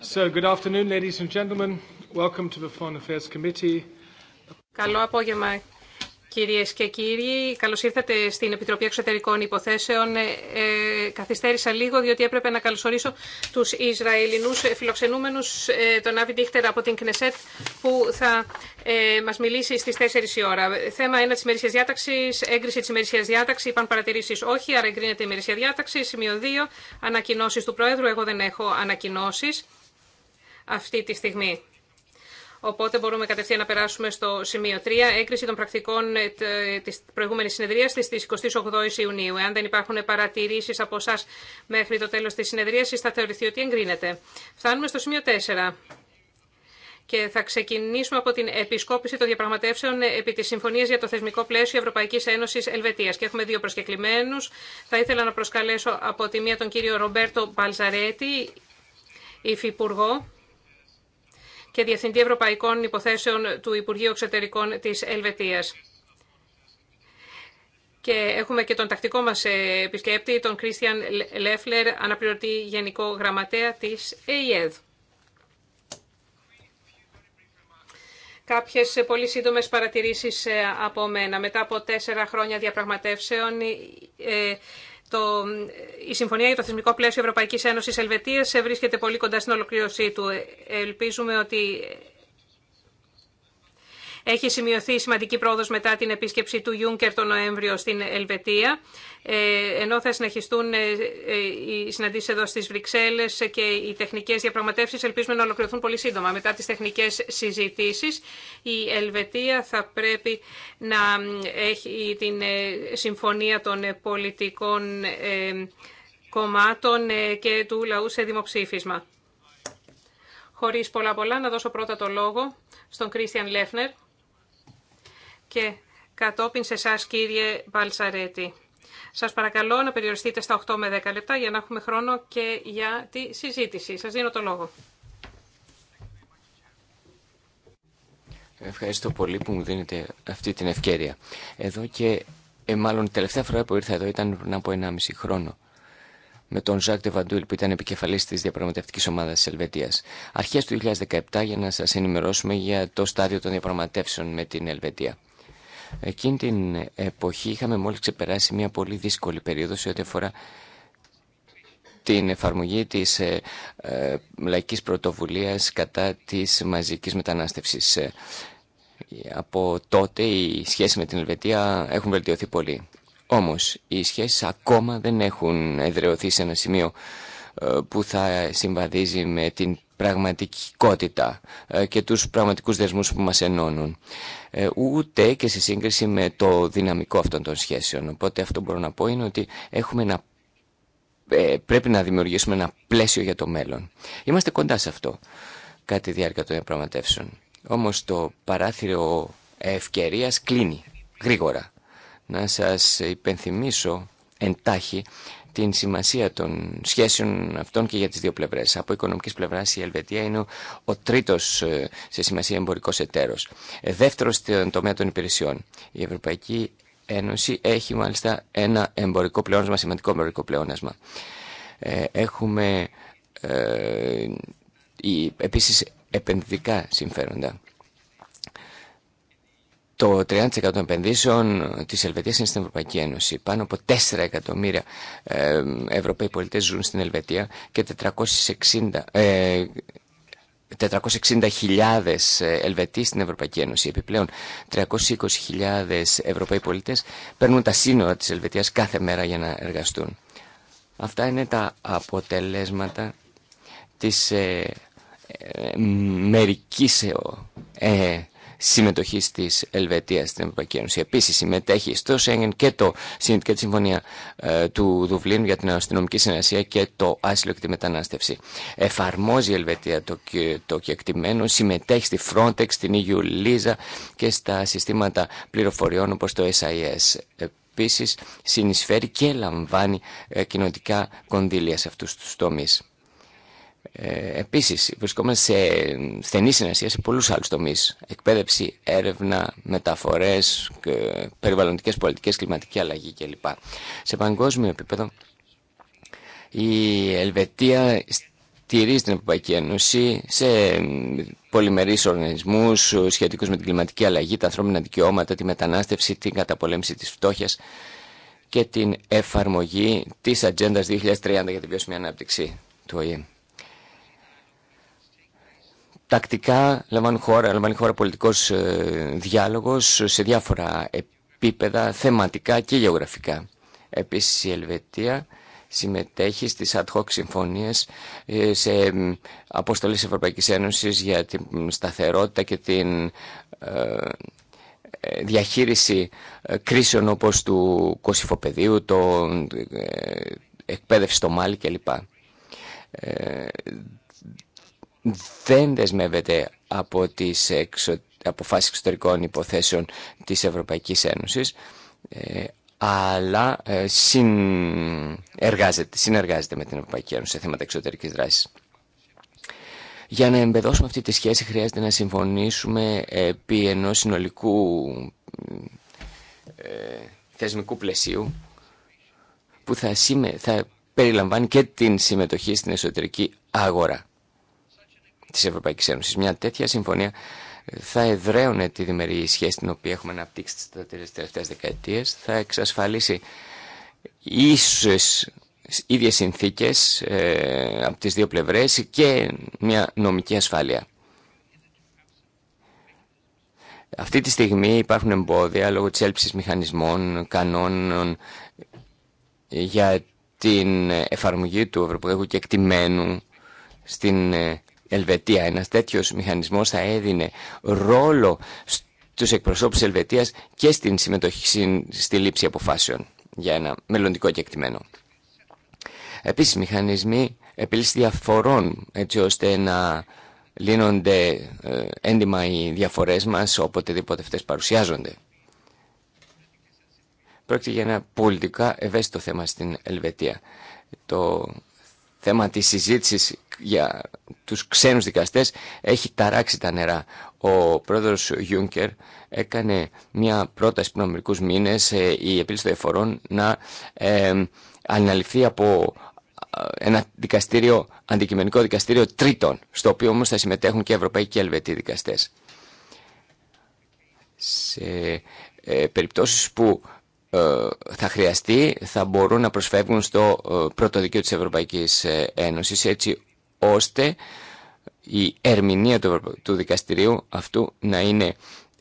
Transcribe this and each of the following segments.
So, good afternoon, ladies and gentlemen. Welcome to the Foreign Affairs Committee. Καλό απόγευμα, Κυρίε και κύριοι, καλώ ήρθατε στην Επιτροπή Εξωτερικών Υποθέσεων. Ε, ε, καθυστέρησα λίγο διότι έπρεπε να καλωσορίσω του Ισραηλινούς φιλοξενούμενου ε, τον Άβι Ντίχτερ από την Κνεσέτ, που θα ε, μα μιλήσει στι 4 η ώρα. Θέμα 1 τη ημερησία διάταξη, έγκριση τη ημερησία διάταξη. είπαν παρατηρήσει όχι, άρα εγκρίνεται η ημερησία διάταξη. Σημείο 2, ανακοινώσει του Πρόεδρου, εγώ δεν έχω ανακοινώσει αυτή τη στιγμή. Οπότε μπορούμε κατευθείαν να περάσουμε στο σημείο 3, έγκριση των πρακτικών ε, της προηγούμενης συνεδρίας της 28 Ιουνίου. Εάν δεν υπάρχουν παρατηρήσεις από εσά μέχρι το τέλος της συνεδρία, θα θεωρηθεί ότι εγκρίνεται. Φτάνουμε στο σημείο 4 και θα ξεκινήσουμε από την επισκόπηση των διαπραγματεύσεων ε, επί τη Συμφωνία για το Θεσμικό Πλαίσιο Ευρωπαϊκή Ένωση Ελβετία. Και έχουμε δύο προσκεκλημένου. Θα ήθελα να προσκαλέσω από τη μία τον κύριο Ρομπέρτο Μπαλζαρέτη, υφυπουργό και Διευθυντή Ευρωπαϊκών Υποθέσεων του Υπουργείου Εξωτερικών της Ελβετίας. Και έχουμε και τον τακτικό μας ε, επισκέπτη, τον Κρίστιαν Λέφλερ, αναπληρωτή Γενικό Γραμματέα της ΕΙΕΔ. Κάποιες πολύ σύντομες παρατηρήσεις ε, από μένα. Μετά από τέσσερα χρόνια διαπραγματεύσεων, ε, το, η Συμφωνία για το Θεσμικό Πλαίσιο Ευρωπαϊκής Ένωσης Ελβετίας ε, βρίσκεται πολύ κοντά στην ολοκλήρωσή του. Ε, ελπίζουμε ότι έχει σημειωθεί σημαντική πρόοδος μετά την επίσκεψη του Ιούνκερ τον Νοέμβριο στην Ελβετία, ε, ενώ θα συνεχιστούν ε, ε, οι συναντήσεις εδώ στις Βρυξέλλες και οι τεχνικές διαπραγματεύσεις ελπίζουμε να ολοκληρωθούν πολύ σύντομα. Μετά τις τεχνικές συζητήσεις, η Ελβετία θα πρέπει να έχει την συμφωνία των πολιτικών κομμάτων και του λαού σε δημοψήφισμα. Χωρίς πολλά πολλά, να δώσω πρώτα το λόγο στον Κρίστιαν Λέφνερ, και κατόπιν σε εσά κύριε Μπαλσαρέτη. Σας παρακαλώ να περιοριστείτε στα 8 με 10 λεπτά για να έχουμε χρόνο και για τη συζήτηση. Σα δίνω το λόγο. Ευχαριστώ πολύ που μου δίνετε αυτή την ευκαιρία. Εδώ και, ε, μάλλον, η τελευταία φορά που ήρθα εδώ ήταν πριν από 1,5 χρόνο με τον Ζακ Τεβαντούλ που ήταν επικεφαλή τη διαπραγματευτικής ομάδα τη Ελβετία. Αρχέ του 2017 για να σα ενημερώσουμε για το στάδιο των διαπραγματεύσεων με την Ελβετία. Εκείνη την εποχή είχαμε μόλις ξεπεράσει μια πολύ δύσκολη περίοδο σε ό,τι αφορά την εφαρμογή της ε, ε, λαϊκής πρωτοβουλίας κατά της μαζικής μετανάστευσης. Ε, από τότε οι σχέσεις με την Ελβετία έχουν βελτιωθεί πολύ. Όμως οι σχέσεις ακόμα δεν έχουν εδρεωθεί σε ένα σημείο ε, που θα συμβαδίζει με την πραγματικότητα ε, και τους πραγματικούς δεσμούς που μας ενώνουν. Ε, ούτε και σε σύγκριση με το δυναμικό αυτών των σχέσεων. Οπότε αυτό μπορώ να πω είναι ότι έχουμε να ε, πρέπει να δημιουργήσουμε ένα πλαίσιο για το μέλλον. Είμαστε κοντά σε αυτό κάτι τη διάρκεια των διαπραγματεύσεων. Όμως το παράθυρο ευκαιρίας κλείνει γρήγορα. Να σας υπενθυμίσω εντάχει την σημασία των σχέσεων αυτών και για τις δύο πλευρές. Από οικονομικής πλευράς η Ελβετία είναι ο τρίτος ε, σε σημασία εμπορικός εταίρος. Ε, δεύτερος στον τομέα των υπηρεσιών. Η Ευρωπαϊκή Ένωση έχει μάλιστα ένα εμπορικό πλεόνασμα, σημαντικό εμπορικό πλεόνασμα. Ε, έχουμε ε, επίσης επενδυτικά συμφέροντα το 30% των επενδύσεων της Ελβετίας είναι στην Ευρωπαϊκή Ένωση. Πάνω από 4 εκατομμύρια ε, Ευρωπαίοι πολίτες ζουν στην Ελβετία και 460, ε, 460.000 ε, Ελβετοί στην Ευρωπαϊκή Ένωση. Επιπλέον, 320.000 Ευρωπαίοι πολίτες παίρνουν τα σύνορα της Ελβετίας κάθε μέρα για να εργαστούν. Αυτά είναι τα αποτελέσματα τη ε, ε, ε συμμετοχή τη Ελβετία στην Ευρωπαϊκή Ένωση. Επίση, συμμετέχει στο Σέγγεν και, το, και τη Συμφωνία ε, του Δουβλίνου για την αστυνομική συνεργασία και το άσυλο και τη μετανάστευση. Εφαρμόζει η Ελβετία το, το κεκτημένο, συμμετέχει στη Frontex, στην EU Lisa και στα συστήματα πληροφοριών όπω το SIS. Επίση, συνεισφέρει και λαμβάνει ε, κονδύλια σε αυτού του τομεί. Επίση, επίσης βρισκόμαστε σε στενή συνεργασία σε πολλούς άλλους τομείς. Εκπαίδευση, έρευνα, μεταφορές, ε, περιβαλλοντικές πολιτικές, κλιματική αλλαγή κλπ. Σε παγκόσμιο επίπεδο η Ελβετία στηρίζει την Ευρωπαϊκή Ένωση σε πολυμερείς οργανισμούς σχετικού με την κλιματική αλλαγή, τα ανθρώπινα δικαιώματα, τη μετανάστευση, την καταπολέμηση της φτώχειας και την εφαρμογή της Ατζέντα 2030 για την βιώσιμη ανάπτυξη του ΟΗΕ τακτικά λαμβάνει χώρα, λαμβάνει χώρα πολιτικός ε, διάλογος σε διάφορα επίπεδα, θεματικά και γεωγραφικά. Επίσης η Ελβετία συμμετέχει στις ad hoc συμφωνίες ε, σε αποστολές Ευρωπαϊκής Ένωσης για την σταθερότητα και την ε, διαχείριση κρίσεων όπως του κοσυφοπεδίου, το εκπαίδευση στο Μάλι κλπ δεν δεσμεύεται από τις εξω... αποφάσεις εξωτερικών υποθέσεων της Ευρωπαϊκής Ένωσης, ε, αλλά ε, συνεργάζεται, συνεργάζεται με την Ευρωπαϊκή Ένωση σε θέματα εξωτερικής δράσης. Για να εμπεδώσουμε αυτή τη σχέση χρειάζεται να συμφωνήσουμε επί ενός συνολικού ε, θεσμικού πλαισίου που θα, θα περιλαμβάνει και την συμμετοχή στην εσωτερική αγορά της Ευρωπαϊκής Ένωσης. Μια τέτοια συμφωνία ε, θα εδραίωνε τη διμερή σχέση την οποία έχουμε αναπτύξει τις τελευταίες δεκαετίες, θα εξασφαλίσει ίσως ίδιες συνθήκες ε, από τις δύο πλευρές και μια νομική ασφάλεια. Αυτή τη στιγμή υπάρχουν εμπόδια λόγω της έλψης μηχανισμών, κανόνων ε, για την εφαρμογή του ευρωπαϊκού κεκτημένου στην ε, Ελβετία. Ένας τέτοιος μηχανισμός θα έδινε ρόλο στους εκπροσώπους Ελβετίας και στην συμμετοχή στη λήψη αποφάσεων για ένα μελλοντικό κεκτημένο. Επίσης, μηχανισμοί επίλυση διαφορών, έτσι ώστε να λύνονται ε, έντοιμα οι διαφορές μας οποτεδήποτε αυτές παρουσιάζονται. Πρόκειται για ένα πολιτικά ευαίσθητο θέμα στην Ελβετία. Το θέμα της συζήτησης για τους ξένους δικαστές έχει ταράξει τα νερά. Ο πρόεδρος Γιούνκερ έκανε μια πρόταση πριν μερικούς μήνες ε, η επίλυση των εφορών να ε, αναλυθεί από ε, ένα δικαστήριο, αντικειμενικό δικαστήριο τρίτων, στο οποίο όμως θα συμμετέχουν και ευρωπαϊκοί και Ελβετοί δικαστές. Σε ε, περιπτώσεις που θα χρειαστεί θα μπορούν να προσφεύγουν στο πρώτο της Ευρωπαϊκής Ένωσης έτσι ώστε η ερμηνεία του δικαστηρίου αυτού να είναι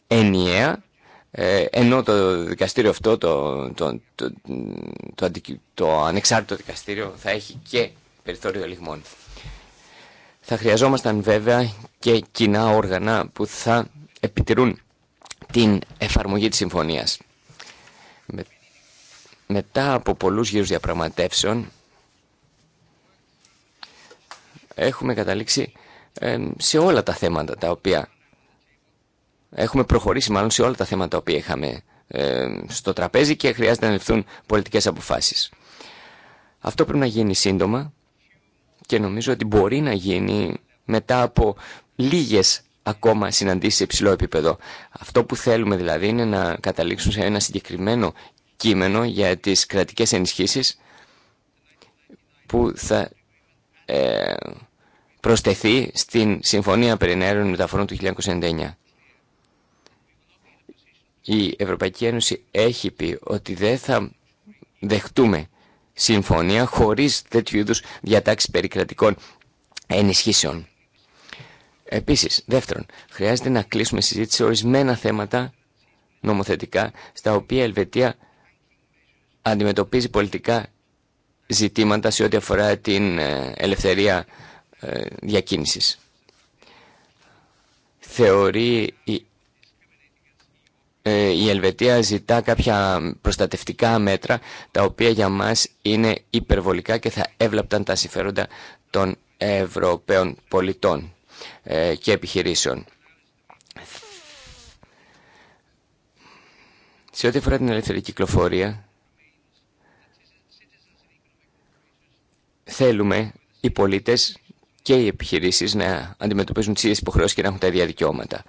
ενιαία ε, ενώ το δικαστήριο αυτό, το, το, το, το, ανεξάρτητο δικαστήριο, θα έχει και περιθώριο λιγμών. Θα χρειαζόμασταν βέβαια και κοινά όργανα που θα επιτηρούν την εφαρμογή της συμφωνίας. μετά από πολλούς γύρους διαπραγματεύσεων, έχουμε καταλήξει σε όλα τα θέματα τα οποία έχουμε προχωρήσει μάλλον σε όλα τα θέματα τα οποία είχαμε στο τραπέζι και χρειάζεται να ληφθούν πολιτικές αποφάσεις. Αυτό πρέπει να γίνει σύντομα και νομίζω ότι μπορεί να γίνει μετά από λίγες ακόμα συναντήσεις σε υψηλό επίπεδο. Αυτό που θέλουμε δηλαδή είναι να καταλήξουμε σε ένα συγκεκριμένο κείμενο για τις κρατικές ενισχύσεις που θα ε, Προσθεθεί στην Συμφωνία Περινέρων Μεταφορών του 1999. Η Ευρωπαϊκή Ένωση έχει πει ότι δεν θα δεχτούμε συμφωνία χωρίς τέτοιου είδους διατάξεις περικρατικών ενισχύσεων. Επίσης, δεύτερον, χρειάζεται να κλείσουμε συζήτηση σε ορισμένα θέματα νομοθετικά στα οποία η Ελβετία αντιμετωπίζει πολιτικά ζητήματα σε ό,τι αφορά την ε, ελευθερία ε, διακίνησης. Θεωρεί ε, η Ελβετία ζητά κάποια προστατευτικά μέτρα τα οποία για μας είναι υπερβολικά και θα έβλαπταν τα συμφέροντα των Ευρωπαίων πολιτών ε, και επιχειρήσεων. Σε ό,τι αφορά την ελεύθερη κυκλοφορία, θέλουμε οι πολίτες και οι επιχειρήσεις να αντιμετωπίζουν τι ίδιε υποχρεώσεις και να έχουν τα ίδια δικαιώματα.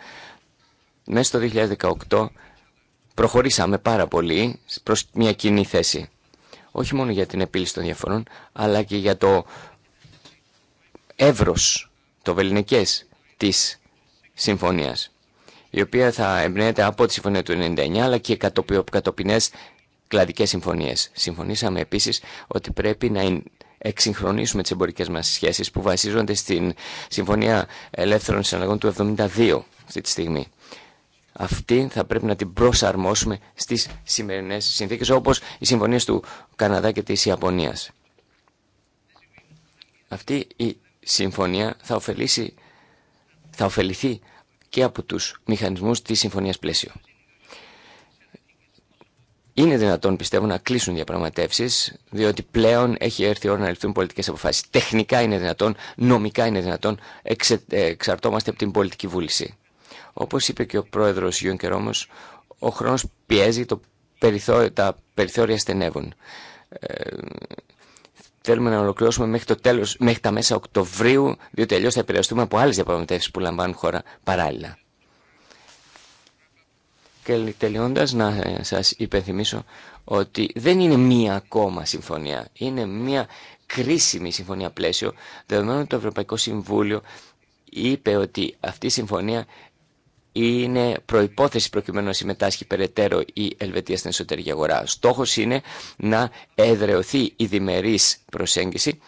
Μέσα στο 2018 προχωρήσαμε πάρα πολύ προ μια κοινή θέση. Όχι μόνο για την επίλυση των διαφορών, αλλά και για το εύρο, το βεληνικέ της συμφωνίας, η οποία θα εμπνέεται από τη συμφωνία του 1999, αλλά και κατοπινέ κλαδικές συμφωνίε. Συμφωνήσαμε επίση ότι πρέπει να εξυγχρονίσουμε τις εμπορικές μας σχέσεις που βασίζονται στην Συμφωνία Ελεύθερων Συναλλαγών του 1972 αυτή τη στιγμή. Αυτή θα πρέπει να την προσαρμόσουμε στις σημερινές συνθήκες όπως οι συμφωνίες του Καναδά και της Ιαπωνίας. Αυτή η συμφωνία θα, ωφελήσει, θα ωφεληθεί και από τους μηχανισμούς της Συμφωνίας Πλαίσιο είναι δυνατόν πιστεύω να κλείσουν διαπραγματεύσει, διότι πλέον έχει έρθει η ώρα να ληφθούν πολιτικέ αποφάσει. Τεχνικά είναι δυνατόν, νομικά είναι δυνατόν, εξε, ε, εξαρτώμαστε από την πολιτική βούληση. Όπω είπε και ο πρόεδρο Γιούνκερ όμω, ο χρόνο πιέζει, το τα περιθώρια στενεύουν. Ε, θέλουμε να ολοκληρώσουμε μέχρι, το τέλος, μέχρι τα μέσα Οκτωβρίου, διότι αλλιώ θα επηρεαστούμε από άλλε διαπραγματεύσει που λαμβάνουν χώρα παράλληλα. Και τελειώντας να ε, σας υπενθυμίσω ότι δεν είναι μία ακόμα συμφωνία, είναι μία κρίσιμη συμφωνία πλαίσιο, δεδομένου το Ευρωπαϊκό Συμβούλιο είπε ότι αυτή η συμφωνία είναι προϋπόθεση προκειμένου να συμμετάσχει περαιτέρω η Ελβετία στην εσωτερική αγορά. Στόχος είναι να εδρεωθεί η διμερής προσέγγιση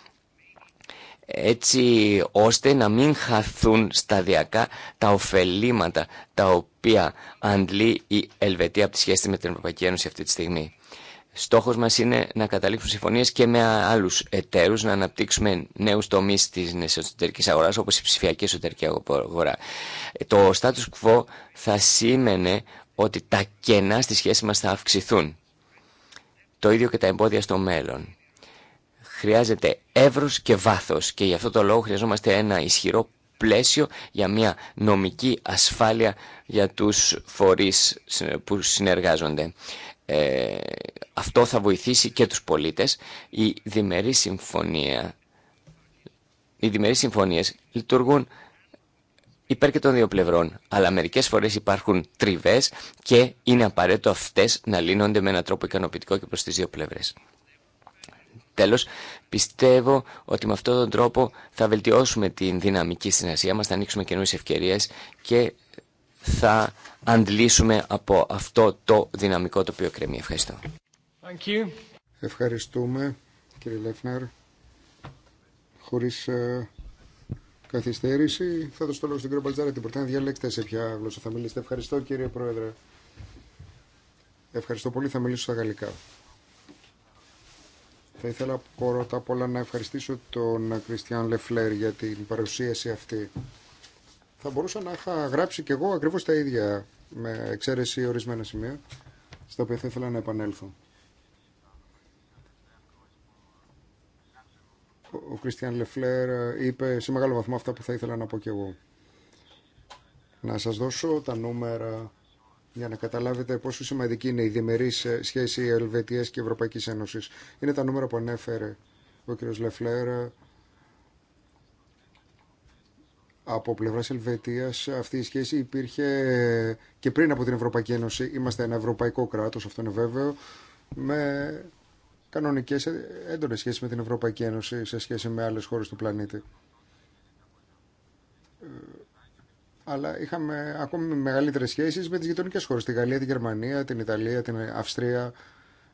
έτσι ώστε να μην χαθούν σταδιακά τα ωφελήματα τα οποία αντλεί η Ελβετία από τη σχέση με την Ευρωπαϊκή Ένωση αυτή τη στιγμή. Στόχος μας είναι να καταλήξουμε συμφωνίες και με άλλους εταίρους, να αναπτύξουμε νέους τομείς της εσωτερικής αγοράς, όπως η ψηφιακή εσωτερική αγορά. Το status quo θα σήμαινε ότι τα κενά στη σχέση μας θα αυξηθούν. Το ίδιο και τα εμπόδια στο μέλλον. Χρειάζεται εύρος και βάθος και γι' αυτό το λόγο χρειαζόμαστε ένα ισχυρό πλαίσιο για μια νομική ασφάλεια για τους φορείς που συνεργάζονται. Ε, αυτό θα βοηθήσει και τους πολίτες. Η διμερή συμφωνία, οι διμερείς συμφωνίες λειτουργούν υπέρ και των δύο πλευρών, αλλά μερικές φορές υπάρχουν τριβές και είναι απαραίτητο αυτές να λύνονται με έναν τρόπο ικανοποιητικό και προς τις δύο πλευρές. Τέλος, πιστεύω ότι με αυτόν τον τρόπο θα βελτιώσουμε την δυναμική συνεργασία μας, θα ανοίξουμε καινούριε ευκαιρίες και θα αντλήσουμε από αυτό το δυναμικό το οποίο κρεμεί. Ευχαριστώ. Thank you. Ευχαριστούμε κύριε Λεφνέρ. Χωρίς ε, καθυστέρηση θα δώσω το λόγο στην κύριο Μπαλτζάρα. Την να διαλέξτε σε ποια γλώσσα θα μιλήσετε. Ευχαριστώ κύριε Πρόεδρε. Ευχαριστώ πολύ. Θα μιλήσω στα γαλλικά. Θα ήθελα πρώτα απ' όλα να ευχαριστήσω τον Κριστιαν Λεφλέρ για την παρουσίαση αυτή. Θα μπορούσα να είχα γράψει κι εγώ ακριβώς τα ίδια, με εξαίρεση ορισμένα σημεία, στα οποία θα ήθελα να επανέλθω. Ο Κριστιαν Λεφλέρ ε, είπε σε μεγάλο βαθμό αυτά που θα ήθελα να πω κι εγώ. Να σας δώσω τα νούμερα για να καταλάβετε πόσο σημαντική είναι η διμερής ε, σχέση Ελβετίας και Ευρωπαϊκής Ένωσης. Είναι τα νούμερα που ανέφερε ο κ. Λεφλέρ. Ε, από πλευράς Ελβετίας αυτή η σχέση υπήρχε ε, και πριν από την Ευρωπαϊκή Ένωση. Είμαστε ένα ευρωπαϊκό κράτος, αυτό είναι βέβαιο, με κανονικές έντονες σχέσεις με την Ευρωπαϊκή Ένωση σε σχέση με άλλες χώρες του πλανήτη αλλά είχαμε ακόμη μεγαλύτερε σχέσει με τι γειτονικέ χώρε. Τη Γαλλία, τη Γερμανία, την Ιταλία, την Αυστρία.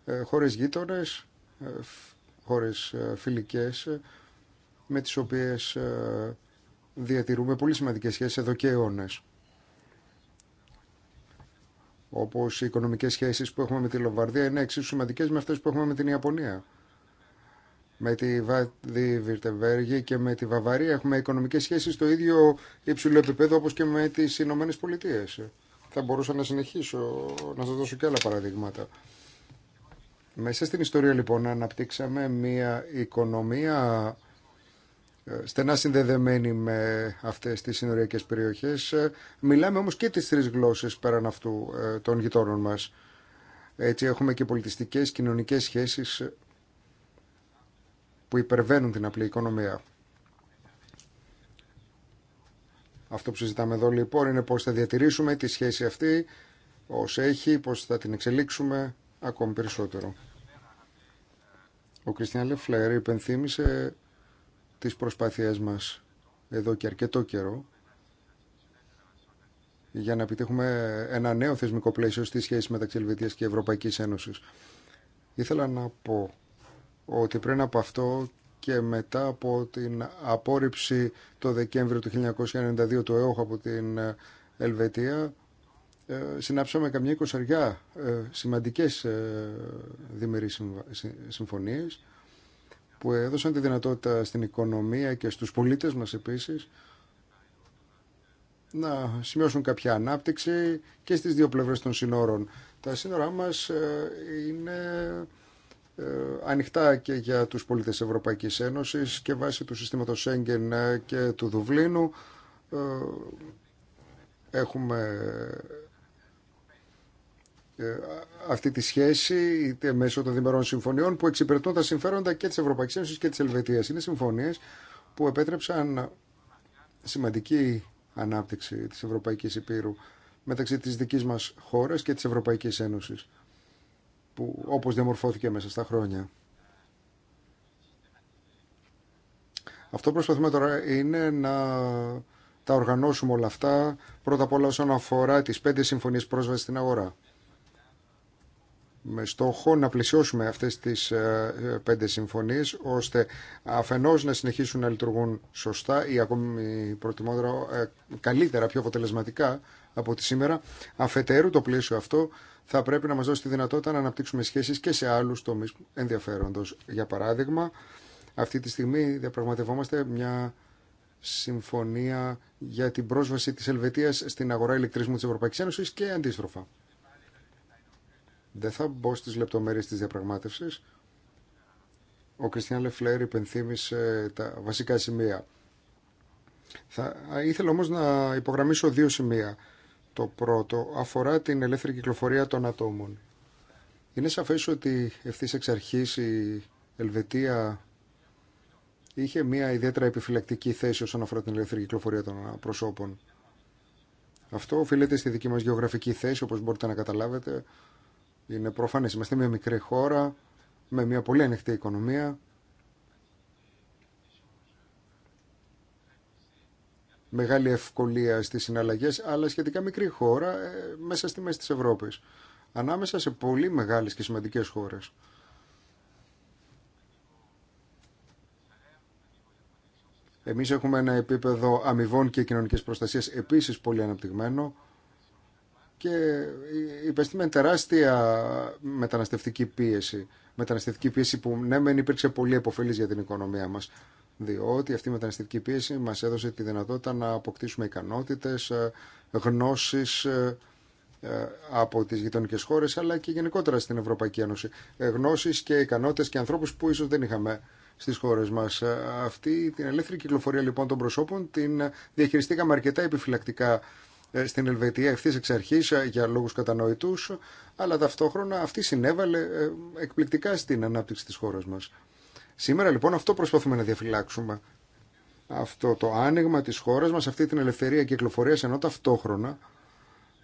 Ε, χώρε γείτονε, ε, χώρε φιλικέ, ε, με τι οποίε διατηρούμε πολύ σημαντικέ σχέσει εδώ και αιώνε. Όπω οι οικονομικέ σχέσει που έχουμε με τη Λομβαρδία είναι εξίσου σημαντικέ με αυτέ που έχουμε με την Ιαπωνία με τη Βάδη Βιρτεμβέργη και με τη Βαβαρία έχουμε οικονομικές σχέσεις στο ίδιο υψηλό επίπεδο όπως και με τις Ηνωμένε Πολιτείε. Θα μπορούσα να συνεχίσω, να σας δώσω και άλλα παραδείγματα. Μέσα στην ιστορία λοιπόν αναπτύξαμε μια οικονομία ε, στενά συνδεδεμένη με αυτές τις συνοριακές περιοχές. Μιλάμε όμως και τις τρεις γλώσσες πέραν αυτού ε, των γειτόνων μας. Έτσι έχουμε και πολιτιστικές, κοινωνικές σχέσεις που υπερβαίνουν την απλή οικονομία. Αυτό που συζητάμε εδώ λοιπόν είναι πώς θα διατηρήσουμε τη σχέση αυτή ως έχει, πώς θα την εξελίξουμε ακόμη περισσότερο. Ο Κριστιαν Λεφλέρ υπενθύμησε τις προσπάθειές μας εδώ και αρκετό καιρό για να επιτύχουμε ένα νέο θεσμικό πλαίσιο στη σχέση μεταξύ Ελβετίας και Ευρωπαϊκής Ένωσης. Ήθελα να πω ότι πριν από αυτό και μετά από την απόρριψη το Δεκέμβριο του 1992 του ΕΟΧ από την ε, Ελβετία ε, συνάψαμε καμιά εικοσαριά ε, σημαντικές διμερείς συμφωνίες που έδωσαν τη δυνατότητα στην οικονομία και στους πολίτες μας επίσης να σημειώσουν κάποια ανάπτυξη και στις δύο πλευρές των σύνορων. Τα σύνορά μας είναι ε, ανοιχτά και για τους πολίτες Ευρωπαϊκής Ένωσης και βάσει του συστήματος Σέγγεν και του Δουβλίνου ε, έχουμε ε, αυτή τη σχέση είτε μέσω των διμερών συμφωνιών που εξυπηρετούν τα συμφέροντα και της Ευρωπαϊκής Ένωσης και της Ελβετίας. Είναι συμφωνίες που επέτρεψαν σημαντική ανάπτυξη της Ευρωπαϊκής Υπήρου μεταξύ της δικής μας χώρας και της Ευρωπαϊκής Ένωσης που, όπως διαμορφώθηκε μέσα στα χρόνια. Αυτό που προσπαθούμε τώρα είναι να τα οργανώσουμε όλα αυτά, πρώτα απ' όλα όσον αφορά τις πέντε συμφωνίες πρόσβασης στην αγορά. Με στόχο να πλησιώσουμε αυτές τις ε, ε, πέντε συμφωνίες, ώστε αφενός να συνεχίσουν να λειτουργούν σωστά ή ακόμη προτιμότερα ε, καλύτερα, πιο αποτελεσματικά, από τη σήμερα. Αφετέρου, το πλαίσιο αυτό θα πρέπει να μας δώσει τη δυνατότητα να αναπτύξουμε σχέσεις και σε άλλους τομείς ενδιαφέροντος. Για παράδειγμα, αυτή τη στιγμή διαπραγματευόμαστε μια συμφωνία για την πρόσβαση της Ελβετίας στην αγορά ηλεκτρισμού της Ευρωπαϊκής Ένωσης και αντίστροφα. Δεν θα μπω στις λεπτομέρειες της διαπραγμάτευσης. Ο Κριστιαν Λεφλέρ υπενθύμησε τα βασικά σημεία. Θα ήθελα όμως να υπογραμμίσω δύο σημεία. Το πρώτο αφορά την ελεύθερη κυκλοφορία των ατόμων. Είναι σαφές ότι ευθύς εξ αρχής η Ελβετία είχε μια ιδιαίτερα επιφυλακτική θέση όσον αφορά την ελεύθερη κυκλοφορία των προσώπων. Αυτό οφείλεται στη δική μας γεωγραφική θέση, όπως μπορείτε να καταλάβετε. Είναι προφανές, είμαστε μια μικρή χώρα με μια πολύ ανοιχτή οικονομία μεγάλη ευκολία στις συναλλαγές, αλλά σχετικά μικρή χώρα ε, μέσα στη μέση της Ευρώπης, ανάμεσα σε πολύ μεγάλες και σημαντικές χώρες. Εμείς έχουμε ένα επίπεδο αμοιβών και κοινωνικής προστασίας επίσης πολύ αναπτυγμένο και υπέστημε τεράστια μεταναστευτική πίεση. Μεταναστευτική πίεση που ναι μεν υπήρξε πολύ επωφελής για την οικονομία μας, διότι αυτή η μεταναστευτική πίεση μας έδωσε τη δυνατότητα να αποκτήσουμε ικανότητες, ε, γνώσεις ε, ε, από τις γειτονικές χώρες, αλλά και γενικότερα στην Ευρωπαϊκή Ένωση. Γνώσεις και ικανότητες και ανθρώπους που ίσως δεν είχαμε στις χώρες μας. Αυτή την ελεύθερη κυκλοφορία λοιπόν των προσώπων την διαχειριστήκαμε αρκετά επιφυλακτικά στην Ελβετία ευθύ εξ αρχή για λόγου κατανοητού, αλλά ταυτόχρονα αυτή συνέβαλε εκπληκτικά στην ανάπτυξη τη χώρα μα. Σήμερα λοιπόν αυτό προσπαθούμε να διαφυλάξουμε. Αυτό το άνοιγμα της χώρας μας, αυτή την ελευθερία κυκλοφορίας, ενώ ταυτόχρονα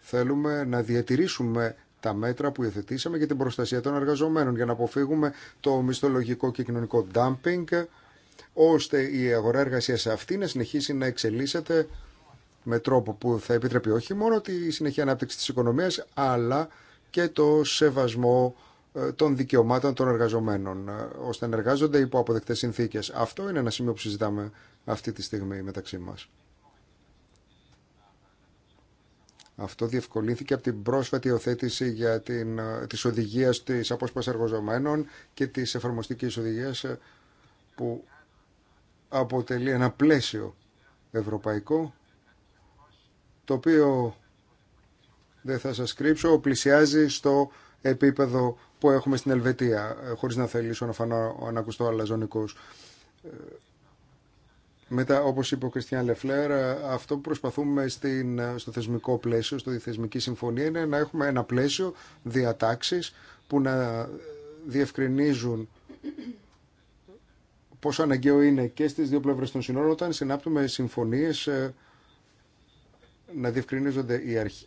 θέλουμε να διατηρήσουμε τα μέτρα που υιοθετήσαμε για την προστασία των εργαζομένων για να αποφύγουμε το μισθολογικό και κοινωνικό dumping ώστε η αγορά εργασίας αυτή να συνεχίσει να εξελίσσεται με τρόπο που θα επιτρέπει όχι μόνο τη συνεχή ανάπτυξη της οικονομίας αλλά και το σεβασμό ε, των δικαιωμάτων των εργαζομένων, ε, ώστε να εργάζονται υπό αποδεκτές συνθήκες. Αυτό είναι ένα σημείο που συζητάμε αυτή τη στιγμή μεταξύ μας. Αυτό διευκολύνθηκε από την πρόσφατη οθέτηση για την, ε, της οδηγίας της απόσπασης εργαζομένων και της εφαρμοστικής οδηγίας που αποτελεί ένα πλαίσιο ευρωπαϊκό το οποίο δεν θα σας κρύψω πλησιάζει στο επίπεδο που έχουμε στην Ελβετία, ε, χωρίς να θελήσω να φανώ ανακουστώ αλαζονικό. Ε, μετά, όπως είπε ο Κριστιαν Λεφλέρ, ε, αυτό που προσπαθούμε στην, στο θεσμικό πλαίσιο, στο θεσμική συμφωνία, είναι να έχουμε ένα πλαίσιο διατάξεις που να διευκρινίζουν πόσο αναγκαίο είναι και στι δύο πλευρέ των συνόρων όταν συνάπτουμε συμφωνίε να διευκρινίζονται οι, αρχ...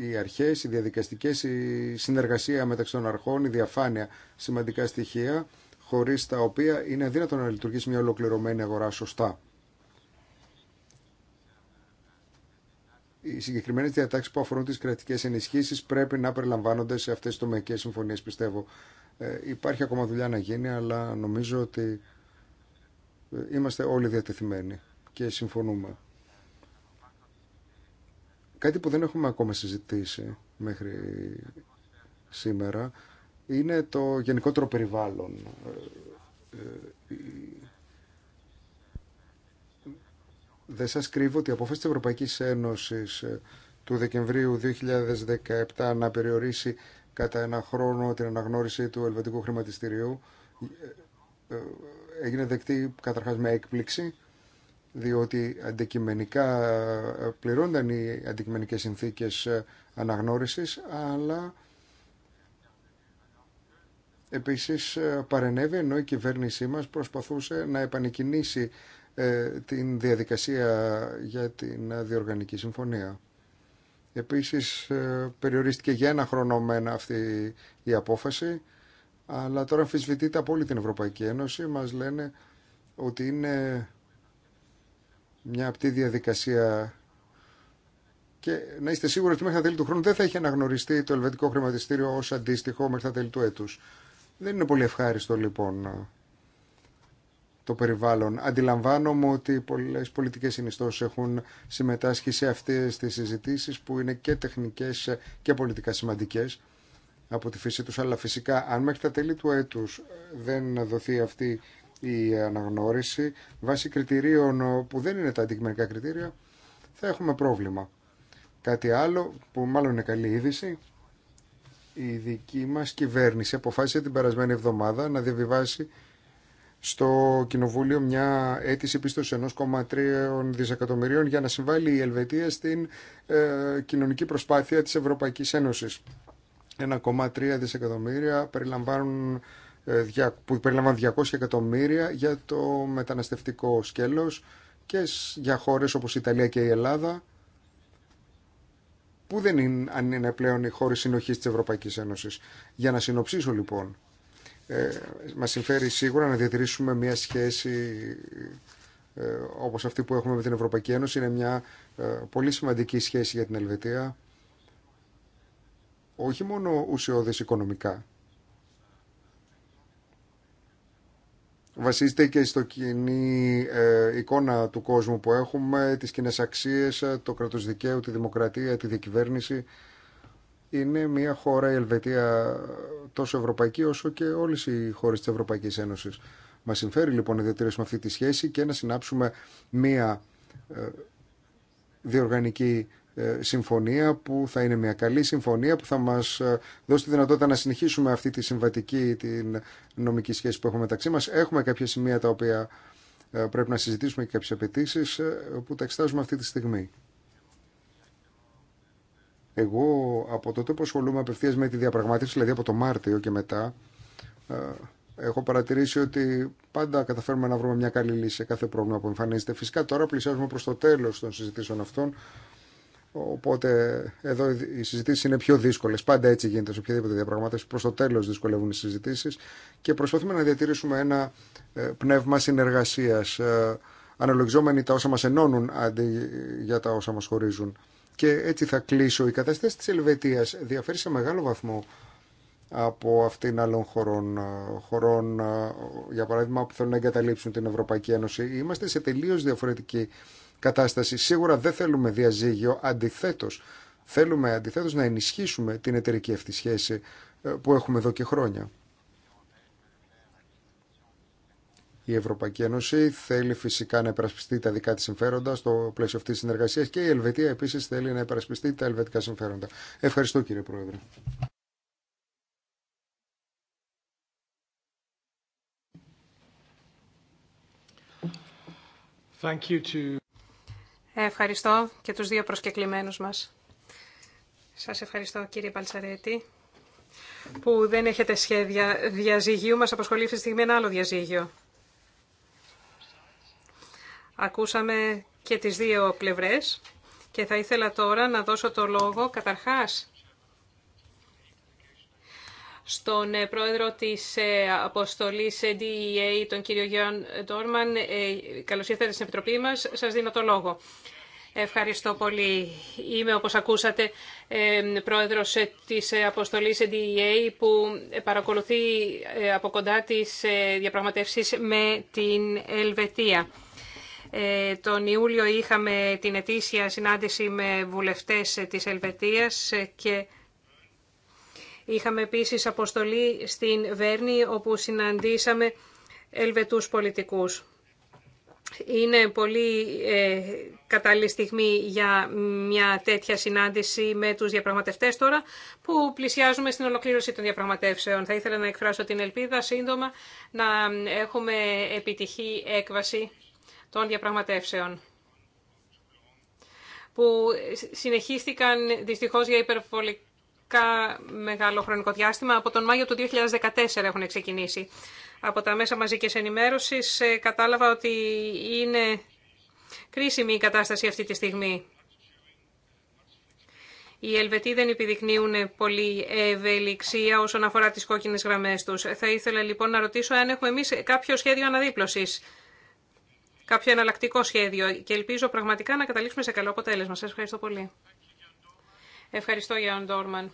οι αρχές, οι διαδικαστικές, η συνεργασία μεταξύ των αρχών, η διαφάνεια, σημαντικά στοιχεία, χωρίς τα οποία είναι αδύνατο να λειτουργήσει μια ολοκληρωμένη αγορά σωστά. Οι συγκεκριμένε διατάξει που αφορούν τι κρατικέ ενισχύσει πρέπει να περιλαμβάνονται σε αυτέ τι τομεικέ συμφωνίε, πιστεύω. Ε, υπάρχει ακόμα δουλειά να γίνει, αλλά νομίζω ότι ε, είμαστε όλοι διατεθειμένοι και συμφωνούμε. Κάτι που δεν έχουμε ακόμα συζητήσει μέχρι σήμερα είναι το γενικότερο περιβάλλον. Ε, ε, δεν σας κρύβω ότι η απόφαση της Ευρωπαϊκής Ένωσης ε, του Δεκεμβρίου 2017 να περιορίσει κατά ένα χρόνο την αναγνώριση του ελβετικού χρηματιστηρίου έγινε δεκτή καταρχάς με έκπληξη διότι αντικειμενικά ε, πληρώνταν οι αντικειμενικές συνθήκες ε, αναγνώρισης, αλλά επίσης ε, παρενέβη ενώ η κυβέρνησή μας προσπαθούσε να επανεκκινήσει την διαδικασία για την διοργανική συμφωνία. Επίσης περιορίστηκε για ένα χρόνο αυτή η απόφαση, αλλά τώρα αμφισβητείται από όλη την Ευρωπαϊκή Ένωση. Μας λένε ότι είναι μια απτή διαδικασία και να είστε σίγουροι ότι μέχρι τα τέλη του χρόνου δεν θα έχει αναγνωριστεί το ελβετικό χρηματιστήριο ως αντίστοιχο μέχρι τα τέλη του έτους. Δεν είναι πολύ ευχάριστο λοιπόν το περιβάλλον. Αντιλαμβάνομαι ότι πολλές πολιτικές συνιστώσεις έχουν συμμετάσχει σε αυτές τις συζητήσεις που είναι και τεχνικές και πολιτικά σημαντικές από τη φύση τους, αλλά φυσικά αν μέχρι τα τέλη του έτους δεν δοθεί αυτή η αναγνώριση βάσει κριτηρίων ε, που δεν είναι τα αντικειμενικά κριτήρια, θα έχουμε πρόβλημα. Κάτι άλλο που μάλλον είναι καλή είδηση, η δική μας κυβέρνηση αποφάσισε την περασμένη εβδομάδα να διαβιβάσει στο Κοινοβούλιο μια αίτηση πίστοση 1,3 δισεκατομμυρίων για να συμβάλλει η Ελβετία στην ε, κοινωνική προσπάθεια της Ευρωπαϊκής Ένωσης. 1,3 δισεκατομμύρια περιλαμβάνουν ε, που περιλαμβάνουν 200 εκατομμύρια για το μεταναστευτικό σκέλος και για χώρες όπως η Ιταλία και η Ελλάδα που δεν είναι, αν είναι πλέον οι χώρες συνοχής της Ευρωπαϊκής Ένωσης. Για να συνοψίσω λοιπόν, ε, μας συμφέρει σίγουρα να διατηρήσουμε μια σχέση ε, όπως αυτή που έχουμε με την Ευρωπαϊκή Ένωση. Είναι μια ε, πολύ σημαντική σχέση για την Ελβετία, όχι μόνο ουσιώδης οικονομικά, βασίζεται και στο κοινή ε, εικόνα του κόσμου που έχουμε, τις κοινέ αξίες, το κράτος δικαίου, τη δημοκρατία, τη διακυβέρνηση. Είναι μια χώρα, η Ελβετία, τόσο ευρωπαϊκή όσο και όλες οι χώρες της Ευρωπαϊκής Ένωσης. Μας συμφέρει λοιπόν να διατηρήσουμε αυτή τη σχέση και να συνάψουμε μια ε, διοργανική ε, συμφωνία που θα είναι μια καλή συμφωνία που θα μας ε, δώσει τη δυνατότητα να συνεχίσουμε αυτή τη συμβατική την νομική σχέση που έχουμε μεταξύ μας. Έχουμε κάποια σημεία τα οποία ε, πρέπει να συζητήσουμε και κάποιες απαιτήσει που τα εξετάζουμε αυτή τη στιγμή. Εγώ από τότε που ασχολούμαι απευθεία με τη διαπραγμάτευση, δηλαδή από το Μάρτιο και μετά, έχω παρατηρήσει ότι πάντα καταφέρουμε να βρούμε μια καλή λύση σε κάθε πρόβλημα που εμφανίζεται. Φυσικά τώρα πλησιάζουμε προ το τέλο των συζητήσεων αυτών Οπότε εδώ οι συζητήσει είναι πιο δύσκολε. Πάντα έτσι γίνεται σε οποιαδήποτε διαπραγμάτευση. Προ το τέλο δυσκολεύουν οι συζητήσει και προσπαθούμε να διατηρήσουμε ένα ε, πνεύμα συνεργασία, ε, αναλογιζόμενοι τα όσα μα ενώνουν αντί για τα όσα μα χωρίζουν. Και έτσι θα κλείσω. Η κατάσταση τη Ελβετία διαφέρει σε μεγάλο βαθμό από αυτήν άλλων χωρών. Ε, χωρών, για παράδειγμα, που θέλουν να εγκαταλείψουν την Ευρωπαϊκή Ένωση. Είμαστε σε τελείω διαφορετική κατάσταση. Σίγουρα δεν θέλουμε διαζύγιο, αντιθέτω. θέλουμε αντιθέτως να ενισχύσουμε την εταιρική αυτή σχέση ε, που έχουμε εδώ και χρόνια. Η Ευρωπαϊκή Ένωση θέλει φυσικά να υπερασπιστεί τα δικά τη συμφέροντα στο πλαίσιο αυτή τη συνεργασία και η Ελβετία επίση θέλει να υπερασπιστεί τα ελβετικά συμφέροντα. Ευχαριστώ κύριε Πρόεδρε. Thank you to... Ευχαριστώ και τους δύο προσκεκλημένους μας. Σας ευχαριστώ κύριε Παλσαρέτη που δεν έχετε σχέδια διαζυγίου. Μας απασχολεί αυτή τη στιγμή ένα άλλο διαζύγιο. Ακούσαμε και τις δύο πλευρές και θα ήθελα τώρα να δώσω το λόγο καταρχάς στον ε, πρόεδρο της ε, αποστολής ε, DEA, τον κύριο Γιάνν Ντόρμαν. Καλώς ήρθατε στην Επιτροπή μας. Σας δίνω το λόγο. Ευχαριστώ πολύ. Είμαι, όπως ακούσατε, πρόεδρος της αποστολής DEA που παρακολουθεί από κοντά τις διαπραγματεύσεις με την Ελβετία. Τον Ιούλιο είχαμε την ετήσια συνάντηση με βουλευτές της Ελβετίας και Είχαμε επίσης αποστολή στην Βέρνη όπου συναντήσαμε Ελβετούς πολιτικούς. Είναι πολύ ε, κατάλληλη στιγμή για μια τέτοια συνάντηση με τους διαπραγματευτές τώρα που πλησιάζουμε στην ολοκλήρωση των διαπραγματεύσεων. Θα ήθελα να εκφράσω την ελπίδα σύντομα να έχουμε επιτυχή έκβαση των διαπραγματεύσεων που συνεχίστηκαν δυστυχώς για υπερβολικά μεγάλο χρονικό διάστημα. Από τον Μάιο του 2014 έχουν ξεκινήσει. Από τα μέσα μαζικής ενημέρωσης ε, κατάλαβα ότι είναι κρίσιμη η κατάσταση αυτή τη στιγμή. Οι Ελβετοί δεν επιδεικνύουν πολύ ευελιξία όσον αφορά τις κόκκινες γραμμές τους. Θα ήθελα λοιπόν να ρωτήσω αν έχουμε εμείς κάποιο σχέδιο αναδίπλωσης, κάποιο εναλλακτικό σχέδιο και ελπίζω πραγματικά να καταλήξουμε σε καλό αποτέλεσμα. Σας ευχαριστώ πολύ. Ευχαριστώ, Γιάνν Ντόρμαν.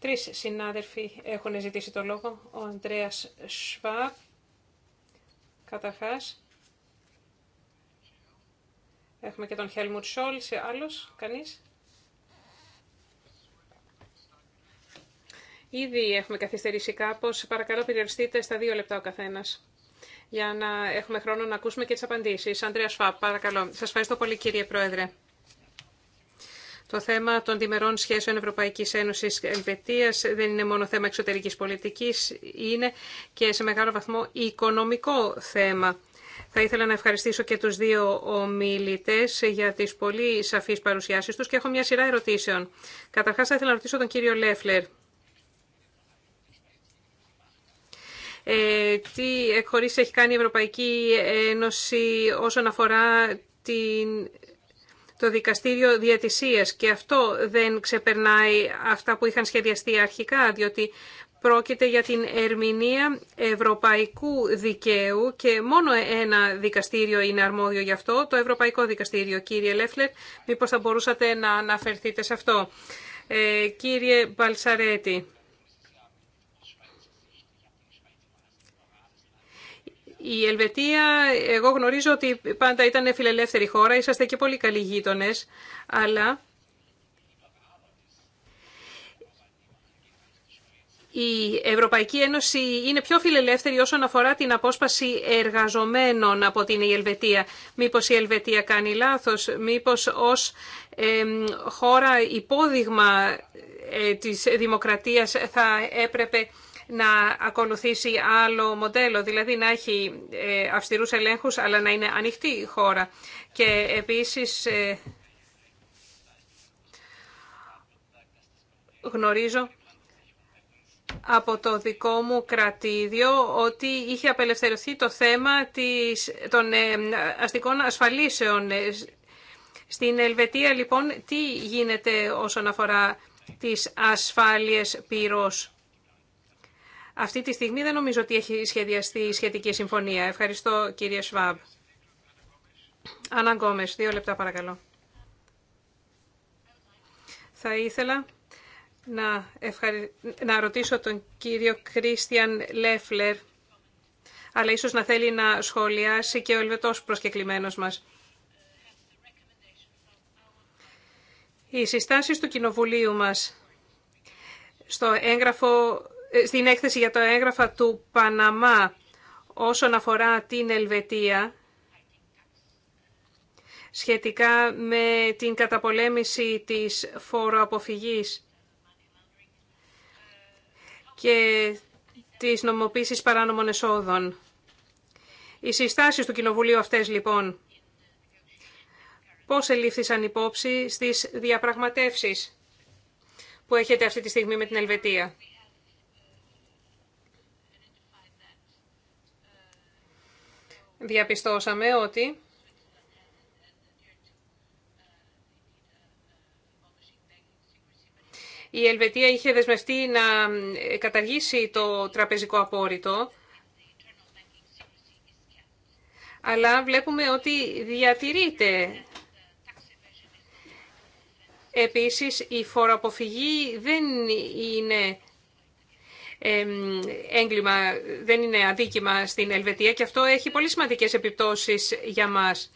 Τρεις συνάδελφοι έχουν ζητήσει το λόγο. Ο Ανδρέας Σφαπ, καταρχά. Έχουμε και τον Χέλμουτ Σόλ, σε άλλο κανεί. Ήδη έχουμε καθυστερήσει κάπω. Παρακαλώ περιοριστείτε στα δύο λεπτά ο καθένας για να έχουμε χρόνο να ακούσουμε και τι απαντήσει. Ανδρέα Σφάπ, παρακαλώ. Σα ευχαριστώ πολύ κύριε Πρόεδρε. Το θέμα των διμερών σχέσεων Ευρωπαϊκής Ένωσης Ελβετία δεν είναι μόνο θέμα εξωτερικής πολιτικής, είναι και σε μεγάλο βαθμό οικονομικό θέμα. Θα ήθελα να ευχαριστήσω και τους δύο ομιλητές για τις πολύ σαφείς παρουσιάσεις τους και έχω μια σειρά ερωτήσεων. Καταρχάς θα ήθελα να ρωτήσω τον κύριο Λέφλερ. Ε, τι εκχωρήσει έχει κάνει η Ευρωπαϊκή Ένωση όσον αφορά την το δικαστήριο διατησίας και αυτό δεν ξεπερνάει αυτά που είχαν σχεδιαστεί αρχικά, διότι πρόκειται για την ερμηνεία ευρωπαϊκού δικαίου και μόνο ένα δικαστήριο είναι αρμόδιο γι' αυτό, το Ευρωπαϊκό Δικαστήριο. Κύριε Λέφλερ, μήπως θα μπορούσατε να αναφερθείτε σε αυτό. Ε, κύριε Μπαλσαρέτη. Η Ελβετία, εγώ γνωρίζω ότι πάντα ήταν φιλελεύθερη χώρα, είσαστε και πολύ καλοί γείτονε, αλλά η Ευρωπαϊκή Ένωση είναι πιο φιλελεύθερη όσον αφορά την απόσπαση εργαζομένων από την Ελβετία. Μήπως η Ελβετία κάνει λάθος, μήπως ως χώρα υπόδειγμα ε, της δημοκρατίας θα έπρεπε να ακολουθήσει άλλο μοντέλο, δηλαδή να έχει ε, αυστηρούς ελέγχους αλλά να είναι ανοιχτή η χώρα. Και επίσης ε, γνωρίζω από το δικό μου κρατήδιο ότι είχε απελευθερωθεί το θέμα της, των αστικών ασφαλίσεων. Στην Ελβετία λοιπόν τι γίνεται όσον αφορά τις ασφάλειες πυρός. Αυτή τη στιγμή δεν νομίζω ότι έχει σχεδιαστεί η σχετική συμφωνία. Ευχαριστώ κύριε Σβάμπ. Άννα Γκόμες, δύο λεπτά παρακαλώ. Θα ήθελα να, να ρωτήσω τον κύριο Κρίστιαν Λέφλερ, αλλά ίσως να θέλει να σχολιάσει και ο Ελβετός προσκεκλημένος μας. Οι συστάσεις του Κοινοβουλίου μας στο έγγραφο, ε, στην έκθεση για το έγγραφα του Παναμά όσον αφορά την Ελβετία σχετικά με την καταπολέμηση της φοροαποφυγής και της νομοποίησης παράνομων εσόδων. Οι συστάσεις του Κοινοβουλίου αυτές λοιπόν πώς ελήφθησαν υπόψη στις διαπραγματεύσεις που έχετε αυτή τη στιγμή με την Ελβετία. Διαπιστώσαμε ότι η Ελβετία είχε δεσμευτεί να καταργήσει το τραπεζικό απόρριτο, αλλά βλέπουμε ότι διατηρείται Επίσης, η φοροαποφυγή δεν είναι έγκλημα, δεν είναι αδίκημα στην Ελβετία και αυτό έχει πολύ σημαντικές επιπτώσεις για μας.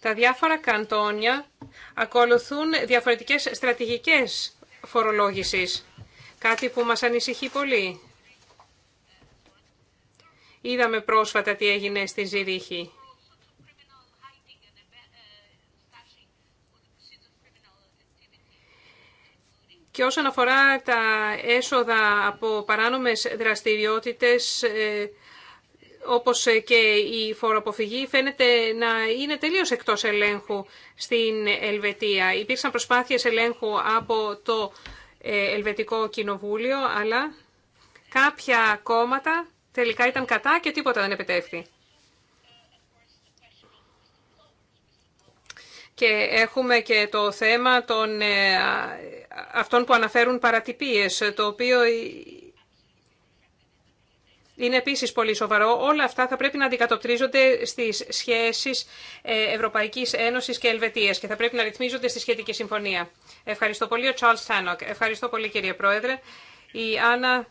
Τα διάφορα καντόνια ακολουθούν διαφορετικές στρατηγικές φορολόγησης, κάτι που μας ανησυχεί πολύ. Είδαμε πρόσφατα τι έγινε στη Ζηρίχη. Και όσον αφορά τα έσοδα από παράνομες δραστηριότητες, ε, όπως και η φοροποφυγή, φαίνεται να είναι τελείως εκτός ελέγχου στην Ελβετία. Υπήρξαν προσπάθειες ελέγχου από το ε, Ελβετικό Κοινοβούλιο, αλλά κάποια κόμματα τελικά ήταν κατά και τίποτα δεν επιτεύχθη. και έχουμε και το θέμα των ε, αυτών που αναφέρουν παρατυπίες, το οποίο ε, είναι επίσης πολύ σοβαρό. Όλα αυτά θα πρέπει να αντικατοπτρίζονται στις σχέσεις ε, Ευρωπαϊκής Ένωσης και Ελβετίας και θα πρέπει να ρυθμίζονται στη σχετική συμφωνία. Ευχαριστώ πολύ ο Charles Τάνοκ. Ευχαριστώ πολύ κύριε Πρόεδρε. Η Άννα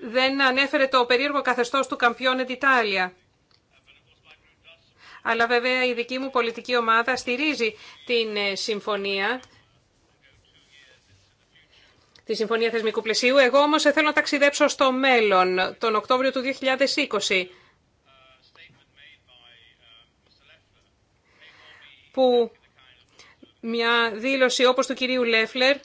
δεν ανέφερε το περίεργο καθεστώς του Καμπιόνε Ιτάλια αλλά βέβαια η δική μου πολιτική ομάδα στηρίζει την ε, συμφωνία τη Συμφωνία Θεσμικού Πλαισίου. Εγώ όμως θέλω να ταξιδέψω στο μέλλον, τον Οκτώβριο του 2020, που μια δήλωση όπως του κυρίου Λέφλερ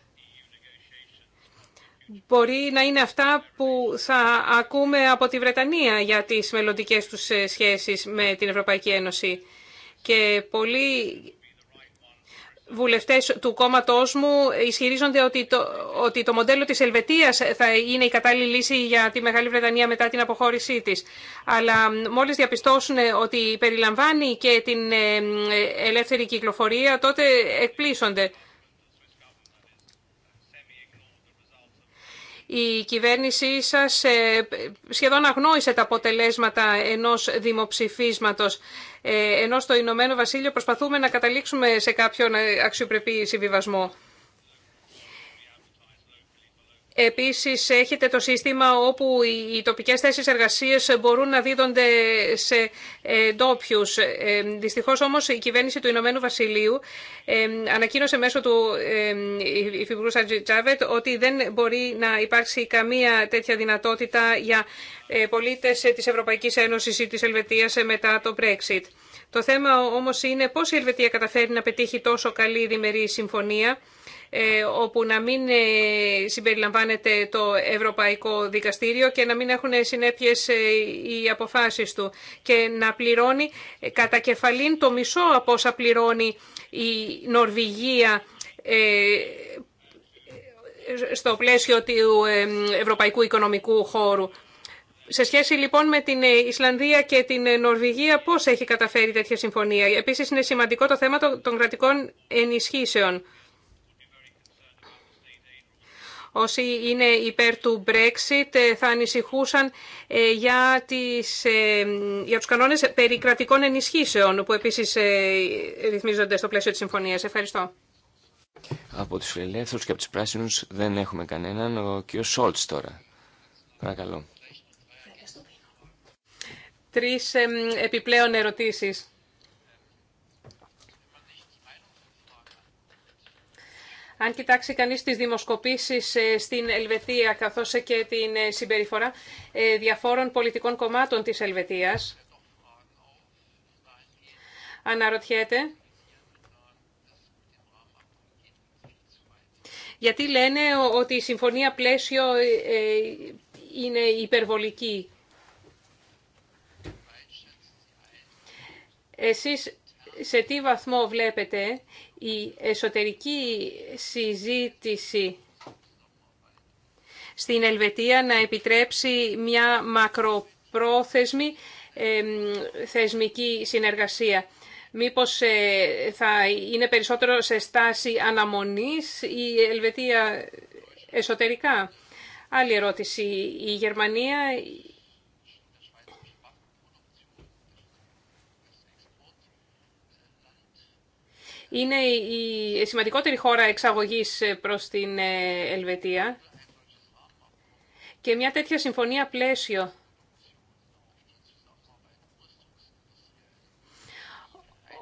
μπορεί να είναι αυτά που θα ακούμε από τη Βρετανία για τις μελλοντικέ τους ε, σχέσεις με την Ευρωπαϊκή Ένωση. Και πολλοί βουλευτές του κόμματός μου ισχυρίζονται ότι το, ότι το μοντέλο της Ελβετίας θα είναι η κατάλληλη λύση για τη Μεγάλη Βρετανία μετά την αποχώρησή της. Αλλά μόλις διαπιστώσουν ότι περιλαμβάνει και την ε, ε, ελεύθερη κυκλοφορία, τότε εκπλήσονται. Η κυβέρνησή σας ε, σχεδόν αγνόησε τα αποτελέσματα ενός δημοψηφίσματος, ε, ενώ στο Ηνωμένο Βασίλειο προσπαθούμε να καταλήξουμε σε κάποιον αξιοπρεπή συμβιβασμό. Επίσης έχετε το σύστημα όπου οι τοπικές θέσεις εργασίας μπορούν να δίδονται σε ε, ντόπιου. Ε, δυστυχώς όμως η κυβέρνηση του Ηνωμένου Βασιλείου ε, ανακοίνωσε μέσω του Υφυπουργού ότι δεν μπορεί να υπάρξει καμία τέτοια δυνατότητα για πολίτες της Ευρωπαϊκής Ένωσης ή της Ελβετίας μετά το Brexit. Το θέμα όμως είναι πώς η Ελβετία καταφέρει να πετύχει τόσο καλή διμερή συμφωνία ε, όπου να μην ε, συμπεριλαμβάνεται το Ευρωπαϊκό Δικαστήριο και να μην έχουν συνέπειες ε, οι αποφάσεις του και να πληρώνει κατά κεφαλήν το μισό από όσα πληρώνει η Νορβηγία στο πλαίσιο του Ευρωπαϊκού Οικονομικού Χώρου. Σε σχέση λοιπόν με την Ισλανδία και την Νορβηγία, πώς έχει καταφέρει τέτοια συμφωνία. Επίσης είναι σημαντικό το θέμα των κρατικών ενισχύσεων. Όσοι είναι υπέρ του Brexit ε, θα ανησυχούσαν ε, για, τις, ε, για τους κανόνες περί ενισχύσεων που επίσης ρυθμίζονται στο πλαίσιο της συμφωνίας. Ευχαριστώ. Από τους ελεύθερους και από τους πράσινους δεν έχουμε κανέναν. Ο κ. Σόλτς τώρα. Παρακαλώ. Τρεις επιπλέον ερωτήσεις. Αν κοιτάξει κανείς τις δημοσκοπήσεις ε, στην Ελβετία καθώς και την ε, συμπεριφορά ε, διαφόρων πολιτικών κομμάτων της Ελβετίας, αναρωτιέται γιατί λένε ότι η συμφωνία πλαίσιο είναι υπερβολική. Εσείς σε τι βαθμό βλέπετε η εσωτερική συζήτηση στην Ελβετία να επιτρέψει μια μακροπρόθεσμη θεσμική συνεργασία. Μήπως ε, θα είναι περισσότερο σε στάση αναμονής η Ελβετία εσωτερικά. Άλλη ερώτηση. Η Γερμανία είναι η σημαντικότερη χώρα εξαγωγής ε, προς την ε, Ελβετία και μια τέτοια συμφωνία πλαίσιο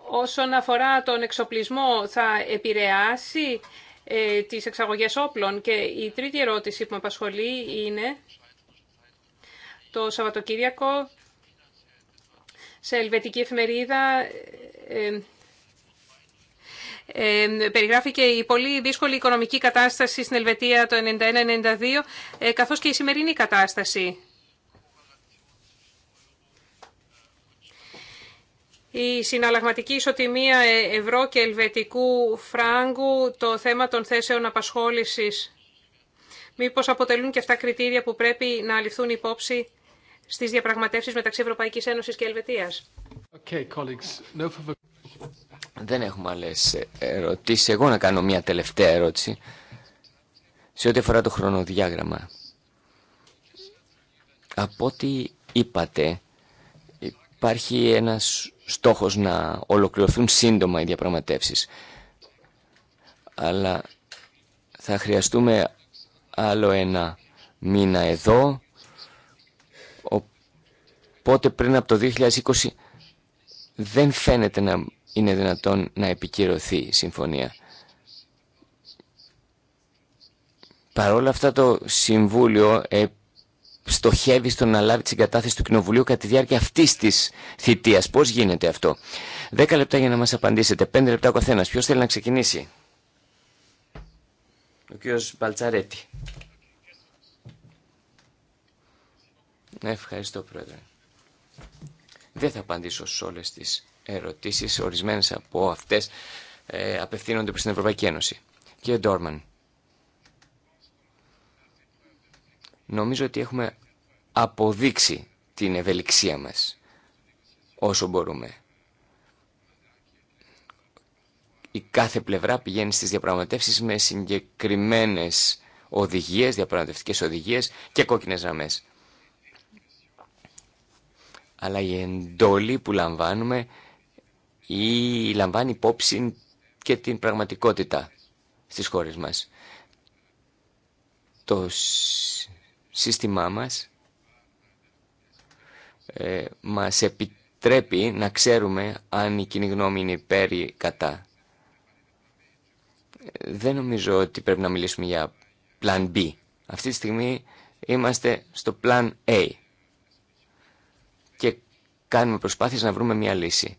όσον αφορά τον εξοπλισμό θα επηρεάσει ε, τις εξαγωγές όπλων. Και η τρίτη ερώτηση που με απασχολεί είναι το Σαββατοκύριακο σε ελβετική εφημερίδα ε, περιγράφηκε η πολύ δύσκολη οικονομική κατάσταση στην Ελβετία το 1991-1992, ε, καθώς και η σημερινή κατάσταση. Η συναλλαγματική ισοτιμία ε, ευρώ και ελβετικού φράγκου, το θέμα των θέσεων απασχόλησης, μήπως αποτελούν και αυτά κριτήρια που πρέπει να ληφθούν υπόψη στις διαπραγματεύσεις μεταξύ Ευρωπαϊκής Ένωσης και Ελβετίας. Okay, δεν έχουμε άλλε ερωτήσει. Εγώ να κάνω μια τελευταία ερώτηση σε ό,τι αφορά το χρονοδιάγραμμα. Από ό,τι είπατε, υπάρχει ένας στόχος να ολοκληρωθούν σύντομα οι διαπραγματεύσεις. Αλλά θα χρειαστούμε άλλο ένα μήνα εδώ, οπότε πριν από το 2020 δεν φαίνεται να είναι δυνατόν να επικυρωθεί η συμφωνία. Παρόλα αυτά το Συμβούλιο ε, στοχεύει στο να λάβει την συγκατάθεση του Κοινοβουλίου κατά τη διάρκεια αυτή τη θητεία. Πώ γίνεται αυτό, Δέκα λεπτά για να μα απαντήσετε. Πέντε λεπτά ο καθένα. Ποιο θέλει να ξεκινήσει, Ο κ. Μπαλτσαρέτη. Ναι, ευχαριστώ, Πρόεδρε. Δεν θα απαντήσω σε όλες τις ερωτήσεις, ορισμένες από αυτές ε, απευθύνονται προς την Ευρωπαϊκή Ένωση. Κύριε Ντόρμαν, νομίζω ότι έχουμε αποδείξει την ευελιξία μας όσο μπορούμε. Η κάθε πλευρά πηγαίνει στις διαπραγματεύσεις με συγκεκριμένες οδηγίες, διαπραγματευτικές οδηγίες και κόκκινες γραμμές. Αλλά η εντόλη που λαμβάνουμε ή λαμβάνει υπόψη και την πραγματικότητα στις χώρες μας. Το σύστημά μας ε, μας επιτρέπει να ξέρουμε αν η κοινή γνώμη είναι υπέρ ή κατά. Δεν νομίζω ότι πρέπει να μιλήσουμε για plan B. Αυτή τη στιγμή είμαστε στο plan A και κάνουμε προσπάθειες να βρούμε μια λύση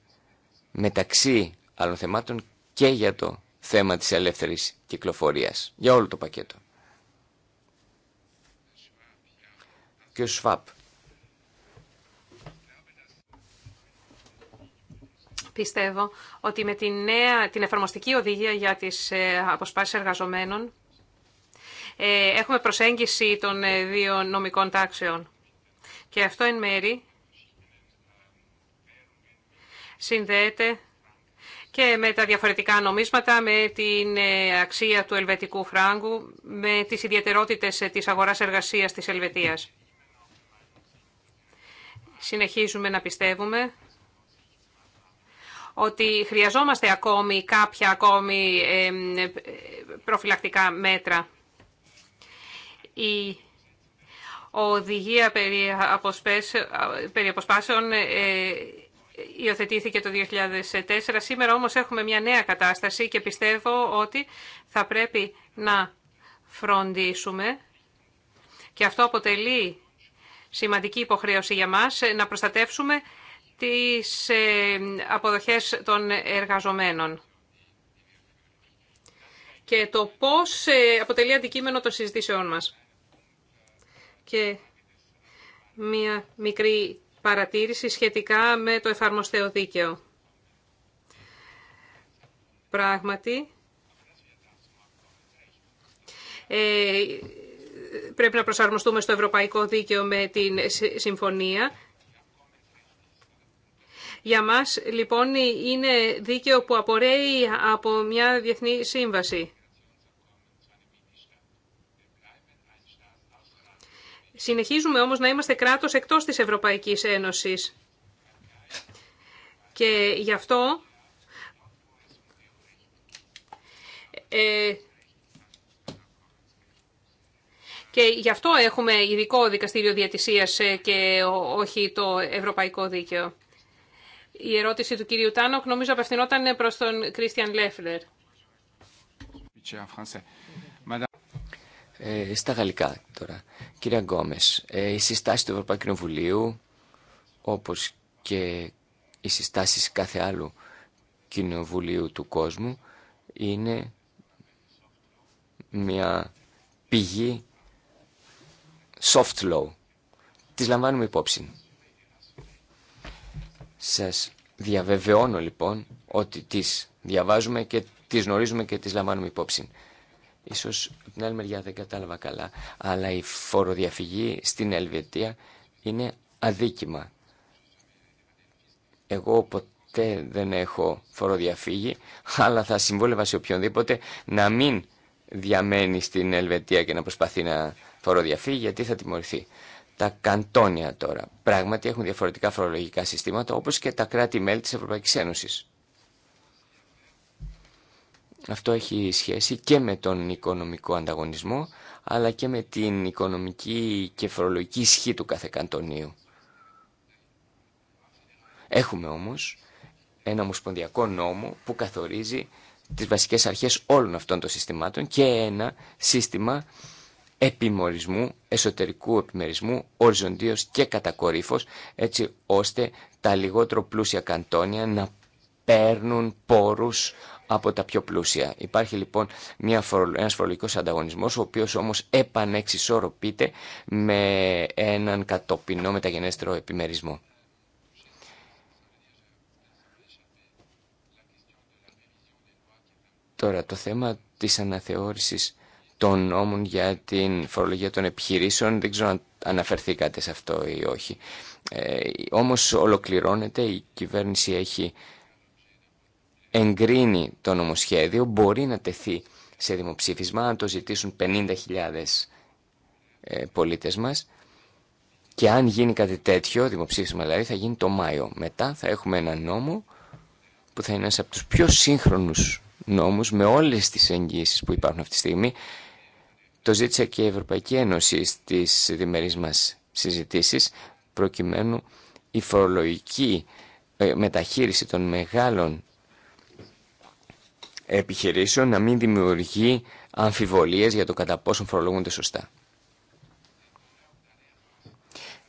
μεταξύ άλλων θεμάτων και για το θέμα της ελεύθερης κυκλοφορίας, για όλο το πακέτο. Και Πιστεύω ότι με την, νέα, την εφαρμοστική οδηγία για τις ε, αποσπάσεις εργαζομένων ε, έχουμε προσέγγιση των ε, δύο νομικών τάξεων. Και αυτό εν μέρη συνδέεται και με τα διαφορετικά νομίσματα, με την ε, αξία του ελβετικού φράγκου, με τις ιδιαιτερότητες ε, της αγοράς εργασίας της Ελβετίας. Συνεχίζουμε να πιστεύουμε ότι χρειαζόμαστε ακόμη κάποια ακόμη ε, προφυλακτικά μέτρα. Η οδηγία περί αποσπάσεων υιοθετήθηκε το 2004. Σήμερα όμως έχουμε μια νέα κατάσταση και πιστεύω ότι θα πρέπει να φροντίσουμε και αυτό αποτελεί σημαντική υποχρέωση για μας ε, να προστατεύσουμε τις ε, αποδοχές των εργαζομένων. Και το πώς ε, αποτελεί αντικείμενο των συζητήσεών μας. Και μία μικρή παρατήρηση σχετικά με το εφαρμοστέο δίκαιο. Πράγματι, ε, πρέπει να προσαρμοστούμε στο ευρωπαϊκό δίκαιο με την συμφωνία. Για μας, λοιπόν, είναι δίκαιο που απορρέει από μια διεθνή σύμβαση. Συνεχίζουμε όμως να είμαστε κράτος εκτός της Ευρωπαϊκής Ένωσης. Και γι' αυτό ε, και γι' αυτό έχουμε ειδικό δικαστήριο διατησίας ε, και όχι το ευρωπαϊκό δίκαιο. Η ερώτηση του κυρίου Τάνοκ νομίζω απευθυνόταν προς τον Κρίστιαν Λέφλερ. Ε, στα γαλλικά τώρα. Κυρία Γκόμες, ε, οι του Ευρωπαϊκού Κοινοβουλίου, όπως και οι συστάσεις κάθε άλλου κοινοβουλίου του κόσμου, είναι μια πηγή soft law. Τις λαμβάνουμε υπόψη. Σας διαβεβαιώνω λοιπόν ότι τις διαβάζουμε και τις γνωρίζουμε και τις λαμβάνουμε υπόψη. Ίσως από την άλλη μεριά δεν κατάλαβα καλά, αλλά η φοροδιαφυγή στην Ελβετία είναι αδίκημα. Εγώ ποτέ δεν έχω φοροδιαφύγει, αλλά θα συμβούλευα σε οποιονδήποτε να μην διαμένει στην Ελβετία και να προσπαθεί να φοροδιαφύγει, γιατί θα τιμωρηθεί. Τα καντόνια τώρα πράγματι έχουν διαφορετικά φορολογικά συστήματα, όπως και τα κράτη-μέλη της Ευρωπαϊκής Ένωσης. Αυτό έχει σχέση και με τον οικονομικό ανταγωνισμό, αλλά και με την οικονομική και φορολογική ισχύ του κάθε καντονίου. Έχουμε όμως ένα ομοσπονδιακό νόμο που καθορίζει τις βασικές αρχές όλων αυτών των συστημάτων και ένα σύστημα επιμορισμού, εσωτερικού επιμερισμού, οριζοντίως και κατακορύφως, έτσι ώστε τα λιγότερο πλούσια καντόνια να παίρνουν πόρους από τα πιο πλούσια. Υπάρχει λοιπόν μια, ένας φορολογικός ανταγωνισμός, ο οποίος όμως επανεξισορροπείται με έναν κατοπινό μεταγενέστερο επιμερισμό. Τώρα το θέμα της αναθεώρησης των νόμων για την φορολογία των επιχειρήσεων. Δεν ξέρω αν αναφερθήκατε σε αυτό ή όχι. Ε, όμως ολοκληρώνεται, η κυβέρνηση έχει εγκρίνει το νομοσχέδιο μπορεί να τεθεί σε δημοψήφισμα αν το ζητήσουν 50.000 ε, πολίτες μας και αν γίνει κάτι τέτοιο, δημοψήφισμα δηλαδή, θα γίνει το Μάιο. Μετά θα έχουμε ένα νόμο που θα είναι ένας από τους πιο σύγχρονους νόμους με όλες τις εγγύσεις που υπάρχουν αυτή τη στιγμή. Το ζήτησε και η Ευρωπαϊκή Ένωση στις διμερείς μας συζητήσεις προκειμένου η φορολογική ε, μεταχείριση των μεγάλων επιχειρήσεων να μην δημιουργεί αμφιβολίες για το κατά πόσο φορολογούνται σωστά.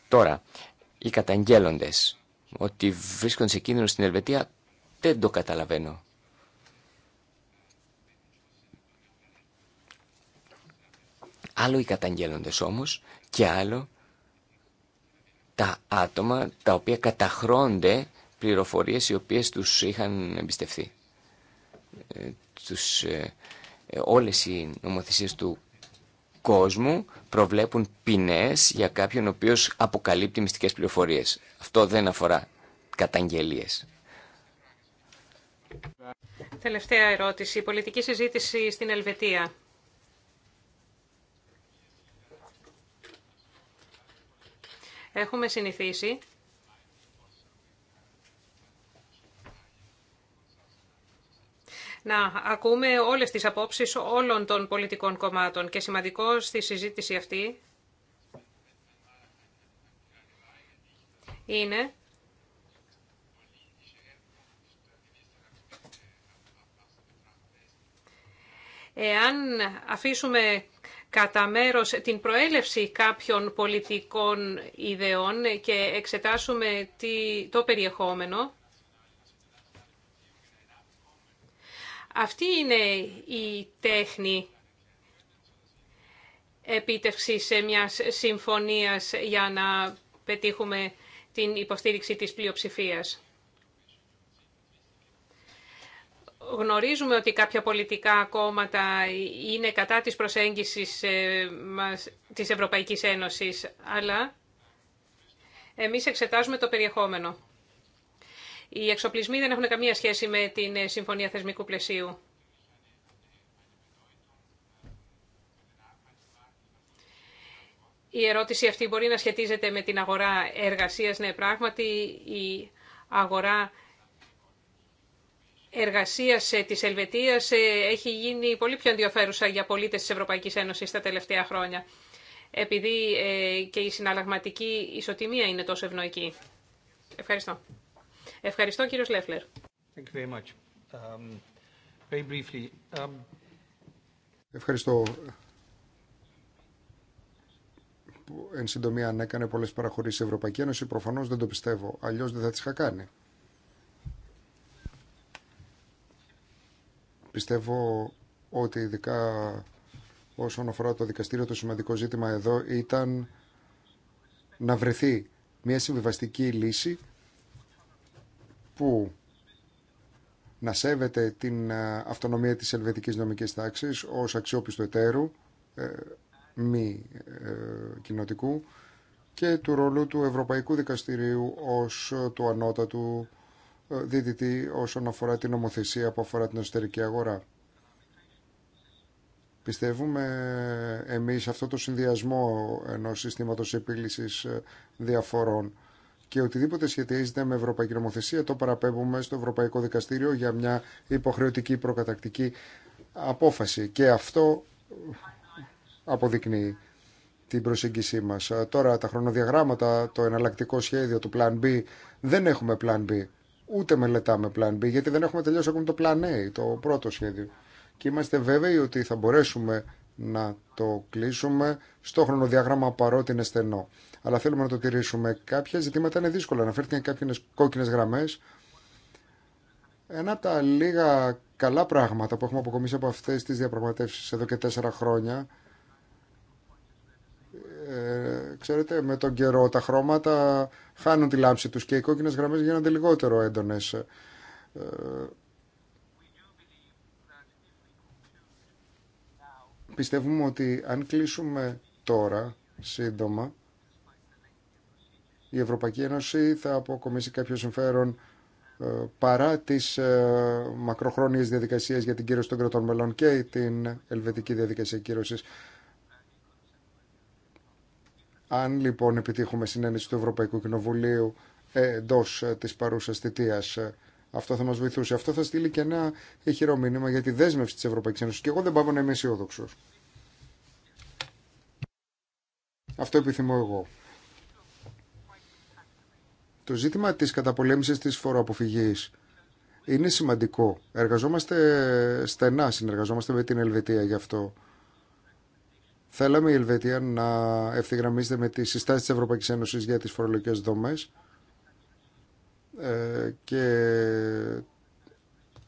Τώρα, οι καταγγέλλοντες ότι βρίσκονται σε κίνδυνο στην Ελβετία δεν το καταλαβαίνω. Άλλο οι καταγγέλλοντες όμως και άλλο τα άτομα τα οποία καταχρώνται πληροφορίες οι οποίες τους είχαν εμπιστευτεί τους, ε, όλες οι νομοθεσίες του κόσμου προβλέπουν ποινές για κάποιον ο οποίος αποκαλύπτει μυστικές πληροφορίες. Αυτό δεν αφορά καταγγελίες. Τελευταία ερώτηση. Η πολιτική συζήτηση στην Ελβετία. Έχουμε συνηθίσει να ακούμε όλες τις απόψεις όλων των πολιτικών κομμάτων και σημαντικό στη συζήτηση αυτή είναι εάν αφήσουμε κατά μέρος την προέλευση κάποιων πολιτικών ιδεών και εξετάσουμε το περιεχόμενο, Αυτή είναι η τέχνη επίτευξης μιας συμφωνίας για να πετύχουμε την υποστήριξη της πλειοψηφίας. Γνωρίζουμε ότι κάποια πολιτικά κόμματα είναι κατά της προσέγγισης ε, της Ευρωπαϊκής Ένωσης, αλλά εμείς εξετάζουμε το περιεχόμενο. Οι εξοπλισμοί δεν έχουν καμία σχέση με την ε, Συμφωνία Θεσμικού Πλαισίου. Η ερώτηση αυτή μπορεί να σχετίζεται με την αγορά εργασίας. Ναι, πράγματι η αγορά εργασίας ε, της Ελβετίας ε, έχει γίνει πολύ πιο ενδιαφέρουσα για πολίτες της Ευρωπαϊκής Ένωσης τα τελευταία χρόνια, επειδή και η συναλλαγματική ισοτιμία είναι τόσο ευνοϊκή. Ευχαριστώ. Ευχαριστώ κύριος Λέφλερ. Um, um, Ευχαριστώ. Που εν συντομία αν έκανε πολλές παραχωρήσεις η Ευρωπαϊκή Ένωση, προφανώς δεν το πιστεύω, αλλιώς δεν θα τις είχα κάνει. Πιστεύω ότι ειδικά όσον αφορά το δικαστήριο το σημαντικό ζήτημα εδώ ήταν να βρεθεί μια συμβιβαστική λύση που να σέβεται την ε, αυτονομία της ελβετικής νομικής τάξης ως αξιόπιστο εταίρου ε, μη ε, κοινοτικού και του ρόλου του Ευρωπαϊκού Δικαστηρίου ως του ανώτατου δίδυτη όσον αφορά την νομοθεσία που αφορά την εσωτερική αγορά. Πιστεύουμε εμείς αυτό το συνδυασμό ενός συστήματος επίλυσης διαφορών και οτιδήποτε σχετίζεται με ευρωπαϊκή νομοθεσία το παραπέμπουμε στο Ευρωπαϊκό Δικαστήριο για μια υποχρεωτική προκατακτική απόφαση και αυτό αποδεικνύει την προσέγγιση μας. Τώρα τα χρονοδιαγράμματα, το εναλλακτικό σχέδιο του Plan B, δεν έχουμε Plan B, ούτε μελετάμε Plan B, γιατί δεν έχουμε τελειώσει ακόμη το Plan A, το πρώτο σχέδιο. Και είμαστε βέβαιοι ότι θα μπορέσουμε να το κλείσουμε στο χρονοδιάγραμμα παρότι είναι στενό αλλά θέλουμε να το τηρήσουμε. Κάποια ζητήματα είναι δύσκολα. Αναφέρθηκαν κάποιε κόκκινε γραμμέ. Ένα από τα λίγα καλά πράγματα που έχουμε αποκομίσει από αυτέ τι διαπραγματεύσει εδώ και τέσσερα χρόνια. Ε, ξέρετε, με τον καιρό τα χρώματα χάνουν τη λάμψη τους και οι κόκκινες γραμμές γίνονται λιγότερο έντονες. Ε, πιστεύουμε ότι αν κλείσουμε τώρα, σύντομα, η Ευρωπαϊκή Ένωση θα αποκομίσει κάποιο συμφέρον ε, παρά τις ε, μακροχρόνιες διαδικασίες για την κύρωση των κρατών μελών και την ελβετική διαδικασία κύρωσης. Αν λοιπόν επιτύχουμε συνένεση του Ευρωπαϊκού Κοινοβουλίου εντό ε, τη παρούσα θητεία, αυτό θα μα βοηθούσε. Αυτό θα στείλει και ένα ηχηρό μήνυμα για τη δέσμευση τη Ευρωπαϊκή Ένωση. Και εγώ δεν πάω να είμαι αισιόδοξο. Αυτό επιθυμώ εγώ. Το ζήτημα της καταπολέμησης της φοροαποφυγής είναι σημαντικό. Εργαζόμαστε στενά, συνεργαζόμαστε με την Ελβετία γι' αυτό. Θέλαμε η Ελβετία να ευθυγραμμίζεται με τις συστάσεις της Ευρωπαϊκής Ένωσης για τις φορολογικές δομές ε, και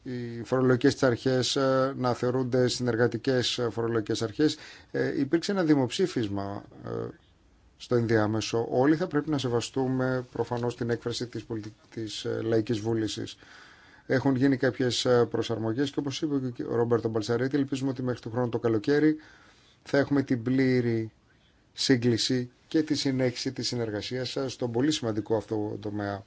οι φορολογικές αρχές ε, να θεωρούνται συνεργατικές φορολογικές αρχές. Ε, υπήρξε ένα δημοψήφισμα στο ενδιάμεσο. Όλοι θα πρέπει να σεβαστούμε προφανώς την έκφραση της, της ε, λαϊκής βούλησης. Έχουν γίνει κάποιες ε, προσαρμογές και όπως είπε και ο Ρόμπερτο Μπαλσαρέτη, ελπίζουμε ότι μέχρι το χρόνο το καλοκαίρι θα έχουμε την πλήρη σύγκληση και τη συνέχιση της συνεργασίας σας στον πολύ σημαντικό αυτό τομέα.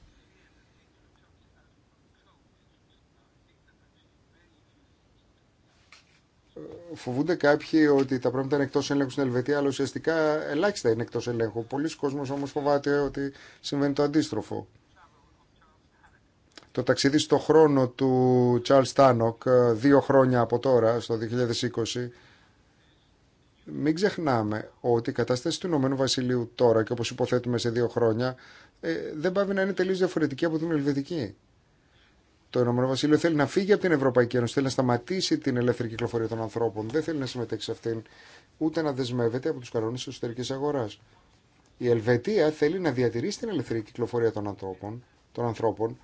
φοβούνται κάποιοι ότι τα πράγματα είναι εκτός ελέγχου στην Ελβετία, αλλά ουσιαστικά ελάχιστα είναι εκτός ελέγχου. Πολλοί κόσμος όμως φοβάται ότι συμβαίνει το αντίστροφο. Το ταξίδι στο χρόνο του Charles Τάνοκ, ε, δύο χρόνια από τώρα, στο 2020, μην ξεχνάμε ότι η κατάσταση του Ηνωμένου Βασιλείου τώρα και όπως υποθέτουμε σε δύο χρόνια, ε, δεν πάει να είναι τελείως διαφορετική από την Ελβετική. Το Ηνωμένο Βασίλειο θέλει να φύγει από την Ευρωπαϊκή Ένωση, θέλει να σταματήσει την ελεύθερη κυκλοφορία των ανθρώπων. Δεν θέλει να συμμετέχει σε αυτήν, ούτε να δεσμεύεται από του κανόνε τη εσωτερική αγορά. Η Ελβετία θέλει να διατηρήσει την ελεύθερη κυκλοφορία των ανθρώπων, των ανθρώπων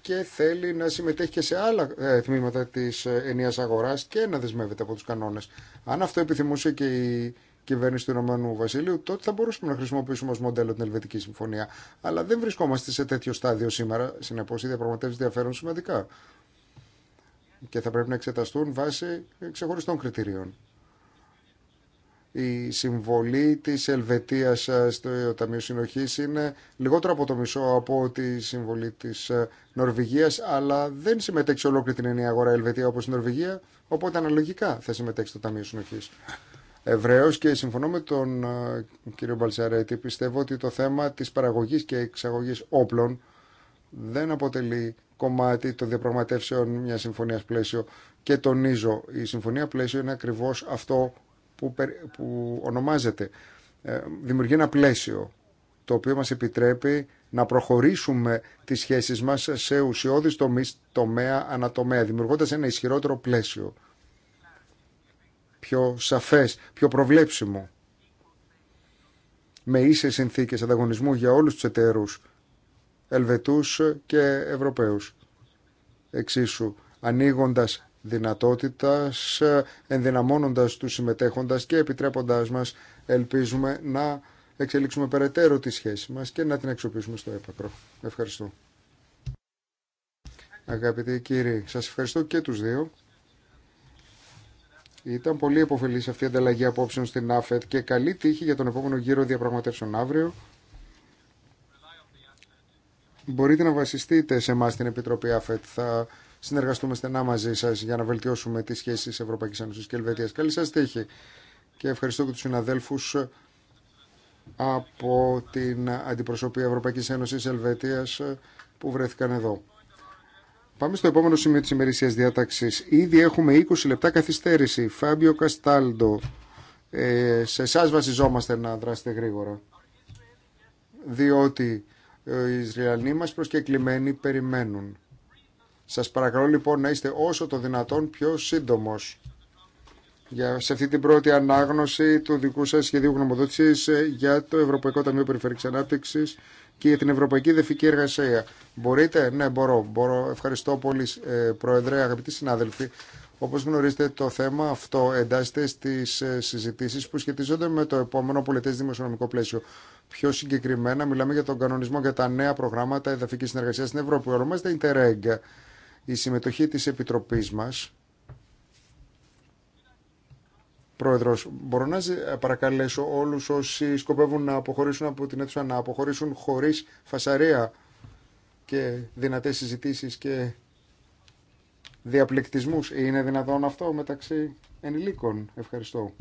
και θέλει να συμμετέχει και σε άλλα ε, τμήματα τη ε, ενιαία αγορά και να δεσμεύεται από του κανόνε. Αν αυτό επιθυμούσε και η κυβέρνηση του Ηνωμένου Βασιλείου, τότε θα μπορούσαμε να χρησιμοποιήσουμε ω μοντέλο την Ελβετική Συμφωνία. Αλλά δεν βρισκόμαστε σε τέτοιο στάδιο σήμερα. Συνεπώ, οι διαπραγματεύσει διαφέρουν σημαντικά. Και θα πρέπει να εξεταστούν βάσει ξεχωριστών κριτηρίων. Η συμβολή τη Ελβετία ε, στο Ταμείο Συνοχή είναι λιγότερο από το μισό από τη συμβολή τη ε, Νορβηγία, αλλά δεν συμμετέχει σε ολόκληρη την ενιαία αγορά η Ελβετία όπω η Νορβηγία, οπότε αναλογικά θα συμμετέχει στο Ταμείο Συνοχή ευρέω και συμφωνώ με τον ε, κύριο Μπαλσαρέτη. Πιστεύω ότι το θέμα της παραγωγής και εξαγωγής όπλων δεν αποτελεί κομμάτι των διαπραγματεύσεων μια συμφωνία πλαίσιο και τονίζω η συμφωνία πλαίσιο είναι ακριβώς αυτό που, που ονομάζεται. Ε, δημιουργεί ένα πλαίσιο το οποίο μας επιτρέπει να προχωρήσουμε τις σχέσεις μας σε ουσιώδεις τομέα ανατομέα, δημιουργώντας ένα ισχυρότερο πλαίσιο πιο σαφές, πιο προβλέψιμο με ίσες συνθήκες ανταγωνισμού για όλους τους εταίρους Ελβετούς και Ευρωπαίους. Εξίσου, ανοίγοντας δυνατότητας, ενδυναμώνοντας τους συμμετέχοντας και επιτρέποντάς μας, ελπίζουμε να εξελίξουμε περαιτέρω τη σχέση μας και να την αξιοποιήσουμε στο έπακρο. Ευχαριστώ. Αγαπητοί κύριοι, σας ευχαριστώ και τους δύο. Ήταν πολύ υποφελή αυτή η ανταλλαγή απόψεων στην ΑΦΕΤ και καλή τύχη για τον επόμενο γύρο διαπραγματεύσεων αύριο. Μπορείτε να βασιστείτε σε εμά στην Επιτροπή ΑΦΕΤ. Θα συνεργαστούμε στενά μαζί σα για να βελτιώσουμε τι σχέσει Ευρωπαϊκή Ένωση και Ελβετία. Καλή σα τύχη. Και ευχαριστώ και του συναδέλφου από την Αντιπροσωπεία Ευρωπαϊκής Ένωσης Ελβετία που βρέθηκαν εδώ. Πάμε στο επόμενο σημείο τη ημερησία διάταξη. Ήδη έχουμε 20 λεπτά καθυστέρηση. Φάμπιο Καστάλντο, ε, σε εσά βασιζόμαστε να δράσετε γρήγορα. Διότι ε, οι Ισραηλοί μα προσκεκλημένοι περιμένουν. Σας παρακαλώ λοιπόν να είστε όσο το δυνατόν πιο σύντομος. Για, σε αυτή την πρώτη ανάγνωση του δικού σας σχεδίου γνωμοδότησης ε, για το Ευρωπαϊκό Ταμείο Περιφερειακής Ανάπτυξης και για την Ευρωπαϊκή Δεφική Εργασία. Μπορείτε, ναι, μπορώ. μπορώ. Ευχαριστώ πολύ, ε, Πρόεδρε, αγαπητοί συνάδελφοι. Όπω γνωρίζετε, το θέμα αυτό εντάσσεται στι ε, συζητήσει που σχετίζονται με το επόμενο πολιτέ δημοσιονομικό πλαίσιο. Πιο συγκεκριμένα, μιλάμε για τον κανονισμό για τα νέα προγράμματα εδαφική συνεργασία στην Ευρώπη. Ονομάζεται Interreg. Η συμμετοχή τη Επιτροπή μα Πρόεδρος, μπορώ να παρακαλέσω όλους όσοι σκοπεύουν να αποχωρήσουν από την αίθουσα να αποχωρήσουν χωρίς φασαρία και δυνατές συζητήσεις και διαπληκτισμούς. Είναι δυνατόν αυτό μεταξύ ενηλίκων. Ευχαριστώ.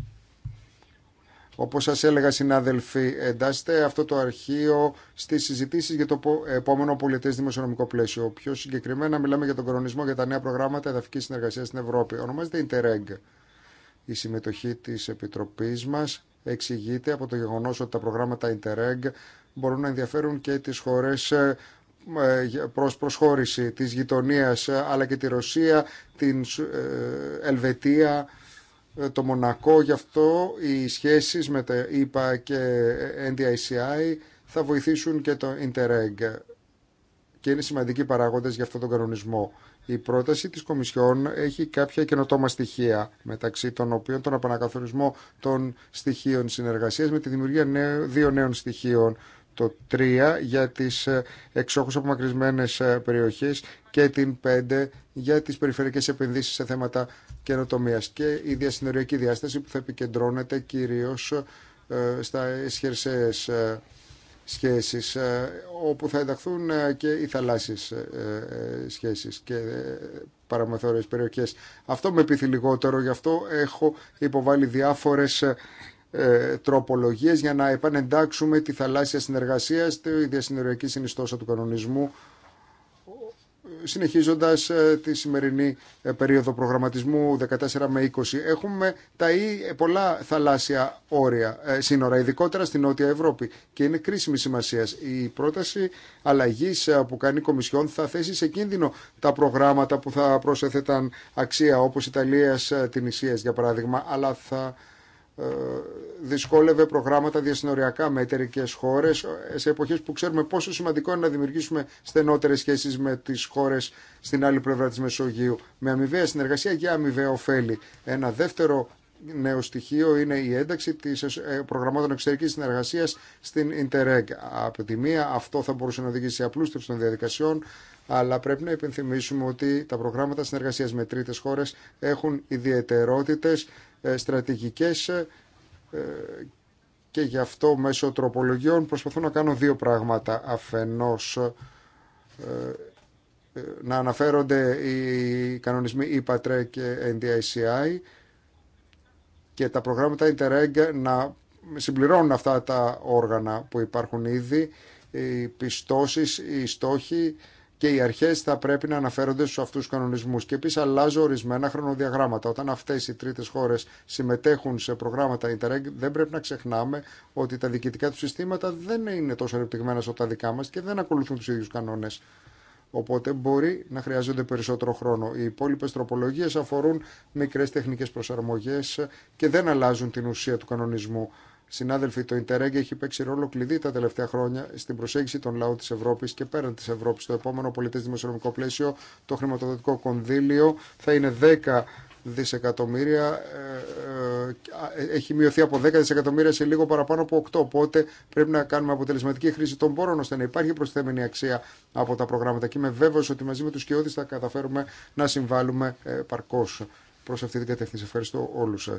Όπως σας έλεγα συνάδελφοι, εντάστε αυτό το αρχείο στις συζητήσεις για το επόμενο πολιτές δημοσιονομικό πλαίσιο. Πιο συγκεκριμένα μιλάμε για τον κορονισμό για τα νέα προγράμματα εδαφικής συνεργασίας στην Ευρώπη. Ονομάζεται Interreg. Η συμμετοχή της Επιτροπής μας εξηγείται από το γεγονός ότι τα προγράμματα Interreg μπορούν να ενδιαφέρουν και τις χώρες ε, ε, προς προσχώρηση της γειτονίας ε, αλλά και τη Ρωσία, την Ελβετία, το Μονακό. Γι' αυτό οι σχέσεις με τα ΕΠΑ και NDICI θα βοηθήσουν και το Interreg και είναι σημαντικοί παράγοντες για αυτόν τον κανονισμό. Η πρόταση της Κομισιόν έχει κάποια καινοτόμα στοιχεία, μεταξύ των οποίων τον επανακαθορισμό των στοιχείων συνεργασίας με τη δημιουργία δύο νέων στοιχείων, το 3 για τις ε, εξόχως απομακρυσμένες ε, περιοχές και την 5 για τις περιφερειακές επενδύσεις σε θέματα καινοτομία και η διασυνοριακή διάσταση που θα επικεντρώνεται κυρίως ε, στα εσχερσαίες σχέσεις ε, όπου θα ενταχθούν ε, και οι θαλάσσιες ε, σχέσεις και παραμεθόρειες περιοχές. Αυτό με πείθει λιγότερο, γι' αυτό έχω υποβάλει διάφορες τροπολογίες για να επανεντάξουμε τη θαλάσσια συνεργασία στη διασυνοριακή συνιστόσα του κανονισμού συνεχίζοντας ε, τη σημερινή ε, περίοδο προγραμματισμού 14 με 20. Έχουμε τα ή ε, πολλά θαλάσσια όρια, σύνορα, ειδικότερα στην Νότια Ευρώπη και είναι κρίσιμη σημασία. Η πρόταση αλλαγή που κάνει η Κομισιόν θα θέσει σε κίνδυνο τα προγράμματα που θα προσέθεταν αξία όπως Ιταλίας, την Ισίας για παράδειγμα, αλλά θα ε, δυσκόλευε προγράμματα διασυνοριακά με εταιρικέ χώρε ε, σε εποχέ που ξέρουμε πόσο σημαντικό είναι να δημιουργήσουμε στενότερε σχέσει με τι χώρε στην άλλη πλευρά τη Μεσογείου. Με αμοιβαία συνεργασία για αμοιβαία ωφέλη. Ένα δεύτερο νέο στοιχείο είναι η ένταξη τη ε, προγραμμάτων εξωτερική συνεργασία στην Interreg. Από τη μία, αυτό θα μπορούσε να οδηγήσει σε απλούστευση των διαδικασιών, αλλά πρέπει να υπενθυμίσουμε ότι τα προγράμματα συνεργασίας με τρίτες χώρες έχουν ιδιαιτερότητες ε, στρατηγικές ε, και γι' αυτό μέσω τροπολογιών προσπαθώ να κάνω δύο πράγματα αφενός ε, να αναφέρονται οι κανονισμοί ΙΠΑΤΡΕ και NDICI και τα προγράμματα Interreg να συμπληρώνουν αυτά τα όργανα που υπάρχουν ήδη, οι πιστώσεις, οι στόχοι και οι αρχέ θα πρέπει να αναφέρονται στου αυτού του κανονισμού. Και επίση αλλάζω ορισμένα χρονοδιαγράμματα. Όταν αυτέ οι τρίτε χώρε συμμετέχουν σε προγράμματα Interreg, δεν πρέπει να ξεχνάμε ότι τα διοικητικά του συστήματα δεν είναι τόσο ρεπτυγμένα όσο τα δικά μα και δεν ακολουθούν του ίδιου κανόνε. Οπότε μπορεί να χρειάζονται περισσότερο χρόνο. Οι υπόλοιπε τροπολογίε αφορούν μικρέ τεχνικέ προσαρμογέ και δεν αλλάζουν την ουσία του κανονισμού. Συνάδελφοι, το Ιντερέγκ έχει παίξει ρόλο κλειδί τα τελευταία χρόνια στην προσέγγιση των λαών τη Ευρώπη και πέραν τη Ευρώπη. Το επόμενο πολιτέ δημοσιονομικό πλαίσιο, το χρηματοδοτικό κονδύλιο θα είναι 10 δισεκατομμύρια. Ε, ε, έχει μειωθεί από 10 δισεκατομμύρια σε λίγο παραπάνω από 8. Οπότε πρέπει να κάνουμε αποτελεσματική χρήση των πόρων ώστε να υπάρχει προσθέμενη αξία από τα προγράμματα. Και είμαι βέβαιο ότι μαζί με του κοιόδη θα καταφέρουμε να συμβάλλουμε ε, παρκώς αυτή την κατεύθυνση. Ευχαριστώ όλου σα.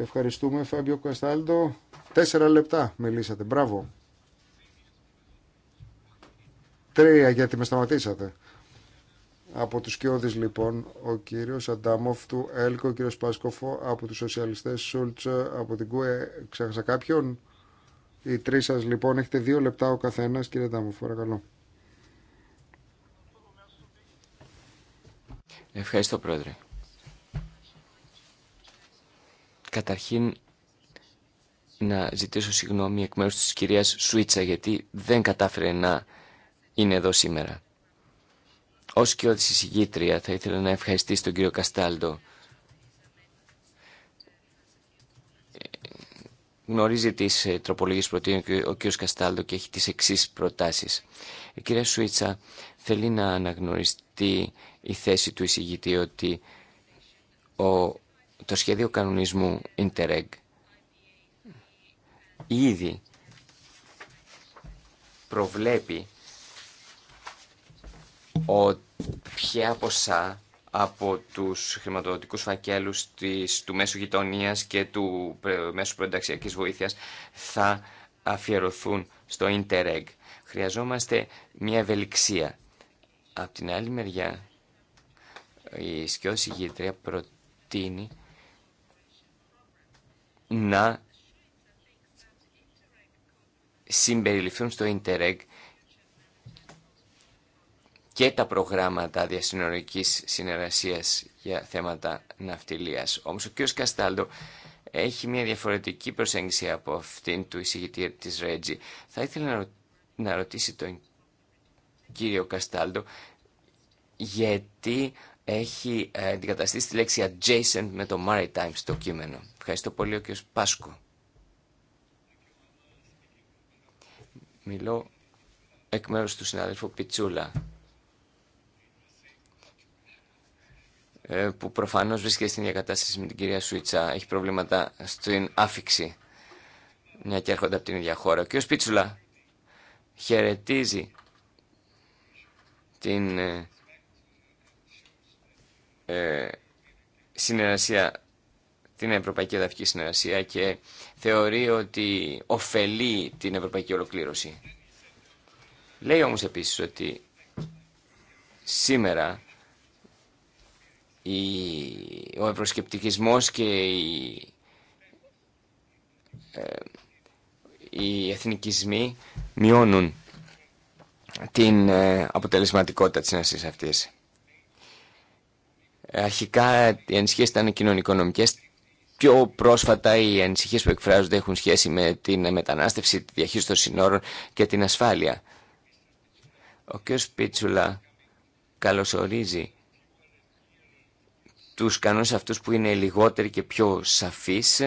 Ευχαριστούμε Φάμπιο Καστάλντο. Τέσσερα λεπτά μιλήσατε. Μπράβο. Τρία γιατί με σταματήσατε. Από τους Κιώδης λοιπόν ο κύριος Αντάμοφ του Έλκο, ο κύριος Πάσκοφο από τους σοσιαλιστές Σούλτς από την ΚΟΕ. Ξέχασα κάποιον. Οι τρεις σας λοιπόν έχετε δύο λεπτά ο καθένας κύριε Αντάμοφ παρακαλώ. Ευχαριστώ πρόεδρε. Καταρχήν να ζητήσω συγγνώμη εκ μέρους της κυρίας Σουίτσα γιατί δεν κατάφερε να είναι εδώ σήμερα. Ως και ό,τι συγγήτρια θα ήθελα να ευχαριστήσω τον κύριο Καστάλτο. Γνωρίζει τις ε, τροπολογίες που προτείνει ο κύριος Καστάλτο και έχει τις εξής προτάσεις. Η κυρία Σουίτσα θέλει να αναγνωριστεί η θέση του εισηγητή ότι ο το σχέδιο κανονισμού Interreg ήδη προβλέπει ότι ποια ποσά από τους χρηματοδοτικούς φακέλους της, του μέσου γειτονία και του μέσου προενταξιακής βοήθειας θα αφιερωθούν στο Interreg. Χρειαζόμαστε μια ευελιξία. Από την άλλη μεριά, η σκιώση γητρία προτείνει να συμπεριληφθούν στο Interreg και τα προγράμματα διασυνορικής συνεργασίας για θέματα ναυτιλίας. Όμως ο κ. Καστάλτο έχει μια διαφορετική προσέγγιση από αυτήν του εισηγητή της Ρέτζη. Θα ήθελα να ρωτήσει τον κύριο Καστάλτο γιατί έχει ε, αντικαταστήσει τη λέξη adjacent με το maritime στο κείμενο. Ευχαριστώ πολύ ο κ. Πάσκο. Μιλώ εκ μέρους του συναδέλφου Πιτσούλα, ε, που προφανώς βρίσκεται στην διακατάσταση με την κυρία Σουίτσα. Έχει προβλήματα στην άφηξη, μια και έρχονται από την ίδια χώρα. Ο κ. Πιτσούλα χαιρετίζει την ε, ε, συνεργασία, την Ευρωπαϊκή Εδαφική Συνεργασία και θεωρεί ότι ωφελεί την Ευρωπαϊκή Ολοκλήρωση. Λέει όμως επίσης ότι σήμερα η, ο ευρωσκεπτικισμός και η, ε, οι εθνικισμοί μειώνουν την ε, αποτελεσματικότητα της συνεργασίας αυτής. Αρχικά οι ανησυχίες ήταν κοινωνικονομικέ. Πιο πρόσφατα οι ανησυχίες που εκφράζονται έχουν σχέση με την μετανάστευση, τη διαχείριση των συνόρων και την ασφάλεια. Ο κ. Πίτσουλα καλωσορίζει τους κανόνες αυτούς που είναι λιγότεροι και πιο σαφείς,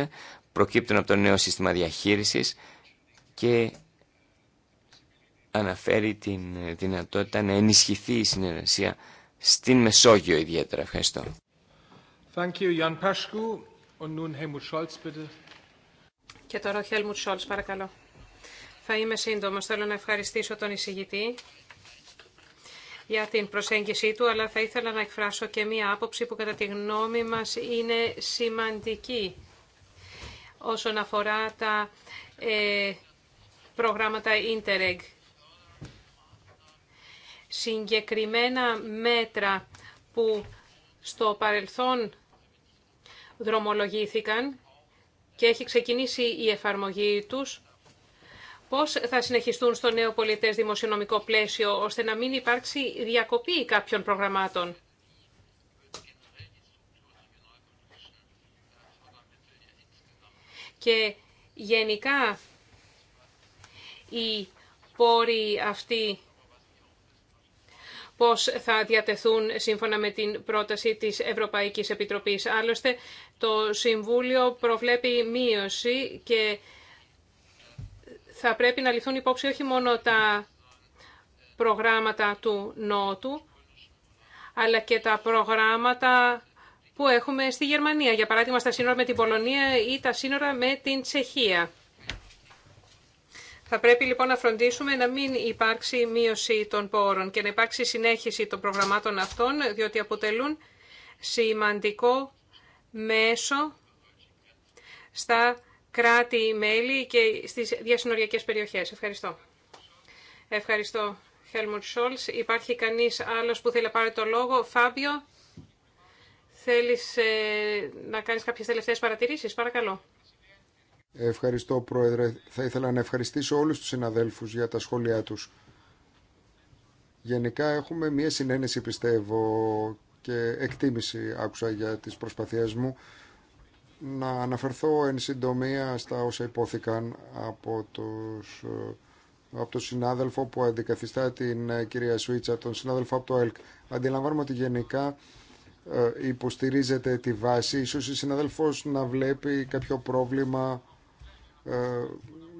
προκύπτουν από το νέο σύστημα διαχείρισης και αναφέρει την δυνατότητα να ενισχυθεί η συνεργασία στην Μεσόγειο ιδιαίτερα. Ευχαριστώ. Thank you, Jan Und nun Scholz, bitte. Και τώρα ο Χέλμουτ Σόλτ, παρακαλώ. Θα είμαι σύντομο. Θέλω να ευχαριστήσω τον εισηγητή για την προσέγγιση του, αλλά θα ήθελα να εκφράσω και μία άποψη που κατά τη γνώμη μας είναι σημαντική όσον αφορά τα ε, προγράμματα Interreg συγκεκριμένα μέτρα που στο παρελθόν δρομολογήθηκαν και έχει ξεκινήσει η εφαρμογή τους, πώς θα συνεχιστούν στο νέο πολιτές δημοσιονομικό πλαίσιο, ώστε να μην υπάρξει διακοπή κάποιων προγραμμάτων. Και γενικά οι πόροι αυτοί πώς θα διατεθούν σύμφωνα με την πρόταση της Ευρωπαϊκής Επιτροπής. Άλλωστε, το Συμβούλιο προβλέπει μείωση και θα πρέπει να ληφθούν υπόψη όχι μόνο τα προγράμματα του Νότου, αλλά και τα προγράμματα που έχουμε στη Γερμανία, για παράδειγμα στα σύνορα με την Πολωνία ή τα σύνορα με την Τσεχία. Θα πρέπει λοιπόν να φροντίσουμε να μην υπάρξει μείωση των πόρων και να υπάρξει συνέχιση των προγραμμάτων αυτών, διότι αποτελούν σημαντικό μέσο στα κράτη-μέλη και στις διασυνοριακές περιοχές. Ευχαριστώ. Ευχαριστώ, Χέλμουντ Σόλς. Υπάρχει κανείς άλλος που θέλει να πάρει το λόγο. Φάμπιο, θέλεις ε, να κάνεις κάποιες τελευταίες παρατηρήσεις. Παρακαλώ. Ευχαριστώ Πρόεδρε. Θα ήθελα να ευχαριστήσω όλους τους συναδέλφους για τα σχόλιά τους. Γενικά έχουμε μία συνένεση πιστεύω και εκτίμηση άκουσα για τις προσπαθίες μου να αναφερθώ εν συντομία στα όσα υπόθηκαν από, τους, από τον συνάδελφο που αντικαθιστά την ε, κυρία Σουίτσα, τον συνάδελφο από το ΕΛΚ. Αντιλαμβάνομαι ότι γενικά ε, υποστηρίζεται τη βάση. Ίσως η συναδελφός να βλέπει κάποιο πρόβλημα ε,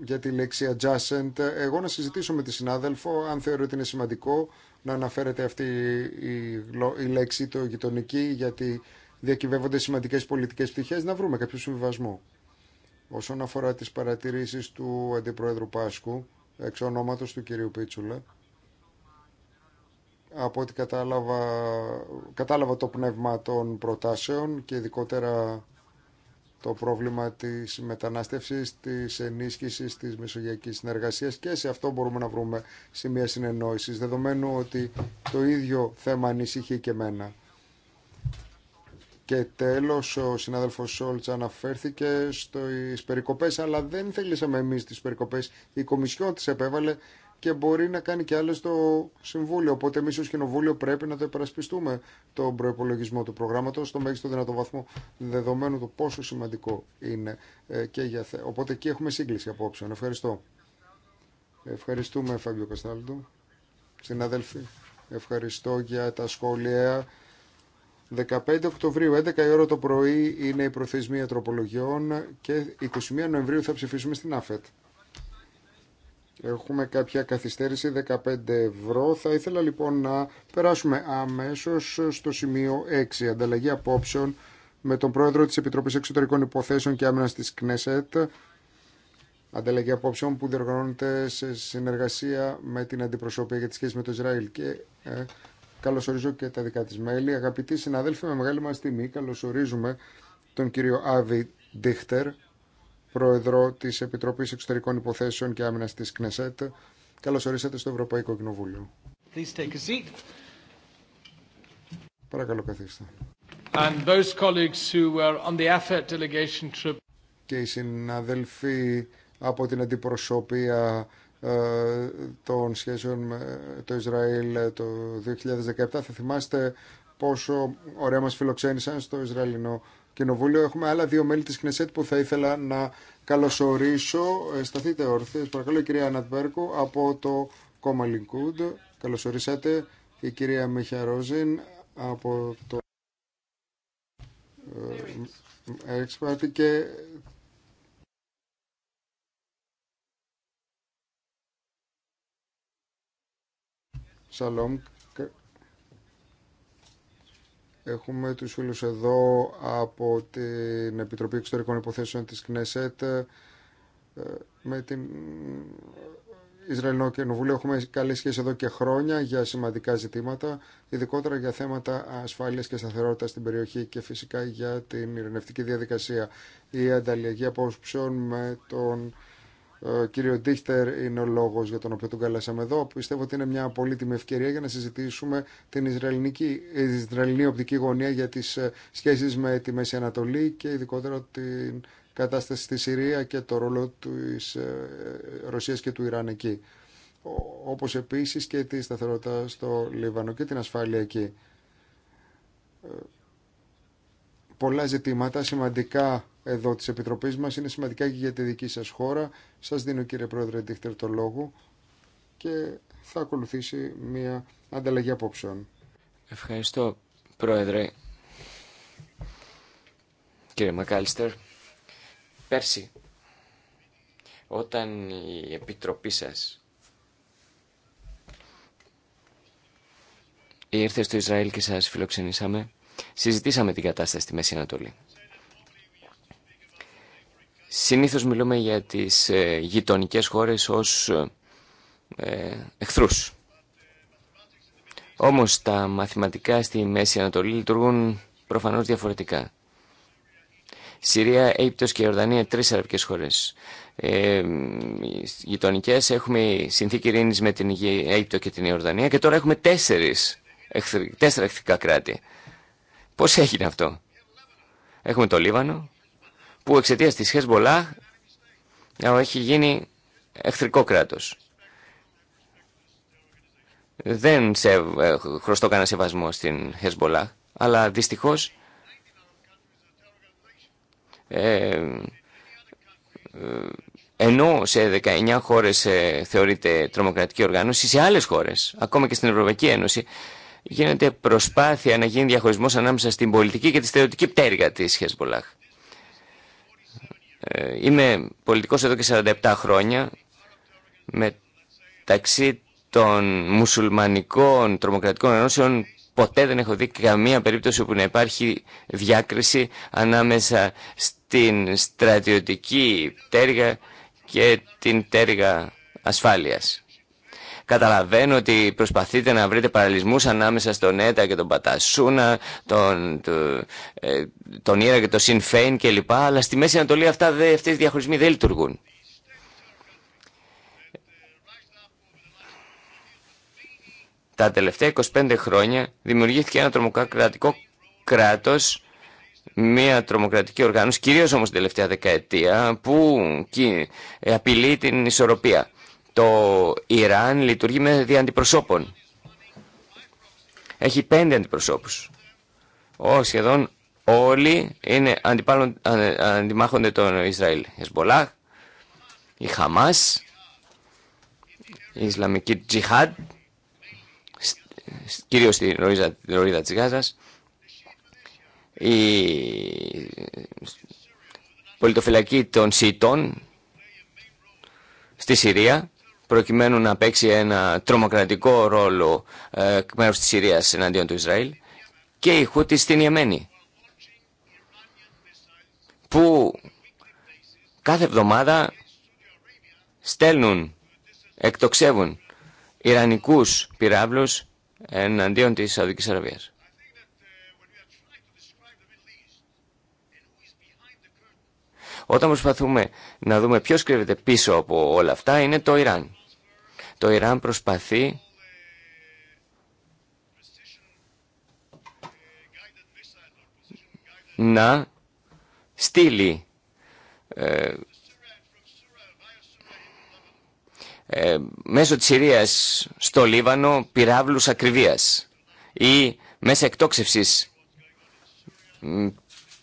για τη λέξη adjacent. Εγώ να συζητήσω με τη συνάδελφο αν θεωρεί ότι είναι σημαντικό να αναφέρεται αυτή η λέξη το γειτονική γιατί διακυβεύονται σημαντικές πολιτικές πτυχές να βρούμε κάποιο συμβιβασμό. Όσον αφορά τις παρατηρήσεις του Αντιπρόεδρου Πάσκου εξ ονόματος του κυρίου Πίτσουλα από ό,τι κατάλαβα, κατάλαβα το πνεύμα των προτάσεων και ειδικότερα το πρόβλημα της μετανάστευσης, της ενίσχυσης της μεσογειακής συνεργασίας και σε αυτό μπορούμε να βρούμε σημεία συνεννόησης, δεδομένου ότι το ίδιο θέμα ανησυχεί και εμένα. Και τέλος, ο συνάδελφος Σόλτς αναφέρθηκε στις περικοπές, αλλά δεν θέλησαμε εμείς τις περικοπές. Η Κομισιόν τις επέβαλε και μπορεί να κάνει και άλλες το Συμβούλιο. Οπότε εμεί ως Κοινοβούλιο πρέπει να το επερασπιστούμε τον προπολογισμό του προγράμματος στο μέγιστο δυνατό βαθμό δεδομένου το πόσο σημαντικό είναι. Ε, και για θε... Οπότε εκεί έχουμε σύγκληση απόψεων. Ευχαριστώ. Ευχαριστούμε Φάμπιο Καστάλντο. Συνάδελφοι, ευχαριστώ για τα σχόλια. 15 Οκτωβρίου, 11 η ώρα το πρωί είναι η προθεσμία τροπολογιών και 21 Νοεμβρίου θα ψηφίσουμε στην ΑΦΕΤ. Έχουμε κάποια καθυστέρηση 15 ευρώ. Θα ήθελα λοιπόν να περάσουμε αμέσως στο σημείο 6. Ανταλλαγή απόψεων με τον πρόεδρο της Επιτροπής Εξωτερικών Υποθέσεων και Άμυνας της ΚΝΕΣΕΤ. Ανταλλαγή απόψεων που διοργανώνεται σε συνεργασία με την Αντιπροσωπεία για τις σχέσεις με το Ισραήλ. Και ε, καλωσορίζω και τα δικά της μέλη. Αγαπητοί συναδέλφοι, με μεγάλη μας τιμή καλωσορίζουμε τον κύριο Άβη Ντίχτερ, Πρόεδρο τη Επιτροπή Εξωτερικών Υποθέσεων και Άμυνα τη ΚΝΕΣΕΤ. Καλώ ορίσατε στο Ευρωπαϊκό Κοινοβούλιο. Παρακαλώ καθίστε. Και οι συναδελφοί από την αντιπροσωπεία ε, των σχέσεων με το Ισραήλ ε, το 2017. Θα θυμάστε πόσο ωραία μας φιλοξένησαν στο Ισραηλινό Κοινοβούλιο. Έχουμε άλλα δύο μέλη της Κνεσέτ που θα ήθελα να καλωσορίσω. Ε, σταθείτε όρθιες, παρακαλώ, η κυρία Ανατβέρκου από το κόμμα Λιγκούντ. Καλωσορίσατε η κυρία Ρόζιν από το Έξπαρτη ε, και Σαλόμ Έχουμε τους φίλους εδώ από την Επιτροπή Εξωτερικών Υποθέσεων της Κνέσετ ε, με την Ισραηλινό Κοινοβούλιο. Έχουμε καλή σχέση εδώ και χρόνια για σημαντικά ζητήματα, ειδικότερα για θέματα ασφάλειας και σταθερότητα στην περιοχή και φυσικά για την ειρηνευτική διαδικασία ή ανταλλαγή απόψεων με τον ε, κύριο Ντίχτερ είναι ο λόγος για τον οποίο τον καλέσαμε εδώ. Πιστεύω ότι είναι μια πολύτιμη ευκαιρία για να συζητήσουμε την ε, Ισραηλινή οπτική γωνία για τις ε, σχέσεις με τη Μέση Ανατολή και ειδικότερα την κατάσταση στη Συρία και το ρόλο της Ρωσίας και του Ιράν εκεί. Όπως επίσης και τη σταθερότητα στο Λίβανο και την ασφάλεια εκεί πολλά ζητήματα σημαντικά εδώ της Επιτροπής μας, είναι σημαντικά και για τη δική σας χώρα. Σας δίνω κύριε Πρόεδρε Ντίχτερ το λόγο και θα ακολουθήσει μια ανταλλαγή απόψεων. Ευχαριστώ Πρόεδρε. Κύριε Μακάλιστερ, πέρσι όταν η Επιτροπή σας ήρθε στο Ισραήλ και σας φιλοξενήσαμε, συζητήσαμε την κατάσταση στη Μέση Ανατολή. Συνήθως μιλούμε για τις ε, γειτονικές χώρες ως ε, εχθρούς. Όμως τα μαθηματικά στη Μέση Ανατολή λειτουργούν προφανώς διαφορετικά. Συρία, Αίγυπτος και Ιορδανία, τρεις αραβικές χώρες. Ε, γειτονικές έχουμε συνθήκη ειρήνης με την Αίγυπτο και την Ιορδανία και τώρα έχουμε τέσσερις, τέσσερα εχθρικά κράτη. Πώς έγινε αυτό. Έχουμε το Λίβανο που εξαιτίας της Χεσμολά έχει γίνει εχθρικό κράτος. Δεν σε, ε, χρωστώ κανένα σεβασμό στην Χεσμολά, αλλά δυστυχώς ε, ε, ενώ σε 19 χώρες ε, θεωρείται τρομοκρατική οργάνωση, σε άλλες χώρες, ακόμα και στην Ευρωπαϊκή Ένωση, γίνεται προσπάθεια να γίνει διαχωρισμός ανάμεσα στην πολιτική και τη στρατιωτική πτέρυγα της Χεσμολάχ. Ε, είμαι πολιτικός εδώ και 47 χρόνια. Μεταξύ των μουσουλμανικών τρομοκρατικών ενώσεων ποτέ δεν έχω δει καμία περίπτωση όπου να υπάρχει διάκριση ανάμεσα στην στρατιωτική πτέρυγα και την πτέρυγα ασφάλειας. Καταλαβαίνω ότι προσπαθείτε να βρείτε παραλυσμούς ανάμεσα στον ΕΤΑ και τον Πατασούνα, τον, ε, τον, Ήρα και τον Σινφέιν κλπ. Αλλά στη Μέση Ανατολή αυτά, αυτές οι διαχωρισμοί δεν λειτουργούν. Τα τελευταία 25 χρόνια δημιουργήθηκε ένα τρομοκρατικό κράτος μια τρομοκρατική οργάνωση, κυρίως όμως την τελευταία δεκαετία, που ε, απειλεί την ισορροπία. Το Ιράν λειτουργεί με δύο αντιπροσώπων. Έχει πέντε αντιπροσώπους. Ό, σχεδόν όλοι είναι αντιμάχονται τον Ισραήλ. Εσμπολάχ, η Χαμάς, η Ισλαμική Τζιχάντ, κυρίως στη ροίδα, τη της Γάζας, η πολιτοφυλακή των Σιτών στη Συρία προκειμένου να παίξει ένα τρομοκρατικό ρόλο ε, μέρος της Συρίας εναντίον του Ισραήλ και η Χούτι στην Ιεμένη που κάθε εβδομάδα στέλνουν, εκτοξεύουν Ιρανικούς πυράβλους εναντίον της Σαουδικής Αραβίας. Όταν προσπαθούμε να δούμε ποιος κρύβεται πίσω από όλα αυτά είναι το Ιράν. Το Ιράν προσπαθεί να στείλει ε, ε, μέσω της Συρίας στο Λίβανο πυράβλους ακριβίας ή μέσα εκτόξευσης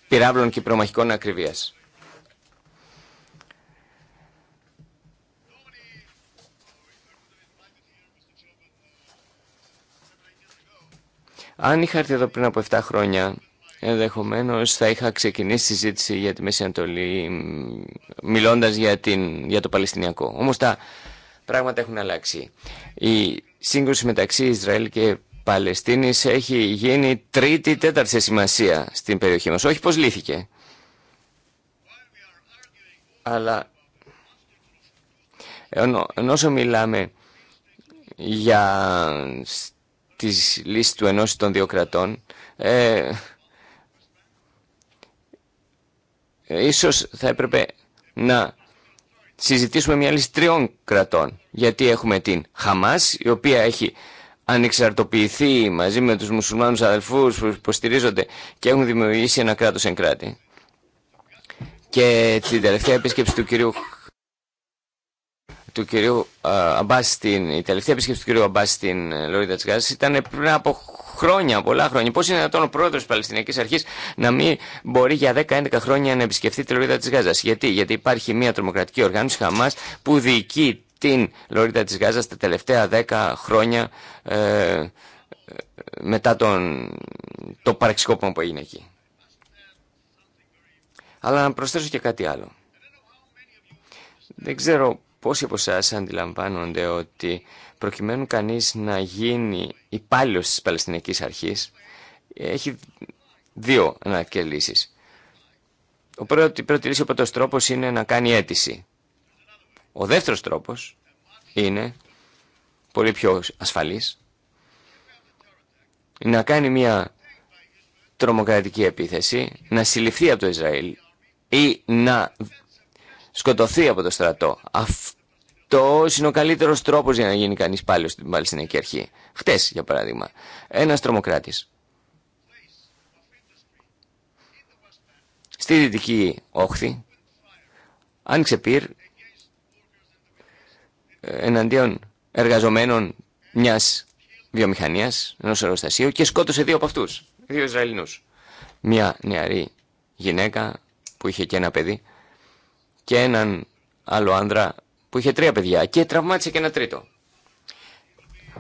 πυράβλων και προμαχικών ακριβίας. Αν είχα έρθει εδώ πριν από 7 χρόνια, ενδεχομένω θα είχα ξεκινήσει τη συζήτηση για τη Μέση Ανατολή, μιλώντα για, για το Παλαιστινιακό. Όμω τα πράγματα έχουν αλλάξει. Η σύγκρουση μεταξύ Ισραήλ και Παλαιστίνης έχει γίνει τρίτη τέταρτη σε σημασία στην περιοχή μας. Όχι πως λύθηκε. Αλλά ενώ, όσο μιλάμε για της λύσης του ενός των δύο κρατών, ε, ίσως θα έπρεπε να συζητήσουμε μια λύση τριών κρατών. Γιατί έχουμε την Χαμάς, η οποία έχει ανεξαρτοποιηθεί μαζί με τους μουσουλμάνους αδελφούς που υποστηρίζονται και έχουν δημιουργήσει ένα κράτος εν κράτη. Και την τελευταία επίσκεψη του κυρίου του κυρίου ε, Αμπάση, η τελευταία επίσκεψη του κυρίου Αμπά στην ε, Λωρίδα τη Γάζα ήταν πριν από χρόνια, πολλά χρόνια. Πώ είναι δυνατόν ο πρόεδρο τη Παλαιστινιακή Αρχή να μην μπορεί για 10-11 χρόνια να επισκεφτεί τη Λωρίδα τη Γάζα. Γιατί? Γιατί υπάρχει μια τρομοκρατική οργάνωση Χαμά που διοικεί την Λωρίδα τη Γάζα τα τελευταία 10 χρόνια ε, μετά τον, το παραξικόπημα που έγινε εκεί. Αλλά να προσθέσω και κάτι άλλο. Δεν ξέρω Πόσοι από εσά αντιλαμβάνονται ότι προκειμένου κανείς να γίνει υπάλληλο της Παλαιστινικής Αρχής έχει δύο αναγκαίες λύσεις. Ο πρώτη, η πρώτη λύση, ο πρώτος τρόπος είναι να κάνει αίτηση. Ο δεύτερος τρόπος είναι πολύ πιο ασφαλής να κάνει μια τρομοκρατική επίθεση, να συλληφθεί από το Ισραήλ ή να σκοτωθεί από το στρατό. Αυτό είναι ο καλύτερο τρόπο για να γίνει κανεί πάλι, στην στην αρχή. Χτε, για παράδειγμα, ένα τρομοκράτη. Στη δυτική όχθη άνοιξε πυρ εναντίον εργαζομένων μια βιομηχανίας, ενό εργοστασίου και σκότωσε δύο από αυτού, δύο Ισραηλινούς. Μια νεαρή γυναίκα που είχε και ένα παιδί και έναν άλλο άντρα που είχε τρία παιδιά και τραυμάτισε και ένα τρίτο.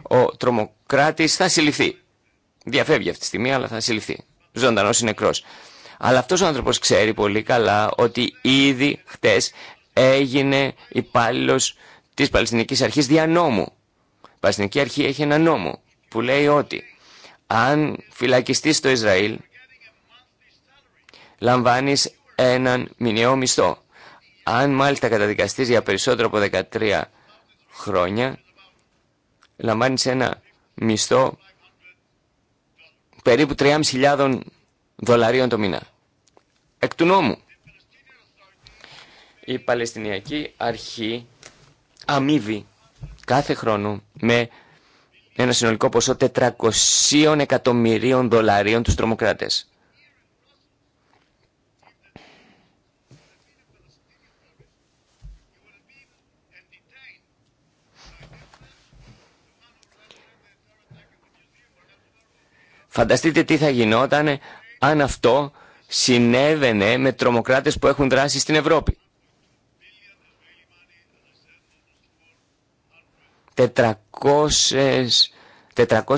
Ο τρομοκράτης θα συλληφθεί. Διαφεύγει αυτή τη στιγμή, αλλά θα συλληφθεί. Ζωντανός ή νεκρός. Αλλά αυτός ο άνθρωπος ξέρει πολύ ζωντανό είναι Παλαιστινική Αρχή χτες εγινε υπαλληλο της παλαιστινικη ένα νόμο που λέει ότι αν φυλακιστεί στο Ισραήλ λαμβάνει έναν μηνιαίο μισθό. Αν μάλιστα καταδικαστείς για περισσότερο από 13 χρόνια, λαμβάνεις ένα μισθό περίπου 3.500 δολαρίων το μήνα. Εκ του νόμου. Η Παλαιστινιακή Αρχή αμείβει κάθε χρόνο με ένα συνολικό ποσό 400 εκατομμυρίων δολαρίων τους τρομοκράτες. Φανταστείτε τι θα γινόταν αν αυτό συνέβαινε με τρομοκράτες που έχουν δράσει στην Ευρώπη. 400,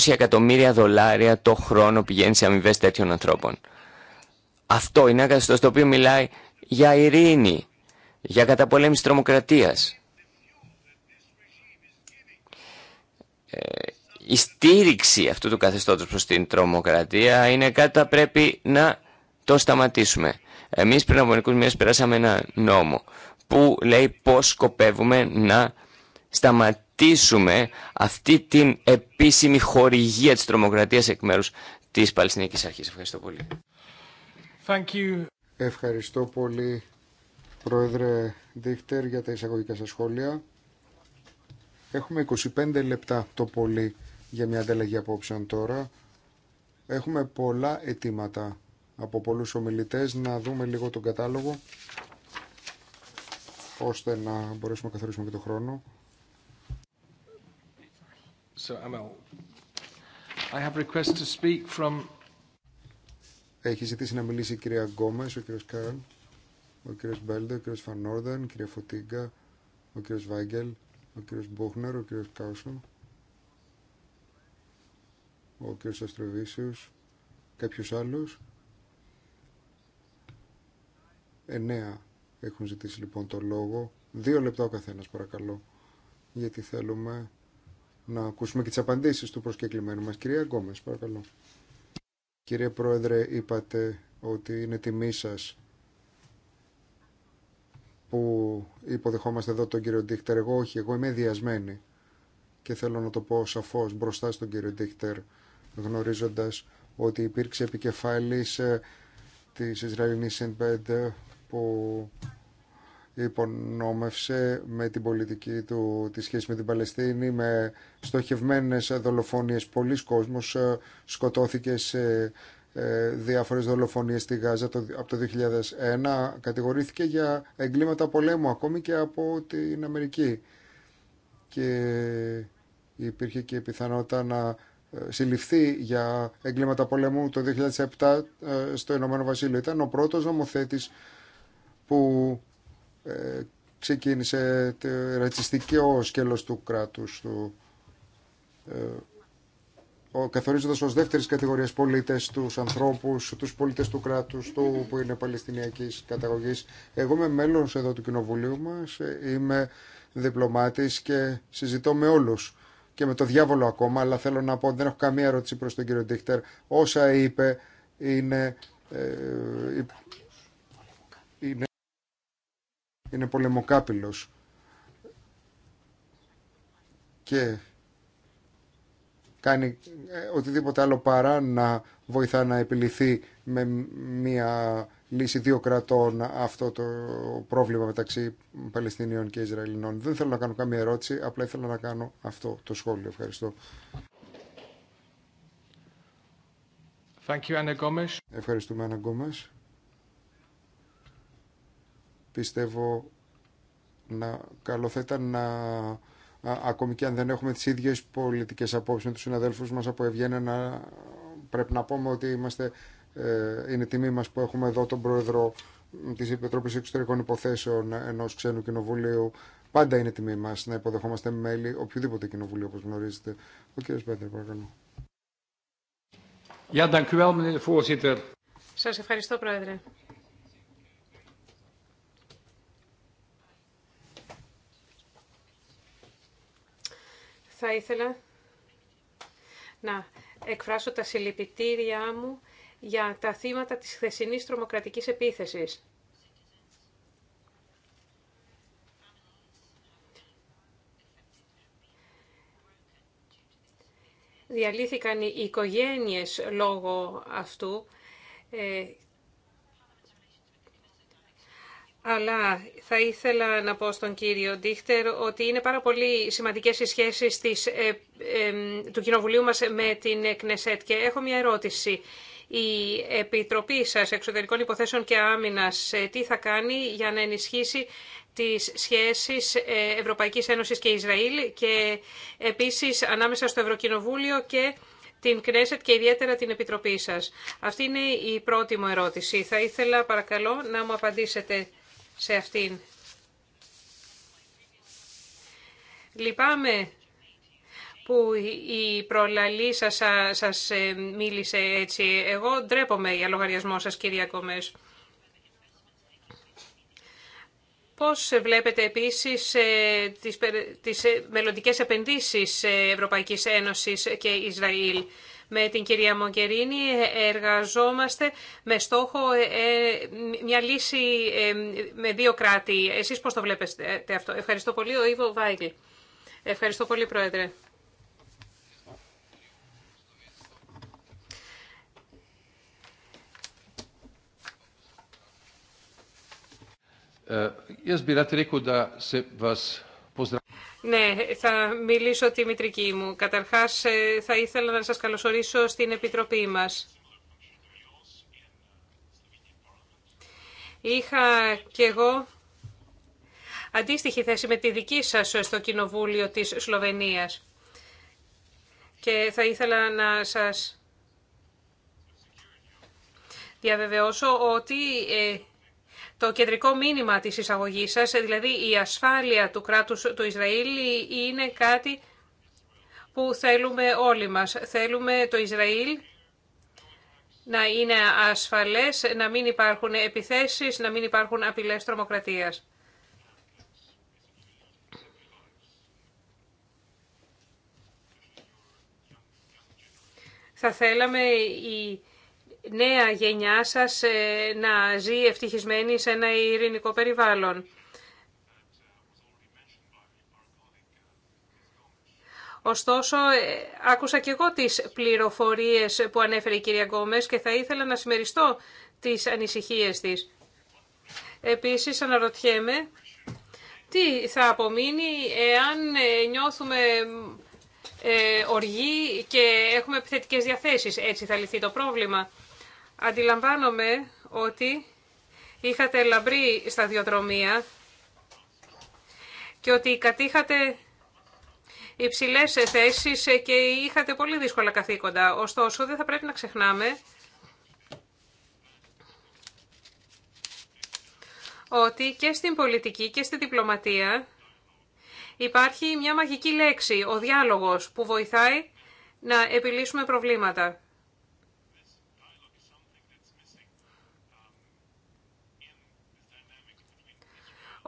εκατομμύρια δολάρια το χρόνο πηγαίνει σε αμοιβέ τέτοιων ανθρώπων. Αυτό είναι ένα το οποίο μιλάει για ειρήνη, για καταπολέμηση τρομοκρατίας. Ε, η στήριξη αυτού του καθεστώτος προς την τρομοκρατία είναι κάτι που πρέπει να το σταματήσουμε. Εμείς πριν από μερικούς μήνες περάσαμε ένα νόμο που λέει πώς σκοπεύουμε να σταματήσουμε αυτή την επίσημη χορηγία της τρομοκρατίας εκ μέρους της Παλαιστινικής Αρχής. Ευχαριστώ πολύ. Thank you. Ευχαριστώ πολύ, Πρόεδρε Δίχτερ, για τα εισαγωγικά σας σχόλια. Έχουμε 25 λεπτά το πολύ για μια ανταλλαγή απόψεων τώρα. Έχουμε πολλά αιτήματα από πολλούς ομιλητές. Να δούμε λίγο τον κατάλογο, ώστε να μπορέσουμε να καθορίσουμε και τον χρόνο. So, I have request to speak from... Έχει ζητήσει να μιλήσει η κυρία Γκόμες, ο κύριος Καρν, ο κύριος Μπέλντερ, ο κύριος Φανόρδεν, η κυρία Φωτίγκα, ο κύριος Βάγκελ, ο κύριος Μπούχνερ, ο κύριος Κάουσον ο κ. Αστροβίσιος, κάποιος άλλος. Εννέα έχουν ζητήσει λοιπόν το λόγο. Δύο λεπτά ο καθένας παρακαλώ, γιατί θέλουμε να ακούσουμε και τις απαντήσεις του προσκεκλημένου μας. Κυρία Γκόμες, παρακαλώ. Κύριε Πρόεδρε, είπατε ότι είναι τιμή σας που υποδεχόμαστε εδώ τον κύριο Ντίχτερ. Εγώ όχι, εγώ είμαι διασμένη και θέλω να το πω σαφώς μπροστά στον κύριο Ντίχτερ γνωρίζοντας ότι υπήρξε επικεφάλης ε, της Ισραηλινής Συνπέντ ε, που υπονόμευσε με την πολιτική του τη σχέση με την Παλαιστίνη με στοχευμένες δολοφονίες πολλοί κόσμος ε, σκοτώθηκε σε διάφορες δολοφονίες στη Γάζα από το 2001 κατηγορήθηκε για εγκλήματα πολέμου ακόμη και από την Αμερική και υπήρχε και η πιθανότητα να συλληφθεί για εγκλήματα πολέμου το 2007 ε, στο Ηνωμένο Βασίλειο. Ήταν ο πρώτος νομοθέτης που ε, ξεκίνησε το ρατσιστικό σκέλος του κράτους του ε, καθορίζοντας ως δεύτερης κατηγορίας πολίτες τους ανθρώπους, τους πολίτες του κράτους του που είναι παλαιστινιακής καταγωγής. Εγώ είμαι μέλος εδώ του κοινοβουλίου μας, είμαι διπλωμάτης και συζητώ με όλους και με το διάβολο ακόμα, αλλά θέλω να πω δεν έχω καμία ερώτηση προς τον κύριο Ντίχτερ. Όσα είπε είναι, ε, είναι, είναι πολεμοκάπηλος. Και κάνει ε, οτιδήποτε άλλο παρά να βοηθά να επιληθεί με μια Λύση δύο κρατών αυτό το πρόβλημα μεταξύ Παλαιστινίων και Ισραηλινών. Δεν θέλω να κάνω καμία ερώτηση, απλά ήθελα να κάνω αυτό το σχόλιο. Ευχαριστώ. Ευχαριστούμε, Άννα Γκόμες. Πιστεύω να καλό θα ήταν να ακόμη και αν δεν έχουμε τις ίδιες πολιτικές απόψεις με τους συναδέλφους μας από Ευγένεια να πρέπει να πούμε ότι είμαστε ε, είναι τιμή μας που έχουμε εδώ τον Πρόεδρο της Επιτροπής Εξωτερικών Υποθέσεων ενός ξένου κοινοβουλίου. Πάντα είναι τιμή μας να υποδεχόμαστε μέλη οποιοδήποτε κοινοβουλίου όπως γνωρίζετε. Ο κύριος Πέτρε παρακαλώ. Σας ευχαριστώ Πρόεδρε. Θα ήθελα να εκφράσω τα συλληπιτήριά μου για τα θύματα της χθεσινής τρομοκρατικής επίθεσης. Διαλύθηκαν οι οικογένειες λόγω αυτού, ε, αλλά θα ήθελα να πω στον κύριο Ντίχτερ ότι είναι πάρα πολύ σημαντικές οι σχέσεις της, ε, ε, του Κοινοβουλίου μας με την ΚΝΕΣΕΤ και έχω μια ερώτηση η Επιτροπή σας Εξωτερικών Υποθέσεων και Άμυνας ε, τι θα κάνει για να ενισχύσει τις σχέσεις ε, Ευρωπαϊκής Ένωσης και Ισραήλ και επίσης ανάμεσα στο Ευρωκοινοβούλιο και την Κνέσετ και ιδιαίτερα την Επιτροπή σας. Αυτή είναι η πρώτη μου ερώτηση. Θα ήθελα παρακαλώ να μου απαντήσετε σε αυτήν. Λυπάμαι που η προλαλή σας, ε, μίλησε έτσι. Εγώ ντρέπομαι για λογαριασμό σας, κυρία Κομές. Πώς βλέπετε επίσης ε, τις, μελλοντικέ ε, μελλοντικές επενδύσεις Ευρωπαϊκής Ένωσης και Ισραήλ. Με την κυρία Μογκερίνη εργαζόμαστε με στόχο μια λύση με δύο κράτη. Εσείς πώς το βλέπετε αυτό. Ευχαριστώ πολύ, ο Ιβο Βάγκλη. Ευχαριστώ πολύ, Πρόεδρε. Ε, ναι, θα μιλήσω τη μητρική μου. Καταρχάς, ε, θα ήθελα να σας καλωσορίσω στην Επιτροπή μας. Είχα και εγώ αντίστοιχη θέση με τη δική σας στο Κοινοβούλιο της Σλοβενίας. Και θα ήθελα να σας διαβεβαιώσω ότι ε, το κεντρικό μήνυμα της εισαγωγής σας, δηλαδή η ασφάλεια του κράτους του Ισραήλ είναι κάτι που θέλουμε όλοι μας. Θέλουμε το Ισραήλ να είναι ασφαλές, να μην υπάρχουν επιθέσεις, να μην υπάρχουν απειλές τρομοκρατίας. Θα θέλαμε η νέα γενιά σας ε, να ζει ευτυχισμένη σε ένα ειρηνικό περιβάλλον. Ωστόσο, ε, άκουσα και εγώ τις πληροφορίες που ανέφερε η κυρία Γκόμες και θα ήθελα να συμμεριστώ τις ανησυχίες της. Επίσης, αναρωτιέμαι τι θα απομείνει εάν ε, νιώθουμε οργή και έχουμε επιθετικές διαθέσεις. Έτσι θα λυθεί το πρόβλημα. Αντιλαμβάνομαι ότι είχατε λαμπρή σταδιοδρομία και ότι κατήχατε υψηλές θέσεις και είχατε πολύ δύσκολα καθήκοντα. Ωστόσο, δεν θα πρέπει να ξεχνάμε ότι και στην πολιτική και στη διπλωματία υπάρχει μια μαγική λέξη, ο διάλογος, που βοηθάει να επιλύσουμε προβλήματα.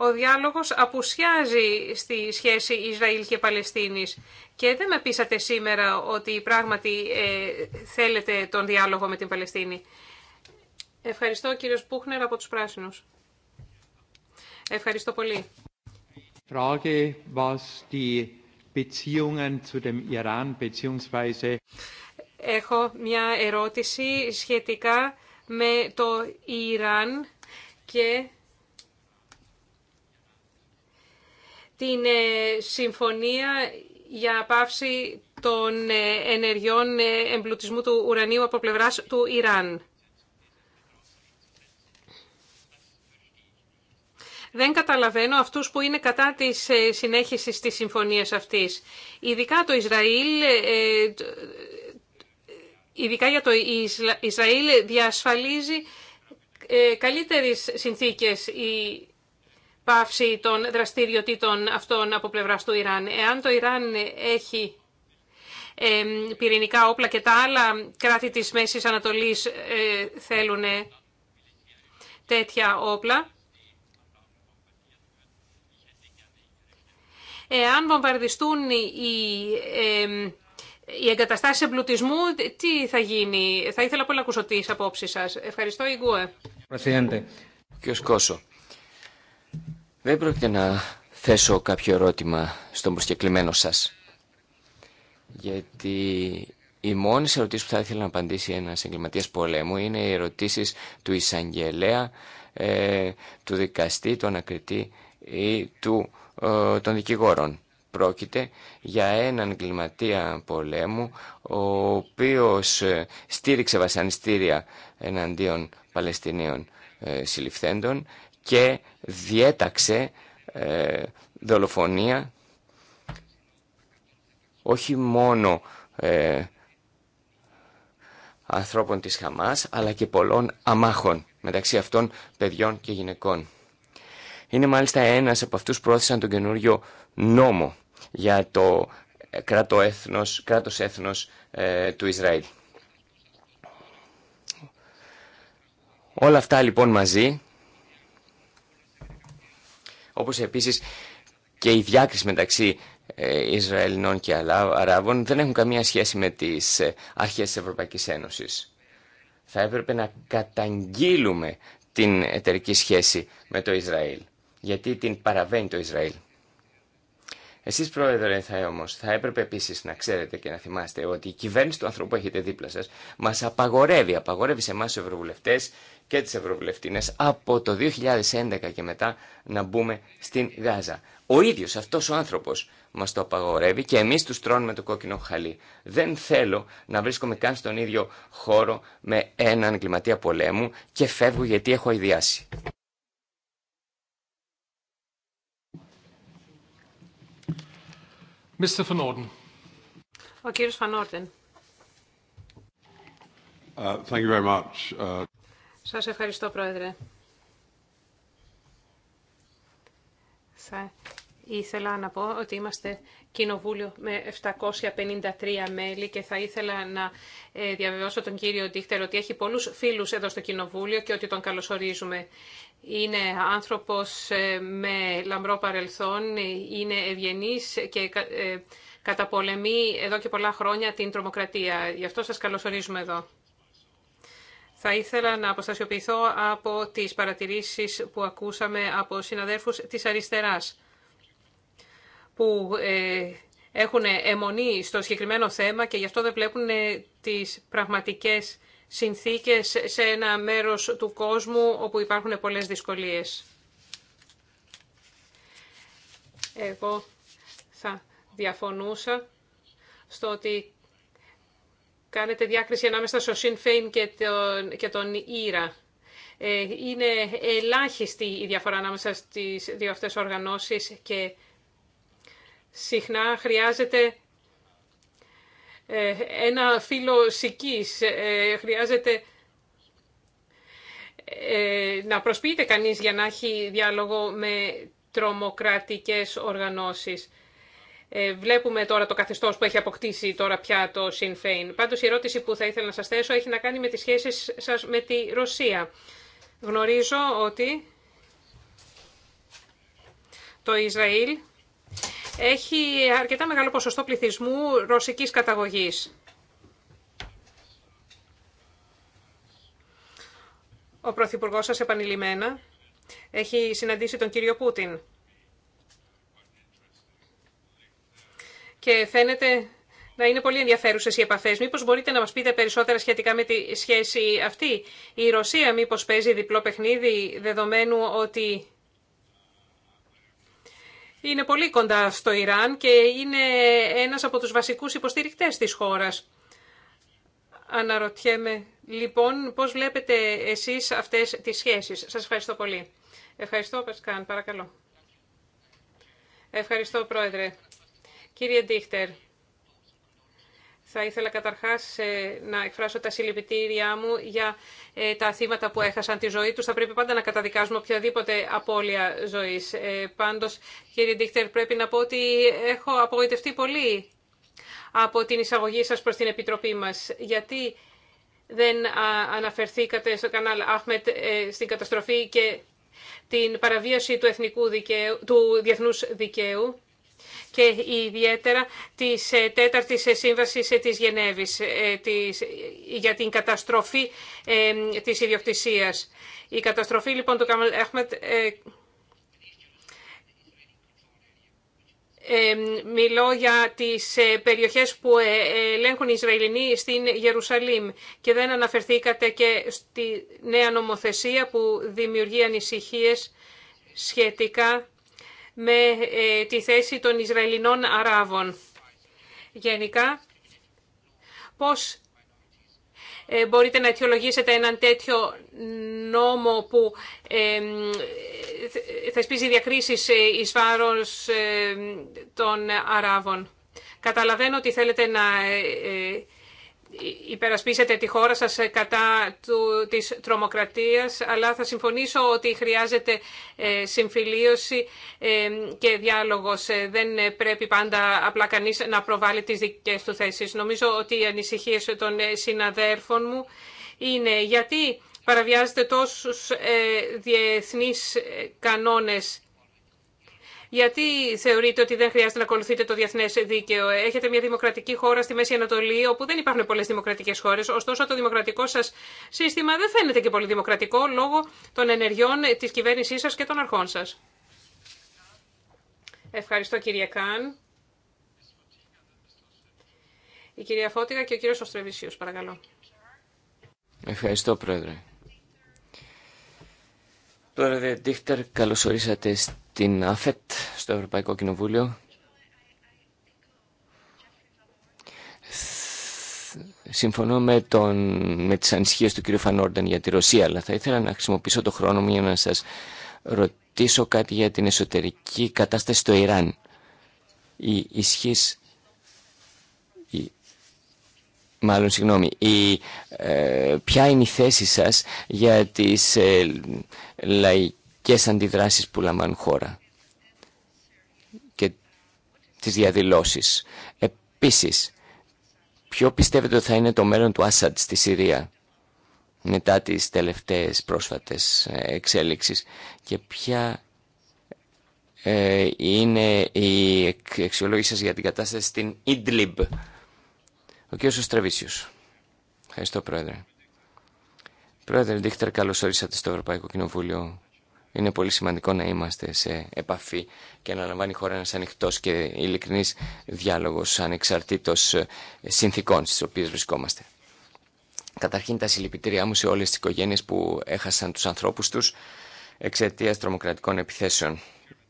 ο διάλογος απουσιάζει στη σχέση Ισραήλ και Παλαιστίνης. Και δεν με πείσατε σήμερα ότι πράγματι ε, θέλετε τον διάλογο με την Παλαιστίνη. Ευχαριστώ κύριος Πούχνερ από τους Πράσινους. Ευχαριστώ πολύ. Frage, was die zu dem Iran beziehungsweise... Έχω μια ερώτηση σχετικά με το Ιράν και την ε, συμφωνία για πάυση των ε, ενεργειών ε, εμπλουτισμού του ουρανίου από πλευράς του Ιράν. Δεν καταλαβαίνω αυτούς που είναι κατά της συνέχισης της συμφωνίας αυτής. Ειδικά το Ισραήλ, ειδικά για το Ισραήλ διασφαλίζει καλύτερες συνθήκες πάυση των δραστηριοτήτων αυτών από πλευρά του Ιράν. Εάν το Ιράν έχει πυρηνικά όπλα και τα άλλα κράτη της Μέσης Ανατολής ε, θέλουν τέτοια όπλα, εάν βομβαρδιστούν οι, ε, εγκαταστάσεις εμπλουτισμού, τι θα γίνει. Θα ήθελα πολύ να ακούσω τις απόψεις σας. Ευχαριστώ, Ιγκούε. Κ. Κόσο. Δεν πρόκειται να θέσω κάποιο ερώτημα στον προσκεκλημένο σας. Γιατί οι μόνε ερωτήσει που θα ήθελα να απαντήσει ένα εγκληματίας πολέμου είναι οι ερωτήσει του εισαγγελέα, ε, του δικαστή, του ανακριτή ή του, ε, των δικηγόρων. Πρόκειται για έναν εγκληματία πολέμου ο οποίος ε, στήριξε βασανιστήρια εναντίον Παλαιστινίων συλληφθέντων και διέταξε ε, δολοφονία όχι μόνο ε, ανθρώπων της Χαμάς αλλά και πολλών αμάχων μεταξύ αυτών παιδιών και γυναικών. Είναι μάλιστα ένας από αυτούς που πρόθεσαν τον καινούριο νόμο για το κράτο έθνος, κράτος έθνος ε, του Ισραήλ. Όλα αυτά λοιπόν μαζί όπως επίσης και η διάκριση μεταξύ ε, Ισραηλινών και Αράβων δεν έχουν καμία σχέση με τις ε, αρχές της Ευρωπαϊκής Ένωσης. Θα έπρεπε να καταγγείλουμε την εταιρική σχέση με το Ισραήλ, γιατί την παραβαίνει το Ισραήλ. Εσείς πρόεδρε θα όμως, θα έπρεπε επίσης να ξέρετε και να θυμάστε ότι η κυβέρνηση του ανθρώπου έχετε δίπλα σας μας απαγορεύει, απαγορεύει σε εμάς τους ευρωβουλευτές και τις Ευρωβουλευτίνες από το 2011 και μετά να μπούμε στην Γάζα. Ο ίδιος αυτός ο άνθρωπος μας το απαγορεύει και εμείς τους τρώνουμε το κόκκινο χαλί. Δεν θέλω να βρίσκομαι καν στον ίδιο χώρο με έναν εγκληματία πολέμου και φεύγω γιατί έχω αειδιάσει. Ο κύριος Uh, thank you very much. Uh, σας ευχαριστώ, Πρόεδρε. Θα ήθελα να πω ότι είμαστε κοινοβούλιο με 753 μέλη και θα ήθελα να ε, διαβεβαιώσω τον κύριο Ντίχτερ ότι έχει πολλούς φίλους εδώ στο κοινοβούλιο και ότι τον καλωσορίζουμε. Είναι άνθρωπος ε, με λαμπρό παρελθόν, είναι ευγενής και ε, καταπολεμεί εδώ και πολλά χρόνια την τρομοκρατία. Γι' αυτό σας καλωσορίζουμε εδώ. Θα ήθελα να αποστασιοποιηθώ από τις παρατηρήσεις που ακούσαμε από συναδέρφους της αριστεράς, που ε, έχουν αιμονή στο συγκεκριμένο θέμα και γι' αυτό δεν βλέπουν ε, τις πραγματικές συνθήκες σε ένα μέρος του κόσμου όπου υπάρχουν πολλές δυσκολίες. Εγώ θα διαφωνούσα στο ότι Κάνετε διάκριση ανάμεσα στο Sinn Féin και τον, και τον Ήρα. Ε, είναι ελάχιστη η διαφορά ανάμεσα στις δύο αυτές οργανώσεις και συχνά χρειάζεται ε, ένα φύλλο σικής, ε, χρειάζεται να προσποιείται κανείς για να έχει διάλογο με τρομοκρατικές οργανώσεις. Ε, βλέπουμε τώρα το καθεστώ που έχει αποκτήσει τώρα πια το Sinn Féin. Πάντως η ερώτηση που θα ήθελα να σας θέσω έχει να κάνει με τις σχέσεις σας με τη Ρωσία. Γνωρίζω ότι το Ισραήλ έχει αρκετά μεγάλο ποσοστό πληθυσμού ρωσικής καταγωγής. Ο Πρωθυπουργός σας επανειλημμένα έχει συναντήσει τον κύριο Πούτιν. και φαίνεται να είναι πολύ ενδιαφέρουσε οι επαφέ. Μήπω μπορείτε να μα πείτε περισσότερα σχετικά με τη σχέση αυτή. Η Ρωσία μήπω παίζει διπλό παιχνίδι, δεδομένου ότι είναι πολύ κοντά στο Ιράν και είναι ένας από τους βασικούς υποστηρικτές της χώρας. Αναρωτιέμαι λοιπόν πώς βλέπετε εσείς αυτές τις σχέσεις. Σας ευχαριστώ πολύ. Ευχαριστώ Πασκάν, παρακαλώ. Ευχαριστώ Πρόεδρε. Κύριε Ντίχτερ, θα ήθελα καταρχάς ε, να εκφράσω τα συλληπιτήριά μου για ε, τα θύματα που έχασαν τη ζωή τους. Θα πρέπει πάντα να καταδικάζουμε οποιαδήποτε απώλεια ζωής. Ε, πάντως, κύριε Ντίχτερ, πρέπει να πω ότι έχω απογοητευτεί πολύ από την εισαγωγή σας προς την Επιτροπή μας. Γιατί δεν αναφερθήκατε στο κανάλ Αχμετ στην καταστροφή και την παραβίαση του, εθνικού δικαίου, του διεθνούς δικαίου και ιδιαίτερα της ε, τέταρτης ε, σύμβασης ε, της Γενέβης για την καταστροφή της ιδιοκτησίας. Η καταστροφή λοιπόν του Καμαλ Έχμετ μιλώ για τις περιοχές που ελέγχουν οι Ισραηλινοί στην Ιερουσαλήμ και δεν αναφερθήκατε και στη νέα νομοθεσία που δημιουργεί ανησυχίες σχετικά με ε, τη θέση των Ισραηλινών Αράβων. Γενικά, πώς ε, μπορείτε να αιτιολογήσετε έναν τέτοιο νόμο που ε, θεσπίζει διακρίσεις εις βάρος των Αράβων. Καταλαβαίνω ότι θέλετε να υπερασπίσετε τη χώρα σας ε, κατά του, της τρομοκρατίας, αλλά θα συμφωνήσω ότι χρειάζεται ε, συμφιλίωση ε, και διάλογος. Δεν πρέπει πάντα απλά κανείς να προβάλλει τις δικές του θέσεις. Νομίζω ότι οι ανησυχίες των συναδέρφων μου είναι γιατί παραβιάζεται τόσους διεθνείς κανόνες γιατί θεωρείτε ότι δεν χρειάζεται να ακολουθείτε το διεθνέ δίκαιο. Έχετε μια δημοκρατική χώρα στη Μέση Ανατολή, όπου δεν υπάρχουν πολλέ δημοκρατικέ χώρε. Ωστόσο, το δημοκρατικό σα σύστημα δεν φαίνεται και πολύ δημοκρατικό λόγω των ενεργειών τη κυβέρνησή σα και των αρχών σα. Ευχαριστώ, κύριε Καν. Η κυρία Φώτηγα και ο κύριος Οστρεβίσιος, παρακαλώ. Ευχαριστώ, Πρόεδρε. Πρόεδρε Δίχτερ, καλώς ορίσατε την ΑΦΕΤ στο Ευρωπαϊκό Κοινοβούλιο. Συμφωνώ με, τον, με τις ανησυχίες του κ. Φανόρντεν για τη Ρωσία, αλλά θα ήθελα να χρησιμοποιήσω το χρόνο μου για να σας ρωτήσω κάτι για την εσωτερική κατάσταση στο Ιράν. Η ισχύς, μάλλον συγγνώμη, ε, ποια είναι η θέση σας για τις ε, λαϊκές και στις αντιδράσεις που λαμβάνουν χώρα και τις διαδηλώσεις. Επίσης, ποιο πιστεύετε ότι θα είναι το μέλλον του Άσαντ στη Συρία μετά τις τελευταίες πρόσφατες ε, εξέλιξεις και ποια ε, είναι η αξιολόγηση σας για την κατάσταση στην Ιντλιμπ. Ο κ. Στραβίσιος. Ευχαριστώ, Πρόεδρε. Πρόεδρε Δίχτερ, καλώς ορίσατε στο Ευρωπαϊκό Κοινοβούλιο είναι πολύ σημαντικό να είμαστε σε επαφή και να λαμβάνει η χώρα ένα ανοιχτό και ειλικρινής διάλογος ανεξαρτήτως ε, συνθήκων στις οποίες βρισκόμαστε. Καταρχήν τα συλληπιτήριά μου σε όλε τις οικογένειε που έχασαν τους ανθρώπους τους εξαιτία τρομοκρατικών επιθέσεων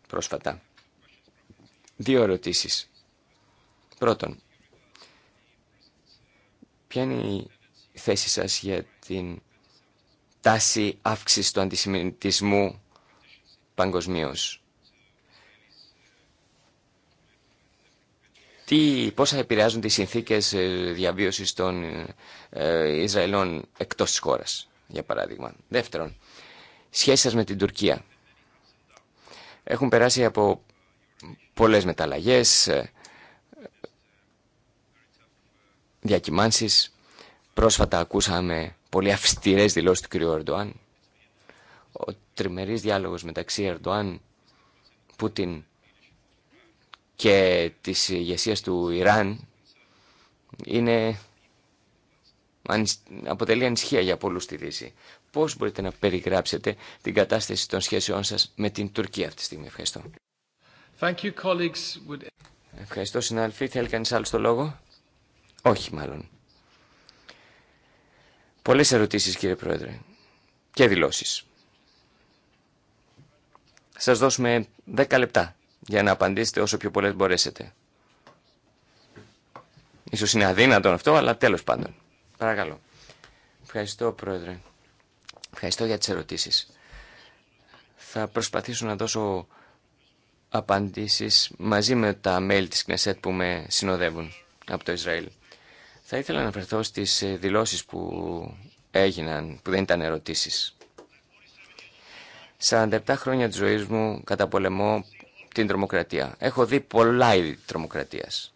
πρόσφατα. Δύο ερωτήσεις. Πρώτον, ποια είναι η θέση σας για την τάση αύξηση του αντισημιτισμού παγκοσμίω. Τι, πόσα θα επηρεάζουν τις συνθήκες ε, διαβίωσης των ε, Ισραηλών εκτός της χώρας, για παράδειγμα. Δεύτερον, σχέσεις σας με την Τουρκία. Έχουν περάσει από πολλές μεταλλαγές, ε, διακυμάνσεις. Πρόσφατα ακούσαμε πολύ αυστηρές δηλώσεις του κ. Ερντοάν τριμερής διάλογος μεταξύ Ερντοάν, Πούτιν και της ηγεσία του Ιράν είναι, αποτελεί ανησυχία για πολλούς στη Δύση. Πώς μπορείτε να περιγράψετε την κατάσταση των σχέσεών σας με την Τουρκία αυτή τη στιγμή. Ευχαριστώ. Thank you, colleagues. Ευχαριστώ συνάδελφοι. Θέλει κανείς άλλο το λόγο. Όχι μάλλον. Πολλές ερωτήσεις κύριε Πρόεδρε και δηλώσεις σας δώσουμε 10 λεπτά για να απαντήσετε όσο πιο πολλές μπορέσετε. Ίσως είναι αδύνατον αυτό, αλλά τέλος πάντων. Παρακαλώ. Ευχαριστώ, Πρόεδρε. Ευχαριστώ για τις ερωτήσεις. Θα προσπαθήσω να δώσω απαντήσεις μαζί με τα μέλη της Κνεσέτ που με συνοδεύουν από το Ισραήλ. Θα ήθελα να αναφερθώ στις δηλώσεις που έγιναν, που δεν ήταν ερωτήσεις. 47 χρόνια της ζωής μου καταπολεμώ την τρομοκρατία. Έχω δει πολλά είδη τρομοκρατίας.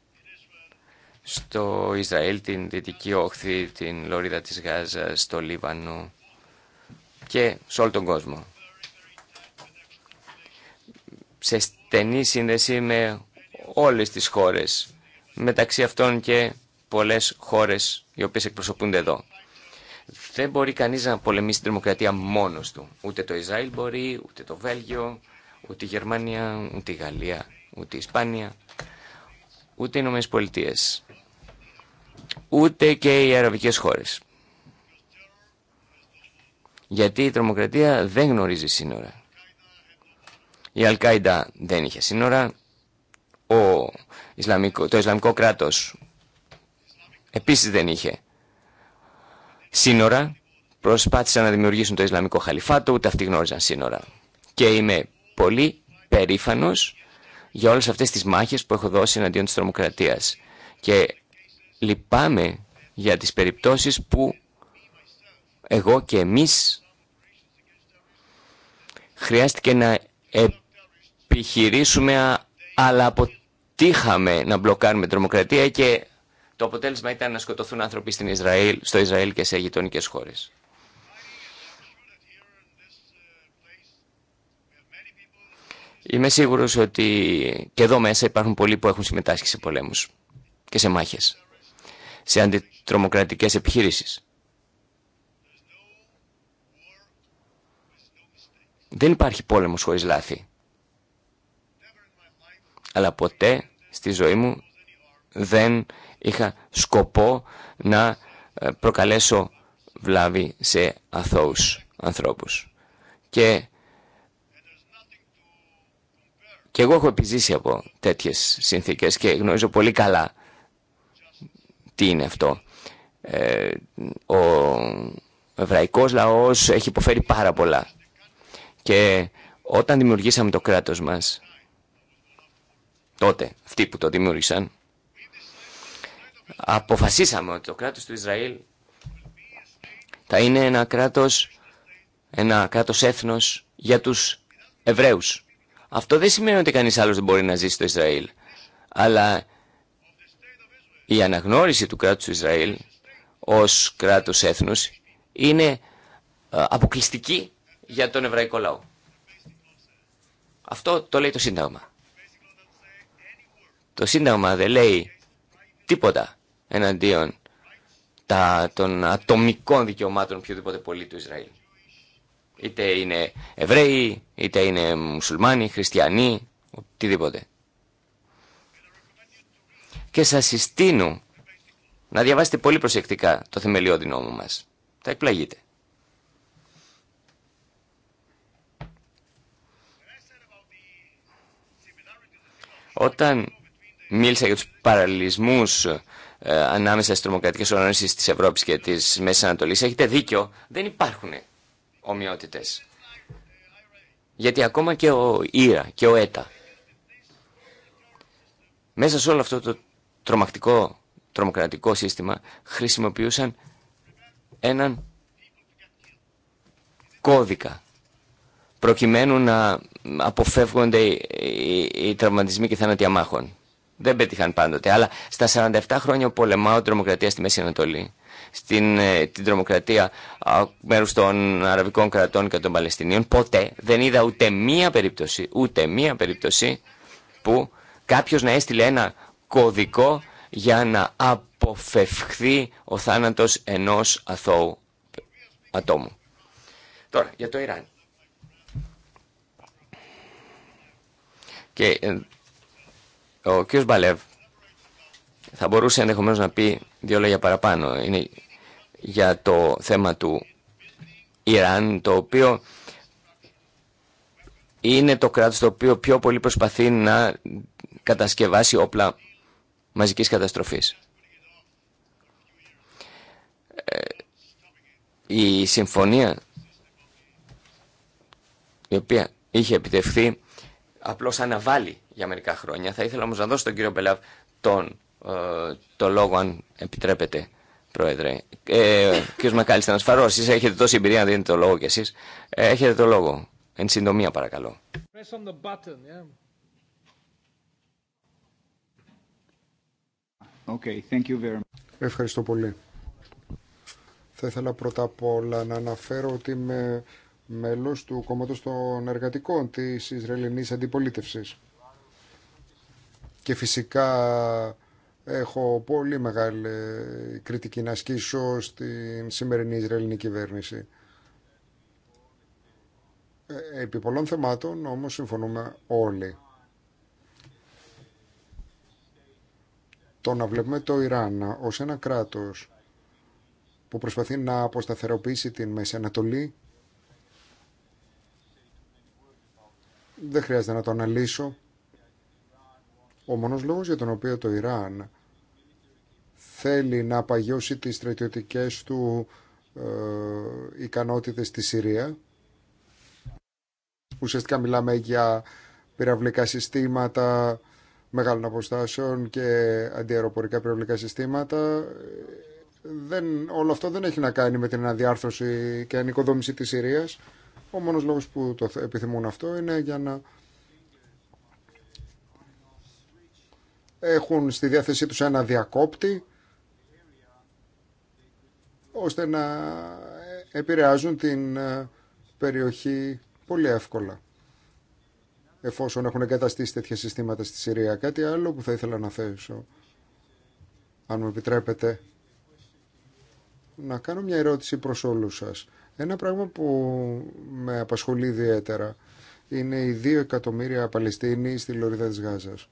Στο Ισραήλ, την Δυτική Όχθη, την Λορίδα της Γάζας, στο Λίβανο και σε όλο τον κόσμο. Σε στενή σύνδεση με όλες τις χώρες, μεταξύ αυτών και πολλές χώρες οι οποίες εκπροσωπούνται εδώ. Δεν μπορεί κανείς να πολεμήσει την τρομοκρατία μόνος του. Ούτε το Ισραήλ μπορεί, ούτε το Βέλγιο, ούτε η Γερμανία, ούτε η Γαλλία, ούτε η Ισπάνια, ούτε οι Ηνωμένες Πολιτείες, ούτε και οι αραβικές χώρες. Γιατί η τρομοκρατία δεν γνωρίζει σύνορα. Η Αλκάιντα δεν είχε σύνορα. Ο Ισλαμικό, το Ισλαμικό κράτος επίσης δεν είχε σύνορα, προσπάθησαν να δημιουργήσουν το Ισλαμικό Χαλιφάτο, ούτε αυτοί γνώριζαν σύνορα. Και είμαι πολύ περήφανο για όλε αυτές τις μάχες που έχω δώσει εναντίον τη τρομοκρατία. Και λυπάμαι για τις περιπτώσεις που εγώ και εμείς χρειάστηκε να επιχειρήσουμε αλλά αποτύχαμε να μπλοκάρουμε τρομοκρατία και το αποτέλεσμα ήταν να σκοτωθούν άνθρωποι στην Ισραήλ, στο Ισραήλ και σε γειτονικέ χώρε. Είμαι σίγουρος ότι και εδώ μέσα υπάρχουν πολλοί που έχουν συμμετάσχει σε πολέμους και σε μάχες, σε αντιτρομοκρατικές επιχείρησεις. Δεν υπάρχει πόλεμος χωρίς λάθη. Αλλά ποτέ στη ζωή μου δεν είχα σκοπό να ε, προκαλέσω βλάβη σε αθώους ανθρώπους. Και, και εγώ έχω επιζήσει από τέτοιες συνθήκες και γνωρίζω πολύ καλά τι είναι αυτό. Ε, ο εβραϊκός λαός έχει υποφέρει πάρα πολλά. Και όταν δημιουργήσαμε το κράτος μας, τότε αυτοί που το δημιούργησαν, αποφασίσαμε ότι το κράτος του Ισραήλ θα είναι ένα κράτος, ένα κράτος έθνος για τους Εβραίους. Αυτό δεν σημαίνει ότι κανείς άλλος δεν μπορεί να ζήσει στο Ισραήλ. Αλλά η αναγνώριση του κράτους του Ισραήλ ως κράτος έθνους είναι ε, αποκλειστική για τον εβραϊκό λαό. Αυτό το λέει το Σύνταγμα. Το Σύνταγμα δεν λέει τίποτα εναντίον τα, των ατομικών δικαιωμάτων οποιοδήποτε πολίτη του Ισραήλ. Είτε είναι Εβραίοι, είτε είναι Μουσουλμάνοι, Χριστιανοί, οτιδήποτε. Και σας συστήνω να διαβάσετε πολύ προσεκτικά το θεμελιώδη νόμο μας. Θα εκπλαγείτε. Όταν μίλησα για τους παραλληλισμούς ε, ανάμεσα στι τρομοκρατικέ οργανώσει της Ευρώπης και της μέση Ανατολή, Έχετε δίκιο, δεν υπάρχουν ομοιότητες. Γιατί ακόμα και ο Ήρα και ο ΕΤΑ μέσα σε όλο αυτό το τρομακτικό τρομοκρατικό σύστημα χρησιμοποιούσαν έναν κώδικα προκειμένου να αποφεύγονται οι τραυματισμοί και θάνατοι αμάχων δεν πέτυχαν πάντοτε, αλλά στα 47 χρόνια πολεμάω τρομοκρατία στη Μέση Ανατολή. Στην, ε, την τρομοκρατία μέρους των Αραβικών κρατών και των Παλαιστινίων ποτέ δεν είδα ούτε μία περίπτωση ούτε μία περίπτωση που κάποιο να έστειλε ένα κωδικό για να αποφευχθεί ο θάνατος ενός αθώου ατόμου. Τώρα, για το Ιράν. Και ε, ο κ. Μπαλεύ θα μπορούσε ενδεχομένω να πει δύο λόγια παραπάνω. Είναι για το θέμα του Ιράν, το οποίο είναι το κράτος το οποίο πιο πολύ προσπαθεί να κατασκευάσει όπλα μαζικής καταστροφής. Ε, η συμφωνία η οποία είχε επιτευχθεί απλώς αναβάλει για μερικά χρόνια. Θα ήθελα όμω να δώσω στον κύριο Μπελάβ τον, ε, λόγο αν επιτρέπετε. Πρόεδρε, ε, κύριο Μακάλιστα, να σφαρώ, εσεί έχετε τόση εμπειρία να δίνετε το λόγο κι εσεί. Ε, έχετε το λόγο. Εν συντομία, παρακαλώ. Ευχαριστώ πολύ. Θα ήθελα πρώτα απ' όλα να αναφέρω ότι είμαι μέλος του κόμματος των εργατικών της Ισραηλινής Αντιπολίτευσης. Και φυσικά έχω πολύ μεγάλη κριτική να ασκήσω στην σημερινή Ισραηλινή κυβέρνηση. Ε, επί πολλών θεμάτων όμως συμφωνούμε όλοι. Το να βλέπουμε το Ιράν ως ένα κράτος που προσπαθεί να αποσταθεροποιήσει την Μέση Ανατολή δεν χρειάζεται να το αναλύσω. Ο μόνος λόγος για τον οποίο το Ιράν θέλει να απαγιώσει τις στρατιωτικές του ε, ικανότητες στη Συρία. Ουσιαστικά μιλάμε για πυραυλικά συστήματα μεγάλων αποστάσεων και αντιαεροπορικά πυραυλικά συστήματα. Δεν, όλο αυτό δεν έχει να κάνει με την αναδιάρθρωση και ανοικοδόμηση της Συρίας. Ο μόνος λόγος που το επιθυμούν αυτό είναι για να έχουν στη διάθεσή τους ένα διακόπτη ώστε να επηρεάζουν την ε, περιοχή πολύ εύκολα εφόσον έχουν εγκαταστήσει τέτοια συστήματα στη Συρία. Κάτι άλλο που θα ήθελα να θέσω, αν μου επιτρέπετε, να κάνω μια ερώτηση προς όλους σας. Ένα πράγμα που με απασχολεί ιδιαίτερα είναι οι δύο εκατομμύρια Παλαιστίνοι στη Λωρίδα της Γάζας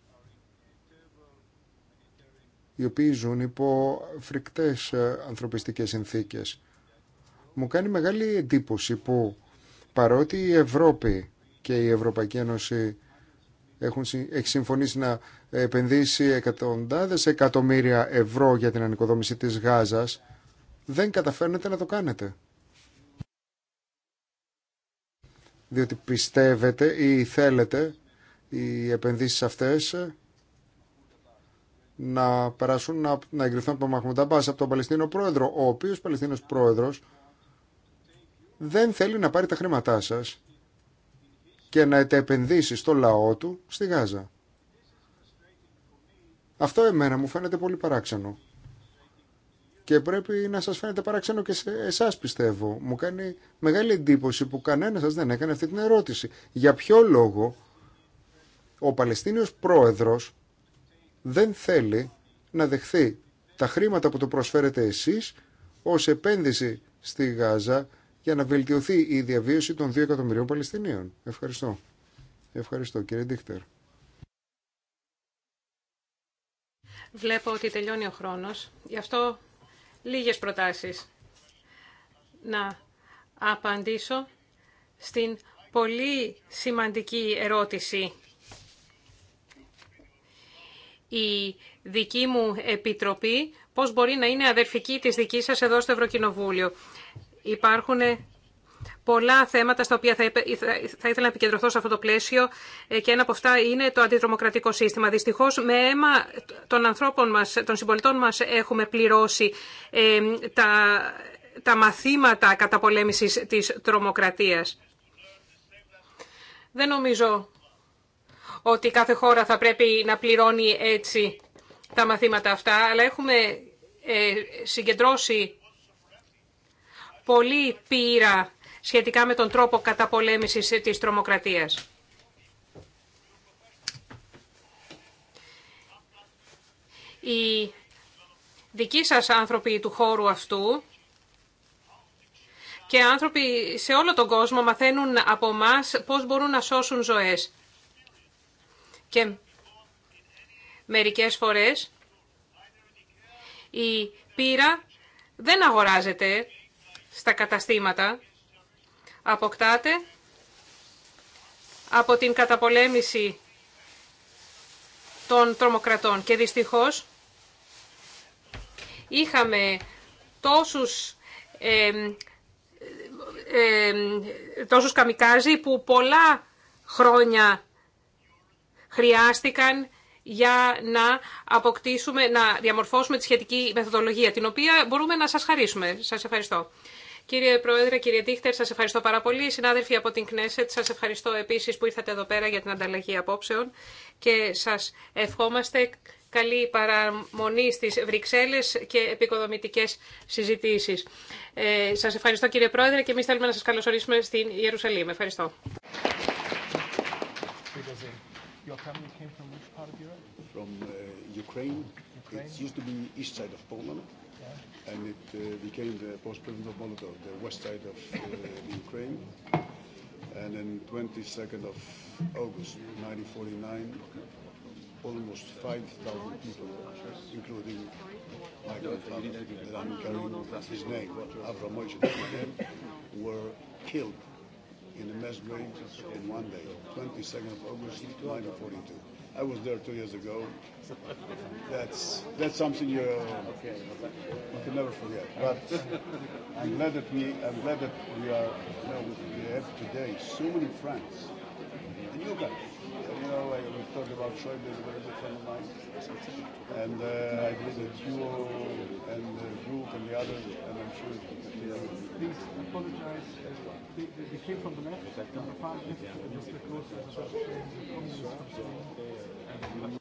οι οποίοι ζουν υπό φρικτές ε, ανθρωπιστικές συνθήκες. Μου κάνει μεγάλη εντύπωση που παρότι η Ευρώπη και η Ευρωπαϊκή Ένωση έχουν, έχει συμφωνήσει να επενδύσει εκατοντάδες εκατομμύρια ευρώ για την ανοικοδόμηση της Γάζας, δεν καταφέρνετε να το κάνετε. Διότι πιστεύετε ή θέλετε οι επενδύσεις αυτές να περάσουν να, να εγκριθούν από τον Μαχμουντάμπα από τον Παλαιστίνο πρόεδρο, ο οποίος Παλαιστίνο πρόεδρος δεν θέλει να πάρει τα χρήματά σας και να τα επενδύσει στο λαό του στη Γάζα. Αυτό εμένα μου φαίνεται πολύ παράξενο. Και πρέπει να σας φαίνεται παράξενο και σε εσάς πιστεύω. Μου κάνει μεγάλη εντύπωση που κανένα σας δεν έκανε αυτή την ερώτηση. Για ποιο λόγο ο Παλαιστίνιος πρόεδρος δεν θέλει να δεχθεί τα χρήματα που το προσφέρετε εσείς ως επένδυση στη Γάζα για να βελτιωθεί η διαβίωση των 2 εκατομμυρίων Παλαιστινίων. Ευχαριστώ. Ευχαριστώ κύριε Ντίχτερ. Βλέπω ότι τελειώνει ο χρόνος. Γι' αυτό λίγες προτάσεις. Να απαντήσω στην πολύ σημαντική ερώτηση η δική μου επιτροπή πώς μπορεί να είναι αδερφική της δικής σας εδώ στο Ευρωκοινοβούλιο. Υπάρχουν πολλά θέματα στα οποία θα ήθελα να επικεντρωθώ σε αυτό το πλαίσιο ε, και ένα από αυτά είναι το αντιτρομοκρατικό σύστημα. Δυστυχώς με αίμα των ανθρώπων μας, των συμπολιτών μας έχουμε πληρώσει ε, τα, τα μαθήματα καταπολέμησης της τρομοκρατίας. Δεν νομίζω ότι κάθε χώρα θα πρέπει να πληρώνει έτσι τα μαθήματα αυτά, αλλά έχουμε ε, συγκεντρώσει πολύ πείρα σχετικά με τον τρόπο καταπολέμησης της τρομοκρατίας. Οι δικοί σας άνθρωποι του χώρου αυτού και άνθρωποι σε όλο τον κόσμο μαθαίνουν από μας πώς μπορούν να σώσουν ζωές. Και μερικές φορές η πύρα δεν αγοράζεται στα καταστήματα, αποκτάται από την καταπολέμηση των τρομοκρατών. Και δυστυχώς είχαμε τόσους, ε, τόσους καμικάζι που πολλά χρόνια χρειάστηκαν για να αποκτήσουμε, να διαμορφώσουμε τη σχετική μεθοδολογία, την οποία μπορούμε να σας χαρίσουμε. Σας ευχαριστώ. Κύριε Πρόεδρε, κύριε Δίχτερ, σας ευχαριστώ πάρα πολύ. Συνάδελφοι από την Κνέσετ, σας ευχαριστώ επίσης που ήρθατε εδώ πέρα για την ανταλλαγή απόψεων και σας ευχόμαστε καλή παραμονή στις Βρυξέλλες και επικοδομητικές συζητήσεις. Ε, σας ευχαριστώ κύριε Πρόεδρε και εμείς θέλουμε να σας καλωσορίσουμε στην Ιερουσαλήμ. Ευχαριστώ. Your family came from which part of Europe? From Ukraine. Ukraine. It used to be east side of Poland. And it became the post-president of Molotov, the west side of uh Ukraine. And then 22nd of August 1949, almost 5,000 people, including my grandfather, that I'm carrying his name, Avram Moishe, were killed in the mass grave in one day, 22nd of August 1942. I was there two years ago. That's that's something you you can never forget. But I'm glad that we I'm glad that we are you know we have today so many friends. And you guys, you know, I talked about Schäuble is a very good friend of mine. And uh, I believe that you and the group and the others, and I'm sure Please apologize. They, they came from the left, and the far left, and Mr. Klose is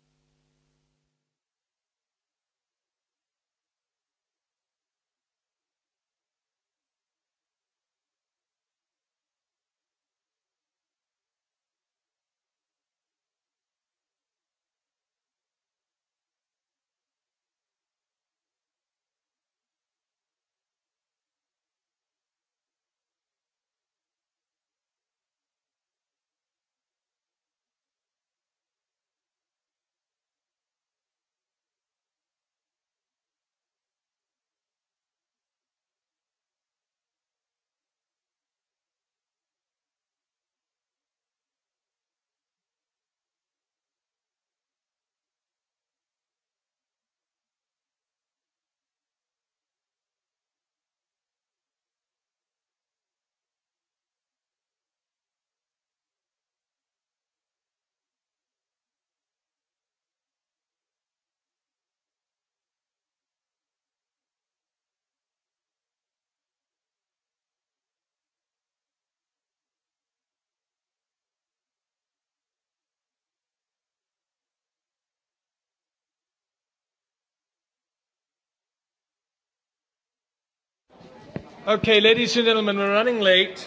Okay, ladies and gentlemen, we're running late.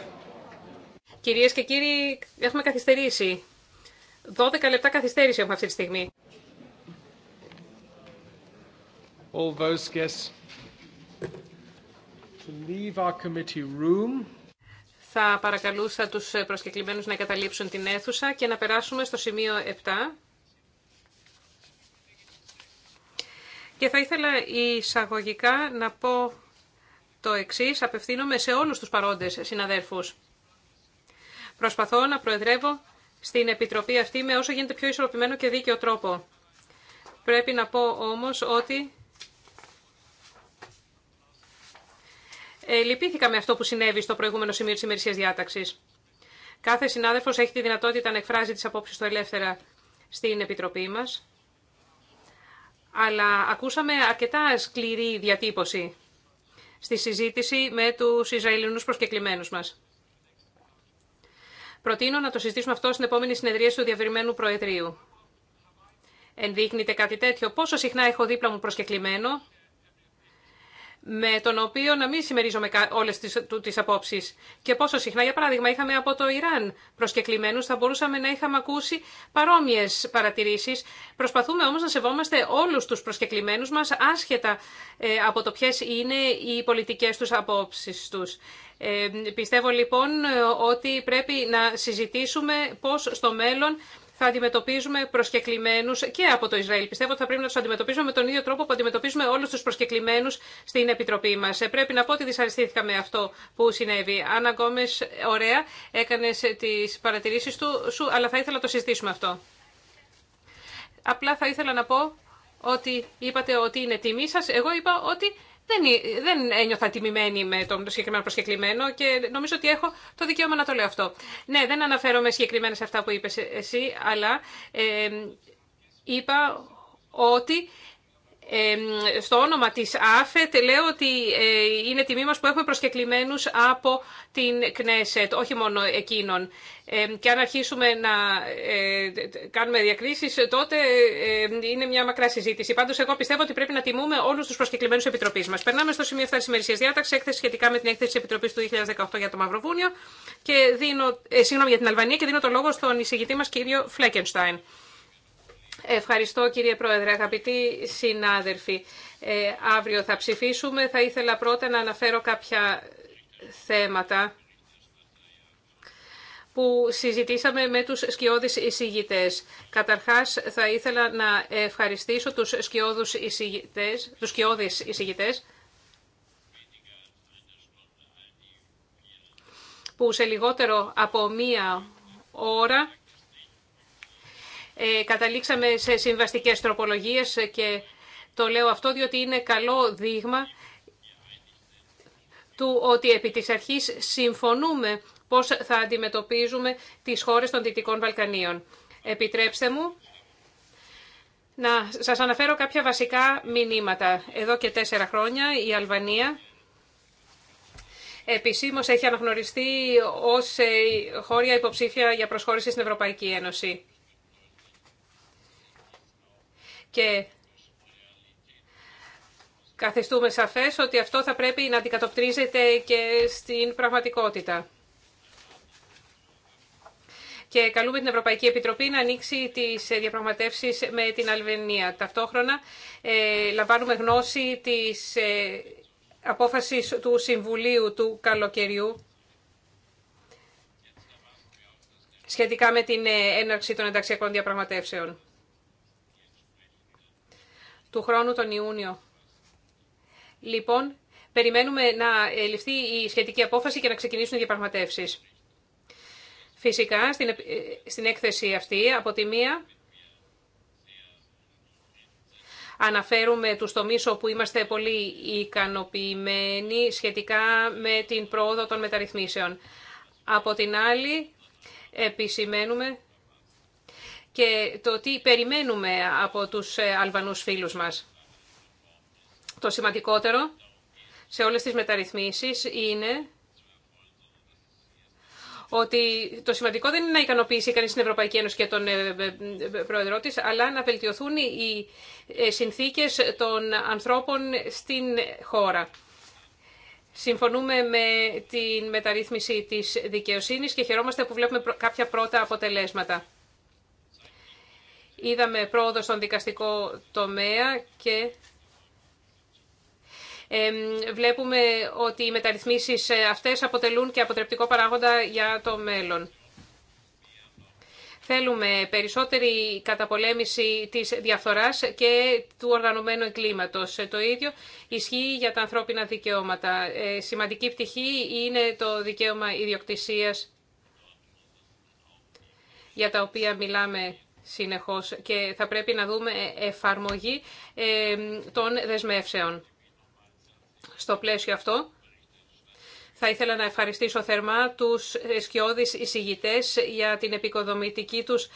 Κυρίες και κύριοι, έχουμε καθυστερήσει. 12 λεπτά καθυστέρηση έχουμε αυτή τη στιγμή. All those guests to leave our committee room. Θα παρακαλούσα τους προσκεκλημένους να εγκαταλείψουν την αίθουσα και να περάσουμε στο σημείο 7. Και θα ήθελα εισαγωγικά να πω το εξή απευθύνομαι σε όλου τους παρόντες συναδέρφους. Προσπαθώ να προεδρεύω στην Επιτροπή αυτή με όσο γίνεται πιο ισορροπημένο και δίκαιο τρόπο. Πρέπει να πω όμως ότι ε, λυπήθηκα με αυτό που συνέβη στο προηγούμενο σημείο τη ημερησία διάταξη. Κάθε συνάδελφος έχει τη δυνατότητα να εκφράζει τι απόψει του ελεύθερα στην Επιτροπή μα. Αλλά ακούσαμε αρκετά σκληρή διατύπωση στη συζήτηση με τους Ισραηλινούς προσκεκλημένους μας. Προτείνω να το συζητήσουμε αυτό στην επόμενη συνεδρία του Διαβηρημένου Προεδρείου. Ενδείχνεται κάτι τέτοιο. Πόσο συχνά έχω δίπλα μου προσκεκλημένο με τον οποίο να μην συμμερίζομαι όλες τι απόψει. Και πόσο συχνά, για παράδειγμα, είχαμε από το Ιράν προσκεκλημένου, θα μπορούσαμε να είχαμε ακούσει παρόμοιε παρατηρήσεις. Προσπαθούμε όμως να σεβόμαστε όλους τους προσκεκλημένου μας, άσχετα ε, από το ποιε είναι οι πολιτικέ τους απόψεις τους. Ε, πιστεύω λοιπόν ότι πρέπει να συζητήσουμε πώς στο μέλλον θα αντιμετωπίζουμε προσκεκλημένου και από το Ισραήλ. Πιστεύω ότι θα πρέπει να του αντιμετωπίζουμε με τον ίδιο τρόπο που αντιμετωπίζουμε όλους τους προσκεκλημένου στην Επιτροπή μας. Ε, πρέπει να πω ότι δυσαρεστήθηκα με αυτό που συνέβη. Άννα Γκόμε, ωραία, έκανε τις παρατηρήσεις του, σου, αλλά θα ήθελα να το συζητήσουμε αυτό. Απλά θα ήθελα να πω ότι είπατε ότι είναι τιμή σα. Εγώ είπα ότι δεν, δεν ένιωθα τιμημένη με τον συγκεκριμένο προσκεκλημένο και νομίζω ότι έχω το δικαίωμα να το λέω αυτό. Ναι, δεν αναφέρομαι συγκεκριμένα σε αυτά που είπες εσύ, αλλά ε, είπα ότι στο όνομα της ΑΦΕΤ λέω ότι ε, είναι τιμή μας που έχουμε προσκεκλημένους από την ΚΝΕΣΕΤ, όχι μόνο εκείνον. Και αν αρχίσουμε να ε, κάνουμε διακρίσεις, τότε ε, είναι μια μακρά συζήτηση. Πάντως, εγώ πιστεύω ότι πρέπει να τιμούμε όλους τους προσκεκλημένους επιτροπείς Επιτροπής μας. Περνάμε στο σημείο αυτά της ημερησίας διάταξης, έκθεση σχετικά με την έκθεση της Επιτροπής του 2018 για το Μαυροβούνιο και δίνω, ε, για την Αλβανία και δίνω το λόγο στον εισηγητή μας κύριο Φλέκενστάιν. Ευχαριστώ κύριε Πρόεδρε, αγαπητοί συνάδελφοι. Ε, αύριο θα ψηφίσουμε. Θα ήθελα πρώτα να αναφέρω κάποια θέματα που συζητήσαμε με τους σκιώδεις εισηγητές. Καταρχάς, θα ήθελα να ευχαριστήσω τους, σκιώδους εισηγητές, τους σκιώδεις εισηγητές που σε λιγότερο από μία ώρα ε, καταλήξαμε σε συμβαστικές τροπολογίες και το λέω αυτό διότι είναι καλό δείγμα του ότι επί της αρχής συμφωνούμε πώς θα αντιμετωπίζουμε τις χώρες των Δυτικών Βαλκανίων. Επιτρέψτε μου να σας αναφέρω κάποια βασικά μηνύματα. Εδώ και τέσσερα χρόνια η Αλβανία επισήμως έχει αναγνωριστεί ως ε, χώρια υποψήφια για προσχώρηση στην Ευρωπαϊκή Ένωση και καθιστούμε σαφές ότι αυτό θα πρέπει να αντικατοπτρίζεται και στην πραγματικότητα. Και καλούμε την Ευρωπαϊκή Επιτροπή να ανοίξει τις διαπραγματεύσεις με την Αλβενία. Ταυτόχρονα ε, λαμβάνουμε γνώση της ε, απόφασης του Συμβουλίου του Καλοκαιριού σχετικά με την ε, έναρξη των ενταξιακών διαπραγματεύσεων του χρόνου τον Ιούνιο. Λοιπόν, περιμένουμε να ε, ληφθεί η σχετική απόφαση και να ξεκινήσουν οι διαπραγματεύσεις. Φυσικά, στην, ε, στην έκθεση αυτή, από τη μία, αναφέρουμε τους τομείς όπου είμαστε πολύ ικανοποιημένοι σχετικά με την πρόοδο των μεταρρυθμίσεων. Από την άλλη, επισημαίνουμε και το τι περιμένουμε από τους ε, Αλβανούς φίλους μας. Το σημαντικότερο σε όλες τις μεταρρυθμίσεις είναι ότι το σημαντικό δεν είναι να ικανοποιήσει κανείς την Ευρωπαϊκή Ένωση και τον ε, ε, πρόεδρό της, αλλά να βελτιωθούν οι συνθήκες των ανθρώπων στην χώρα. Συμφωνούμε με την μεταρρύθμιση της δικαιοσύνης και χαιρόμαστε που βλέπουμε κάποια πρώτα αποτελέσματα. Είδαμε πρόοδο στον δικαστικό τομέα και βλέπουμε ότι οι μεταρρυθμίσεις ε, αυτές αποτελούν και αποτρεπτικό παράγοντα για το μέλλον. Θέλουμε περισσότερη καταπολέμηση της διαφθοράς και του οργανωμένου εγκλήματος. Ε, το ίδιο ισχύει για τα ανθρώπινα δικαιώματα. Ε, σημαντική πτυχή είναι το δικαίωμα ιδιοκτησίας για τα οποία μιλάμε συνεχώς και θα πρέπει να δούμε εφαρμογή ε, των δεσμεύσεων. Στο πλαίσιο αυτό, θα ήθελα να ευχαριστήσω θερμά τους σκιώδεις εισηγητές για την επικοδομητική τους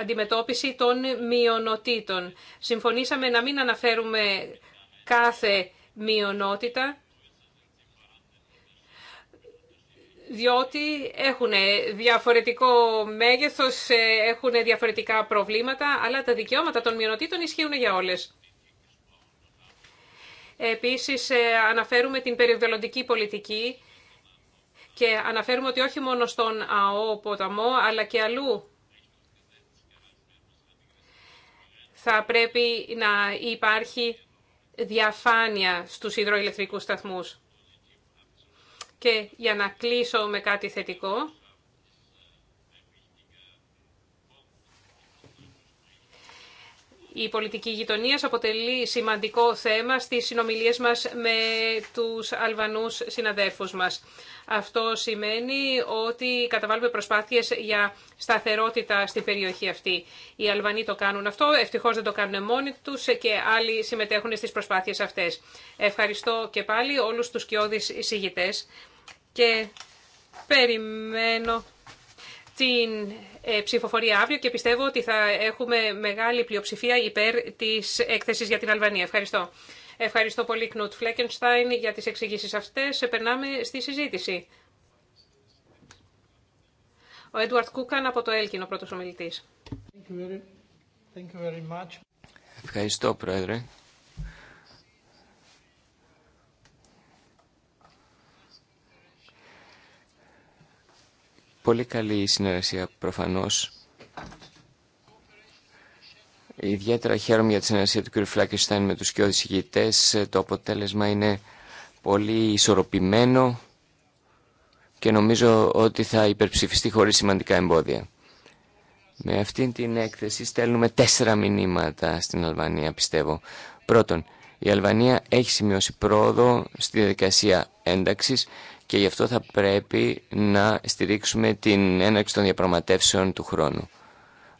αντιμετώπιση των μειονοτήτων. Συμφωνήσαμε να μην αναφέρουμε κάθε μειονότητα, διότι έχουν διαφορετικό μέγεθος, ε, έχουν διαφορετικά προβλήματα, αλλά τα δικαιώματα των μειονοτήτων ισχύουν για όλες. Επίσης, ε, αναφέρουμε την περιβαλλοντική πολιτική και αναφέρουμε ότι όχι μόνο στον ΑΟ ποταμό, αλλά και αλλού θα πρέπει να υπάρχει διαφάνεια στους υδροηλεκτρικούς σταθμούς. Και για να κλείσω με κάτι θετικό, Η πολιτική γειτονία αποτελεί σημαντικό θέμα στις συνομιλίες μας με τους Αλβανούς συναδέλφους μας. Αυτό σημαίνει ότι καταβάλουμε προσπάθειες για σταθερότητα στην περιοχή αυτή. Οι Αλβανοί το κάνουν αυτό, ευτυχώς δεν το κάνουν μόνοι τους και άλλοι συμμετέχουν στις προσπάθειες αυτές. Ευχαριστώ και πάλι όλους τους κοιόδης και περιμένω την ε, ψηφοφορία αύριο και πιστεύω ότι θα έχουμε μεγάλη πλειοψηφία υπέρ της έκθεσης για την Αλβανία. Ευχαριστώ. Ευχαριστώ πολύ Κνούτ Φλέκενστάιν για τις εξηγήσεις αυτές. Ε, περνάμε στη συζήτηση. Ο Έντουαρτ Κούκαν από το Έλκιν, ο πρώτος ομιλητής. Ευχαριστώ, Πρόεδρε. Πολύ καλή συνεργασία προφανώς. Ιδιαίτερα χαίρομαι για τη συνεργασία του κ. με τους κοιόδης ηγητές. Το αποτέλεσμα είναι πολύ ισορροπημένο και νομίζω ότι θα υπερψηφιστεί χωρίς σημαντικά εμπόδια. Με αυτήν την έκθεση στέλνουμε τέσσερα μηνύματα στην Αλβανία, πιστεύω. Πρώτον, η Αλβανία έχει σημειώσει πρόοδο στη διαδικασία ένταξης και γι' αυτό θα πρέπει να στηρίξουμε την έναρξη των διαπραγματεύσεων του χρόνου.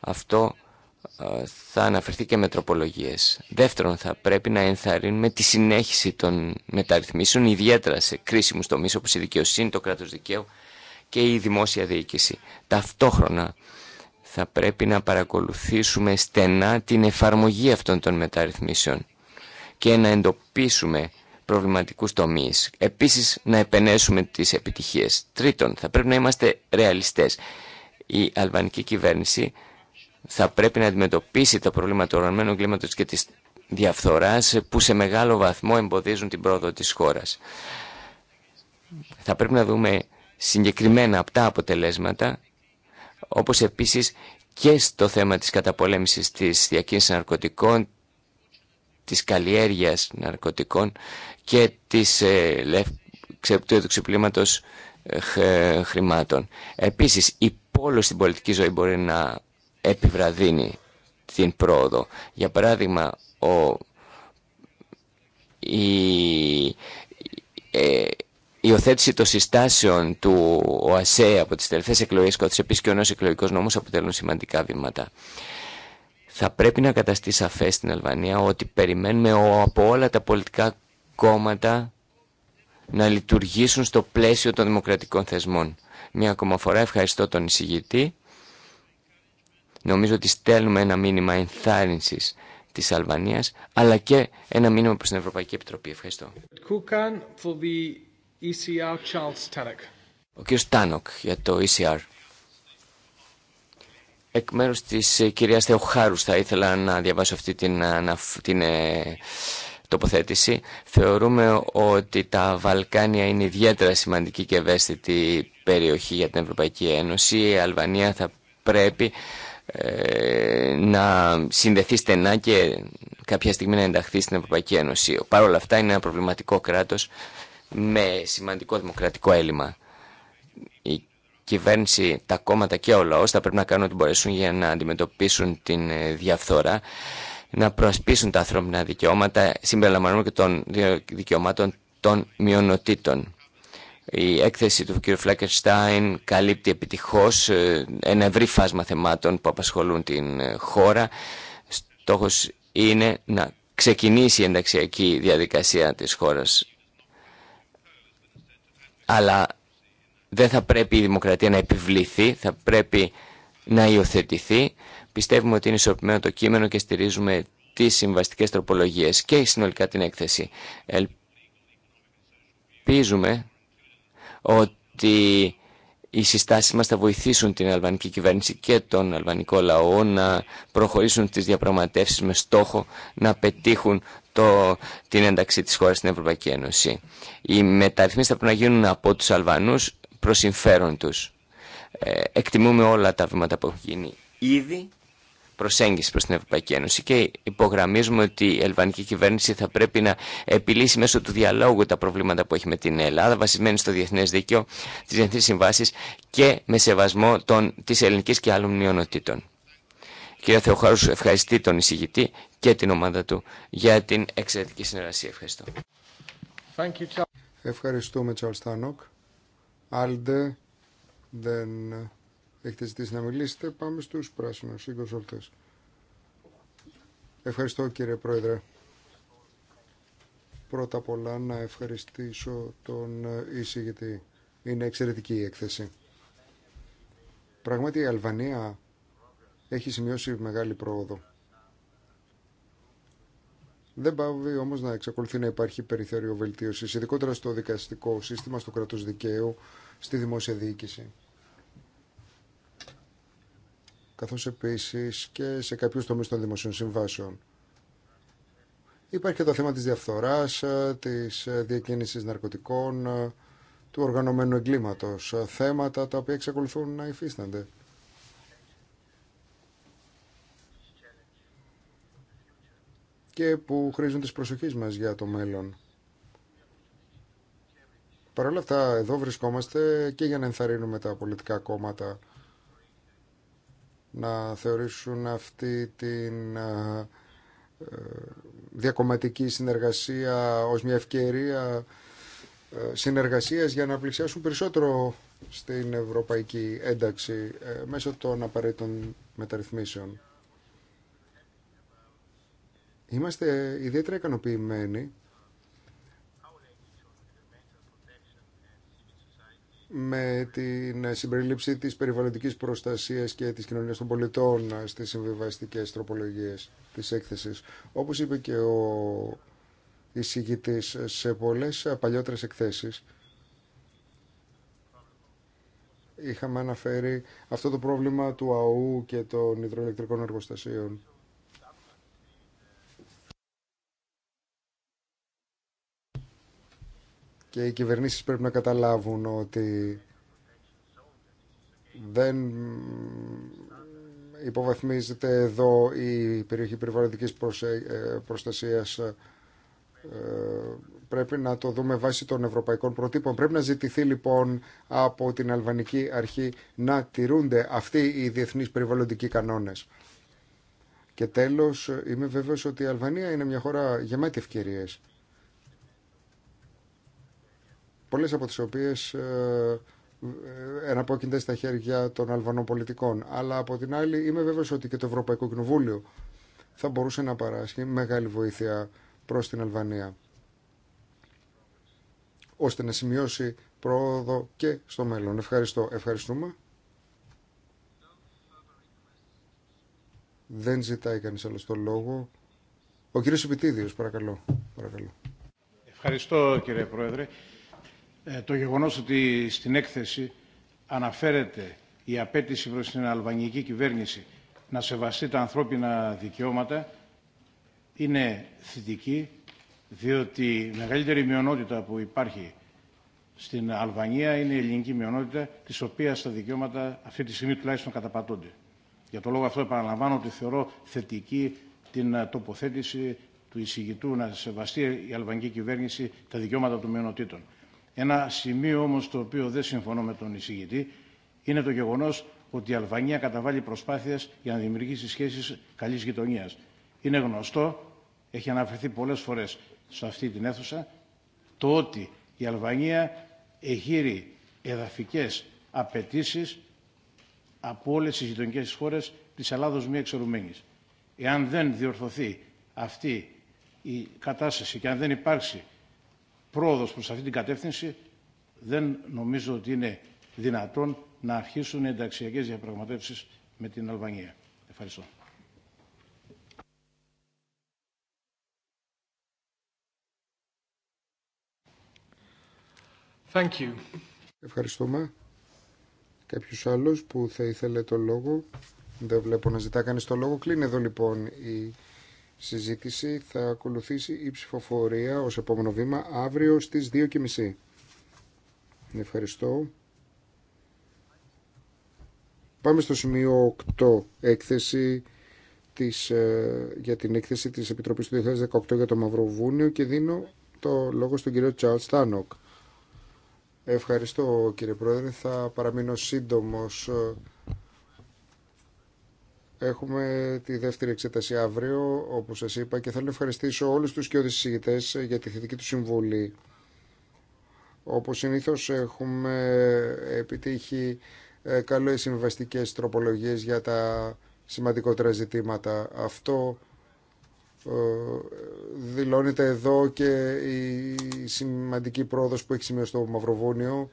Αυτό ε, θα αναφερθεί και με τροπολογίες. Δεύτερον, θα πρέπει να ενθαρρύνουμε τη συνέχιση των μεταρρυθμίσεων, ιδιαίτερα σε κρίσιμους τομείς όπως η δικαιοσύνη, το κράτος δικαίου και η δημόσια διοίκηση. Ταυτόχρονα θα πρέπει να παρακολουθήσουμε στενά την εφαρμογή αυτών των μεταρρυθμίσεων και να εντοπίσουμε προβληματικούς τομείς. Επίσης να επενέσουμε τις επιτυχίες. Τρίτον, θα πρέπει να είμαστε ρεαλιστές. Η αλβανική κυβέρνηση θα πρέπει να αντιμετωπίσει τα προβλήματα του οργανωμένου κλίματος και της διαφθοράς που σε μεγάλο βαθμό εμποδίζουν την πρόοδο της χώρας. Θα πρέπει να δούμε συγκεκριμένα αυτά αποτελέσματα, όπως επίσης και στο θέμα της καταπολέμησης της διακίνησης ναρκωτικών, της καλλιέργειας ναρκωτικών και της, ε, του εξοπλήματος ε, χρημάτων. Επίσης, η πόλο στην πολιτική ζωή μπορεί να επιβραδύνει την πρόοδο. Για παράδειγμα, η, ε, οθέτηση των συστάσεων του ΟΑΣΕ από τις τελευταίες εκλογές κόθησε επίσης και ο νέος εκλογικός νόμος αποτελούν σημαντικά βήματα θα πρέπει να καταστεί σαφές στην Αλβανία ότι περιμένουμε από όλα τα πολιτικά κόμματα να λειτουργήσουν στο πλαίσιο των δημοκρατικών θεσμών. Μία ακόμα φορά ευχαριστώ τον εισηγητή. Νομίζω ότι στέλνουμε ένα μήνυμα ενθάρρυνσης της Αλβανίας, αλλά και ένα μήνυμα προς την Ευρωπαϊκή Επιτροπή. Ευχαριστώ. E ο κ. Τάνοκ για το ECR. Εκ μέρους της ε, κυρίας Θεοχάρου θα ήθελα να διαβάσω αυτή την, ε, την ε, τοποθέτηση. Θεωρούμε ότι τα Βαλκάνια είναι ιδιαίτερα σημαντική και ευαίσθητη περιοχή για την Ευρωπαϊκή Ένωση. Η Αλβανία θα πρέπει να συνδεθεί στενά και κάποια στιγμή να ενταχθεί στην Ευρωπαϊκή Ένωση. Παρ' όλα αυτά είναι ένα προβληματικό κράτος με σημαντικό δημοκρατικό έλλειμμα κυβέρνηση, τα κόμματα και ο λαός θα πρέπει να κάνουν ό,τι μπορέσουν για να αντιμετωπίσουν την ε, διαφθόρα, να προασπίσουν τα ανθρώπινα δικαιώματα, συμπεριλαμβανομένου και των δικαιωμάτων των μειονοτήτων. Η έκθεση του κ. Φλέκερστάιν καλύπτει επιτυχώς ε, ένα ευρύ φάσμα θεμάτων που απασχολούν την ε, χώρα. Στόχος είναι να ξεκινήσει η ενταξιακή διαδικασία της χώρας. Αλλά δεν θα πρέπει η δημοκρατία να επιβληθεί, θα πρέπει να υιοθετηθεί. Πιστεύουμε ότι είναι ισορροπημένο το κείμενο και στηρίζουμε τις συμβαστικές τροπολογίες και συνολικά την έκθεση. Ελπίζουμε ότι οι συστάσεις μας θα βοηθήσουν την αλβανική κυβέρνηση και τον αλβανικό λαό να προχωρήσουν τις διαπραγματεύσεις με στόχο να πετύχουν το, την ένταξη της χώρας στην Ευρωπαϊκή Ένωση. Οι μεταρρυθμίσεις θα πρέπει να γίνουν από τους Αλβανούς προς συμφέρον τους. Ε, εκτιμούμε όλα τα βήματα που έχουν γίνει ήδη προσέγγιση προς την Ευρωπαϊκή Ένωση και υπογραμμίζουμε ότι η ελβανική κυβέρνηση θα πρέπει να επιλύσει μέσω του διαλόγου τα προβλήματα που έχει με την Ελλάδα βασισμένη στο διεθνές δίκαιο, τις διεθνείς συμβάσεις και με σεβασμό των, της ελληνικής και άλλων μειονοτήτων. Κύριε Θεοχάρου, ευχαριστεί τον εισηγητή και την ομάδα του για την εξαιρετική συνεργασία. Ευχαριστώ. Ευχαριστούμε, Charles Άλντε δεν έχετε ζητήσει να μιλήσετε. Πάμε στους πράσινους εγκοσόλτες. Ευχαριστώ κύριε Πρόεδρε. Πρώτα απ' όλα να ευχαριστήσω τον γιατί Είναι εξαιρετική η έκθεση. Πραγματικά η Αλβανία έχει σημειώσει μεγάλη πρόοδο. Δεν πάβει όμως να εξακολουθεί να υπάρχει περιθώριο βελτίωσης, ειδικότερα στο δικαστικό σύστημα, στο κράτος δικαίου, στη δημόσια διοίκηση. Καθώς επίσης και σε κάποιους τομείς των δημοσίων συμβάσεων. Υπάρχει και το θέμα της διαφθοράς, της διακίνησης ναρκωτικών, του οργανωμένου εγκλήματος, θέματα τα οποία εξακολουθούν να υφίστανται. και που χρήζουν της προσοχής μας για το μέλλον. Παρ' όλα αυτά, εδώ βρισκόμαστε και για να ενθαρρύνουμε τα πολιτικά κόμματα να θεωρήσουν αυτή την ε, διακομματική συνεργασία ως μια ευκαιρία ε, συνεργασίας για να πλησιάσουν περισσότερο στην ευρωπαϊκή ένταξη ε, μέσω των απαραίτητων μεταρρυθμίσεων. Είμαστε ιδιαίτερα ικανοποιημένοι με την συμπερίληψη της περιβαλλοντικής προστασίας και της κοινωνίας των πολιτών στις συμβιβαστικές τροπολογίες της έκθεσης. Όπως είπε και ο εισηγητής σε πολλές παλιότερες εκθέσεις, είχαμε αναφέρει αυτό το πρόβλημα του ΑΟΥ και των υδροελεκτρικών εργοστασίων. και οι κυβερνήσεις πρέπει να καταλάβουν ότι δεν υποβαθμίζεται εδώ η περιοχή περιβαλλοντικής ε, προστασίας ε, πρέπει να το δούμε βάσει των ευρωπαϊκών προτύπων. Πρέπει να ζητηθεί λοιπόν από την αλβανική αρχή να τηρούνται αυτοί οι διεθνείς περιβαλλοντικοί κανόνες. Και τέλος, είμαι βέβαιος ότι η Αλβανία είναι μια χώρα γεμάτη ευκαιρίες πολλές από τις οποίες ε, ε, εναπόκεινται στα χέρια των Αλβανών πολιτικών. Αλλά από την άλλη είμαι βέβαιος ότι και το Ευρωπαϊκό Κοινοβούλιο θα μπορούσε να παράσχει μεγάλη βοήθεια προς την Αλβανία ώστε να σημειώσει πρόοδο και στο μέλλον. Ευχαριστώ. Ευχαριστούμε. Δεν ζητάει κανεί άλλο το λόγο. Ο κύριος Επιτίδιος, παρακαλώ. παρακαλώ. Ευχαριστώ κύριε Πρόεδρε. Ε, το γεγονός ότι στην έκθεση αναφέρεται η απέτηση προς την αλβανική κυβέρνηση να σεβαστεί τα ανθρώπινα δικαιώματα είναι θετική διότι η μεγαλύτερη μειονότητα που υπάρχει στην Αλβανία είναι η ελληνική μειονότητα της οποίας τα δικαιώματα αυτή τη στιγμή τουλάχιστον καταπατώνται. Για το λόγο αυτό επαναλαμβάνω ότι θεωρώ θετική την ε, τοποθέτηση του εισηγητού να σεβαστεί η αλβανική κυβέρνηση τα δικαιώματα των μειονοτήτων. Ένα σημείο όμως το οποίο δεν συμφωνώ με τον εισηγητή είναι το γεγονός ότι η Αλβανία καταβάλει προσπάθειες για να δημιουργήσει σχέσεις καλής γειτονίας. Είναι γνωστό, έχει αναφερθεί πολλές φορές σε αυτή την αίθουσα, το ότι η Αλβανία εγείρει εδαφικές απαιτήσει από όλες τις γειτονικές χώρε τη Ελλάδο μη εξορουμένη. Εάν δεν διορθωθεί αυτή η κατάσταση και αν δεν υπάρξει πρόοδος προς αυτή την κατεύθυνση δεν νομίζω ότι είναι δυνατόν να αρχίσουν οι ενταξιακές διαπραγματεύσεις με την Αλβανία. Ευχαριστώ. Thank you. Ευχαριστούμε. Κάποιος άλλος που θα ήθελε το λόγο. Δεν βλέπω να ζητά κανείς το λόγο. Κλείνει εδώ λοιπόν η συζήτηση θα ακολουθήσει η ψηφοφορία ως επόμενο βήμα αύριο στις 2.30. Ευχαριστώ. Πάμε στο σημείο 8, έκθεση της, ε, για την έκθεση της Επιτροπής του 2018 για το Μαυροβούνιο και δίνω το λόγο στον κύριο Τσάουτ Στάνοκ. Ευχαριστώ κύριε Πρόεδρε, θα παραμείνω σύντομος. Ε, Έχουμε τη δεύτερη εξέταση αύριο, όπως σας είπα, και θέλω να ευχαριστήσω όλους τους και οδησυγητές ε, για τη θετική του συμβολή. Όπως συνήθως έχουμε επιτύχει ε, καλές συμβαστικές τροπολογίες για τα σημαντικότερα ζητήματα. Αυτό ε, δηλώνεται εδώ και η σημαντική πρόοδος που έχει σημειωθεί στο Μαυροβούνιο.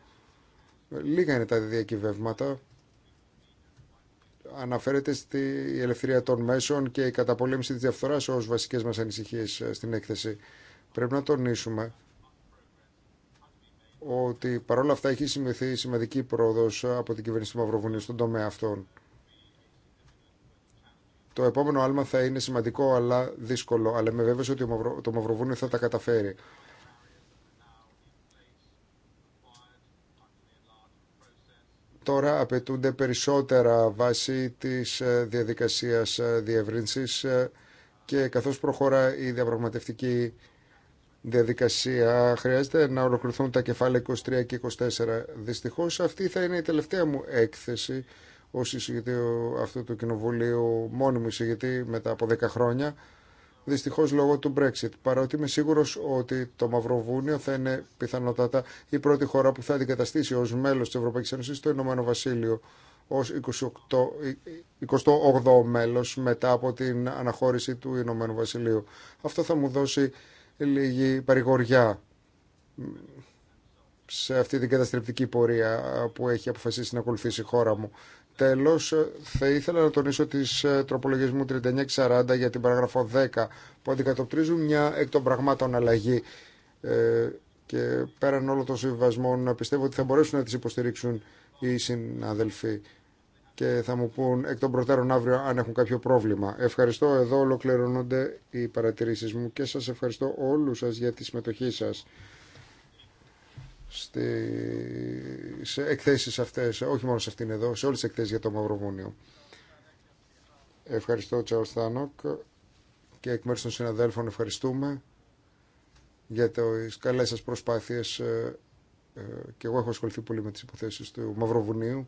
Λίγα είναι τα διακυβεύματα αναφέρεται στη ελευθερία των μέσων και η καταπολέμηση της διαφθοράς ως βασικές μας ανησυχίες ε, στην έκθεση. Πρέπει να τονίσουμε ότι παρόλα αυτά έχει σημειωθεί σημαντική πρόοδος από την κυβέρνηση του Μαυροβουνίου στον τομέα αυτών. Το επόμενο άλμα θα είναι σημαντικό αλλά δύσκολο, αλλά με βέβαιο ότι το Μαυροβούνιο θα τα καταφέρει. Τώρα απαιτούνται περισσότερα βάσει της ε, διαδικασίας ε, διεύρυνσης ε, και καθώς προχωρά η διαπραγματευτική διαδικασία χρειάζεται να ολοκληρωθούν τα κεφάλαια 23 και 24. Δυστυχώς αυτή θα είναι η τελευταία μου έκθεση ως εισηγητή αυτού του κοινοβουλίου μόνιμου εισηγητή μετά από 10 χρόνια δυστυχώς λόγω του Brexit. Παρότι είμαι σίγουρος ότι το Μαυροβούνιο θα είναι πιθανότατα η πρώτη χώρα που θα αντικαταστήσει ως μέλος της Ευρωπαϊκής Ένωσης το Ηνωμένο Βασίλειο ως 28, 28ο ε, μέλος μετά από την αναχώρηση του Ηνωμένου Βασιλείου. Αυτό θα μου δώσει λίγη παρηγοριά σε αυτή την καταστρεπτική πορεία που έχει αποφασίσει να ακολουθήσει η χώρα μου. Τέλο, ε, θα ήθελα να τονίσω τι ε, τροπολογισμού μου 39-40 για την παράγραφο 10 που αντικατοπτρίζουν μια εκ των πραγμάτων αλλαγή ε, και πέραν όλων των συμβασμών, πιστεύω ότι θα μπορέσουν να τις υποστηρίξουν οι συναδελφοί και θα μου πούν εκ των προτέρων αύριο αν έχουν κάποιο πρόβλημα. Ευχαριστώ. Εδώ ολοκληρώνονται οι παρατηρήσεις μου και σα ευχαριστώ όλου σα για τη συμμετοχή σα σε εκθέσεις αυτές, όχι μόνο σε αυτήν εδώ, σε όλες τις εκθέσεις για το Μαυροβούνιο. Ευχαριστώ Τσάρλ Στάνοκ και εκ μέρους των συναδέλφων ευχαριστούμε για τις καλές σας προσπάθειες ε, ε, και εγώ έχω ασχοληθεί πολύ με τις υποθέσεις του Μαυροβουνίου.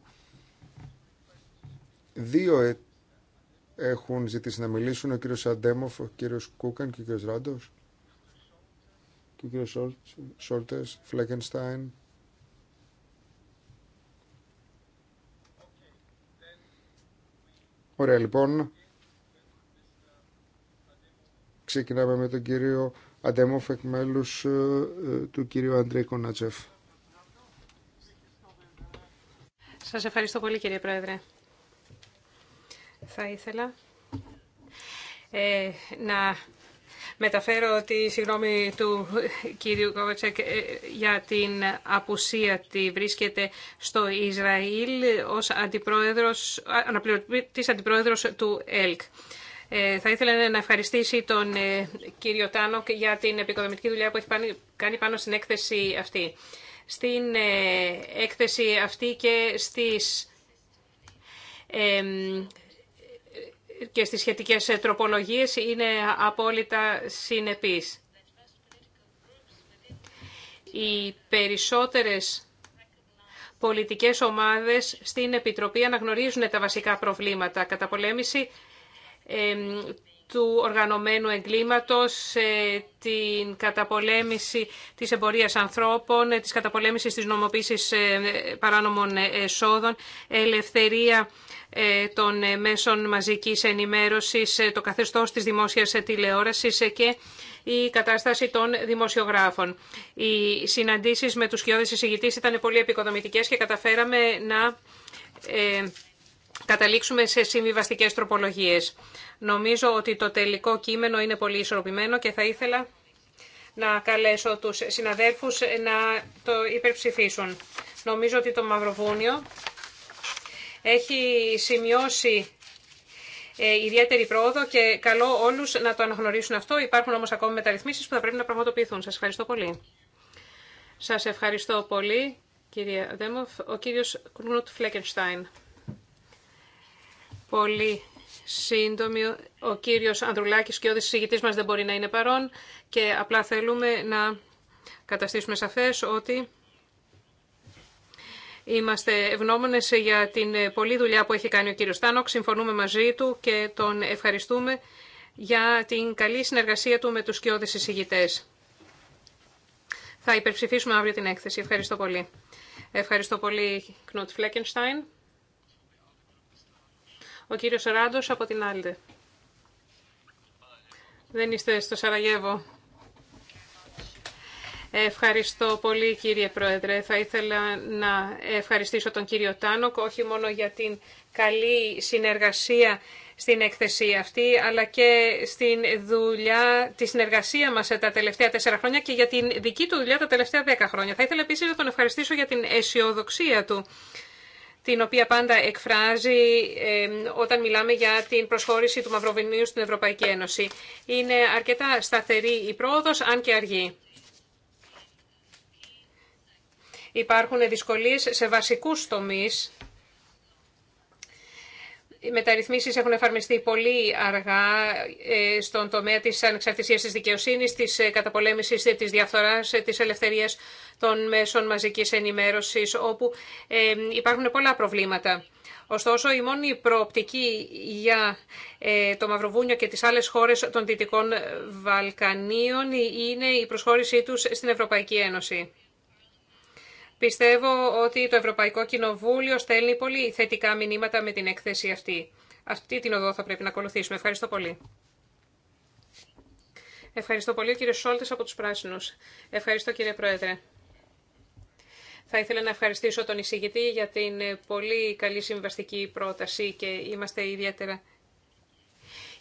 Δύο ε, έχουν ζητήσει να μιλήσουν, ο κύριος Αντέμοφ, ο κύριος Κούκαν και ο κύριος Ράντος του κύριο Σόλτες, Φλέκενστάιν. Ωραία λοιπόν. Ξεκινάμε με τον κύριο Αντέμοφ εκ μέλους ε, ε, του κύριου Αντρέη Κονάτσεφ. Σας ευχαριστώ πολύ κύριε Πρόεδρε. Θα ήθελα ε, να μεταφέρω τη συγγνώμη του κύριου Κόβετσεκ ε, για την απουσία τη βρίσκεται στο Ισραήλ ως αντιπρόεδρος, αναπληρωτής αντιπρόεδρος του ΕΛΚ. Ε, θα ήθελα να ευχαριστήσει τον ε, κύριο Τάνοκ για την επικοδομητική δουλειά που έχει κάνει πάνω στην έκθεση αυτή. Στην έκθεση αυτή και στις και στις σχετικές ε, τροπολογίες είναι απόλυτα συνεπείς. Οι περισσότερες πολιτικές ομάδες στην Επιτροπή αναγνωρίζουν τα βασικά προβλήματα. Καταπολέμηση του οργανωμένου εγκλήματος, ε, την καταπολέμηση της εμπορίας ανθρώπων, ε, της καταπολέμησης της νομοποίησης ε, παράνομων εσόδων, ελευθερία των μέσων μαζικής ενημέρωσης, το καθεστώς της δημόσιας τηλεόρασης και η κατάσταση των δημοσιογράφων. Οι συναντήσεις με τους κοιόδες εισηγητής ήταν πολύ επικοδομητικές και καταφέραμε να καταλήξουμε σε συμβιβαστικές τροπολογίες. Νομίζω ότι το τελικό κείμενο είναι πολύ ισορροπημένο και θα ήθελα να καλέσω τους συναδέλφους να το υπερψηφίσουν. Νομίζω ότι το Μαυροβούνιο έχει σημειώσει ε, ιδιαίτερη πρόοδο και καλό όλους να το αναγνωρίσουν αυτό. Υπάρχουν όμως ακόμη μεταρρυθμίσεις που θα πρέπει να πραγματοποιηθούν. Σας ευχαριστώ πολύ. Σας ευχαριστώ πολύ, κύριε Δέμοφ. Ο κύριος Κνουτ Φλέκενστάιν πολύ σύντομη. Ο κύριος Ανδρουλάκης και ο συζητητής μας δεν μπορεί να είναι παρόν και απλά θέλουμε να καταστήσουμε σαφές ότι είμαστε ευγνώμονες για την πολλή δουλειά που έχει κάνει ο κύριος Τάνοξ. Συμφωνούμε μαζί του και τον ευχαριστούμε για την καλή συνεργασία του με τους κοιόδης συζητητές. Θα υπερψηφίσουμε αύριο την έκθεση. Ευχαριστώ πολύ. Ευχαριστώ πολύ, Κνούτ Φλέκενστάιν. Ο κύριος Ράντος από την Άλτε. Δεν είστε στο Σαραγεύο. Ευχαριστώ πολύ κύριε Πρόεδρε. Θα ήθελα να ευχαριστήσω τον κύριο Τάνοκ όχι μόνο για την καλή συνεργασία στην έκθεση αυτή, αλλά και στην δουλειά, τη συνεργασία μας τα τελευταία τέσσερα χρόνια και για την δική του δουλειά τα τελευταία δέκα χρόνια. Θα ήθελα επίσης να τον ευχαριστήσω για την αισιοδοξία του την οποία πάντα εκφράζει όταν μιλάμε για την προσχώρηση του Μαυροβινίου στην Ευρωπαϊκή Ένωση. Είναι αρκετά σταθερή η πρόοδος, αν και αργή. Υπάρχουν δυσκολίες σε βασικούς τομείς οι μεταρρυθμίσεις έχουν εφαρμοστεί πολύ αργά ε, στον τομέα της ανεξαρτησίας της δικαιοσύνης, της ε, καταπολέμησης ε, της διαφθοράς, της ελευθερίας των μέσων μαζικής ενημέρωσης, όπου υπάρχουν πολλά προβλήματα. Ωστόσο, η μόνη προοπτική για το Μαυροβούνιο και τις άλλες χώρες των Δυτικών Βαλκανίων είναι η προσχώρησή τους στην Ευρωπαϊκή Ένωση. Πιστεύω ότι το Ευρωπαϊκό Κοινοβούλιο στέλνει πολύ θετικά μηνύματα με την έκθεση αυτή. Αυτή την οδό θα πρέπει να ακολουθήσουμε. Ευχαριστώ πολύ. Ευχαριστώ πολύ, κύριε Σόλτες από τους Πράσινους. Ευχαριστώ, κύριε Πρόεδρε. Θα ήθελα να ευχαριστήσω τον εισηγητή για την ε, πολύ καλή συμβαστική πρόταση και είμαστε ιδιαίτερα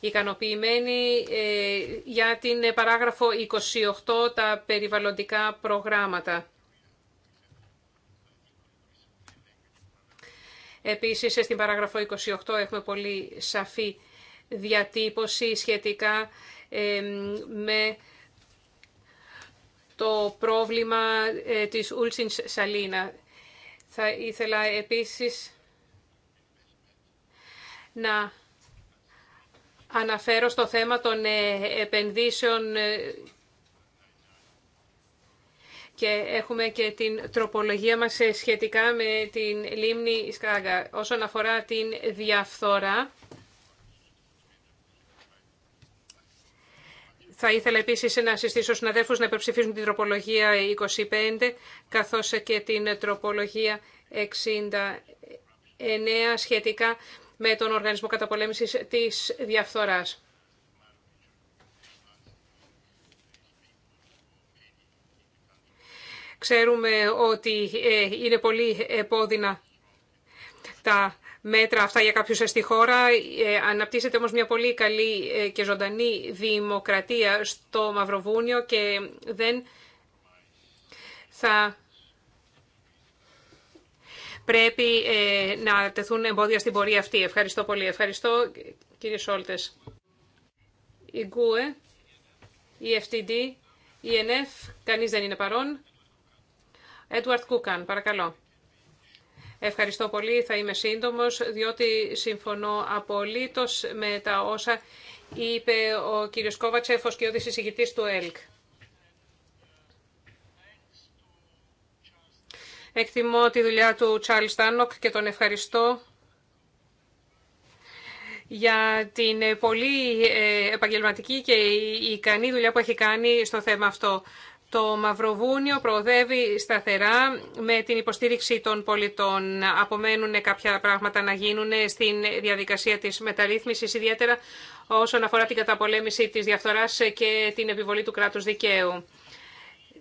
ικανοποιημένοι ε, για την ε, παράγραφο 28, τα περιβαλλοντικά προγράμματα. Επίσης, στην παράγραφο 28 έχουμε πολύ σαφή διατύπωση σχετικά με το πρόβλημα ε, της Ουλσίν Σαλίνα. Θα ήθελα επίσης να αναφέρω στο θέμα των ε, επενδύσεων ε, και έχουμε και την τροπολογία μας ε, σχετικά με την λίμνη ισκαγκα Όσον αφορά την διαφθορά, θα ήθελα επίσης να συστήσω συναδέλφους να υπερψηφίσουν την τροπολογία 25, καθώς και την τροπολογία 69 σχετικά με τον Οργανισμό Καταπολέμησης της Διαφθοράς. Ξέρουμε ότι ε, είναι πολύ επώδυνα τα μέτρα αυτά για κάποιους στη χώρα. Ε, αναπτύσσεται όμως μια πολύ καλή ε, και ζωντανή δημοκρατία στο Μαυροβούνιο και δεν θα πρέπει να τεθούν εμπόδια στην πορεία αυτή. Ευχαριστώ πολύ. Ευχαριστώ κύριε Σόλτες. Η ΓΚΟΕ, η FTD, η ΕΝΕΦ, κανείς δεν είναι παρόν. Έντουαρτ Κούκαν, παρακαλώ. Ευχαριστώ πολύ. Θα είμαι σύντομος, διότι συμφωνώ απολύτως με τα όσα είπε ο κύριος Κόβατσεφ, ο σκιώδης εισηγητής του ΕΛΚ. Εκτιμώ τη δουλειά του Τσάρλ Στάνοκ και τον ευχαριστώ για την πολύ ε, επαγγελματική και ικανή δουλειά που έχει κάνει στο θέμα αυτό. Το Μαυροβούνιο προοδεύει σταθερά με την υποστήριξη των πολιτών. Απομένουν κάποια πράγματα να γίνουν στην διαδικασία της μεταρρύθμισης, ιδιαίτερα όσον αφορά την καταπολέμηση της διαφθοράς και την επιβολή του κράτους δικαίου.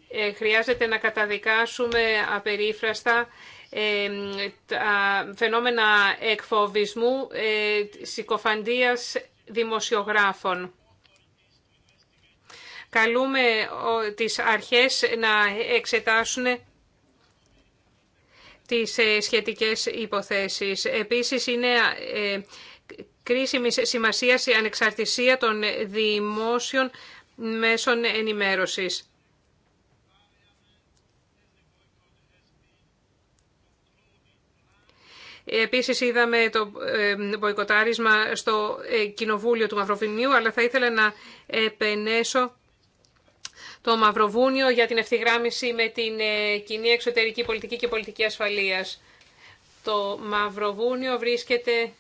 Ε, χρειάζεται να καταδικάσουμε απερίφραστα ε, τα φαινόμενα εκφοβισμού, ε, συκοφαντίας δημοσιογράφων. Καλούμε τις αρχές να εξετάσουν τις ε, σχετικές υποθέσεις. Επίσης είναι ε, κρίσιμη σημασία η ανεξαρτησία των δημόσιων μέσων ενημέρωσης. Επίσης είδαμε το ε, μποϊκοτάρισμα στο Κοινοβούλιο του Μαυροβινίου, αλλά θα ήθελα να επενέσω το Μαυροβούνιο για την ευθυγράμμιση με την ε, κοινή εξωτερική πολιτική και πολιτική ασφαλείας. Το Μαυροβούνιο βρίσκεται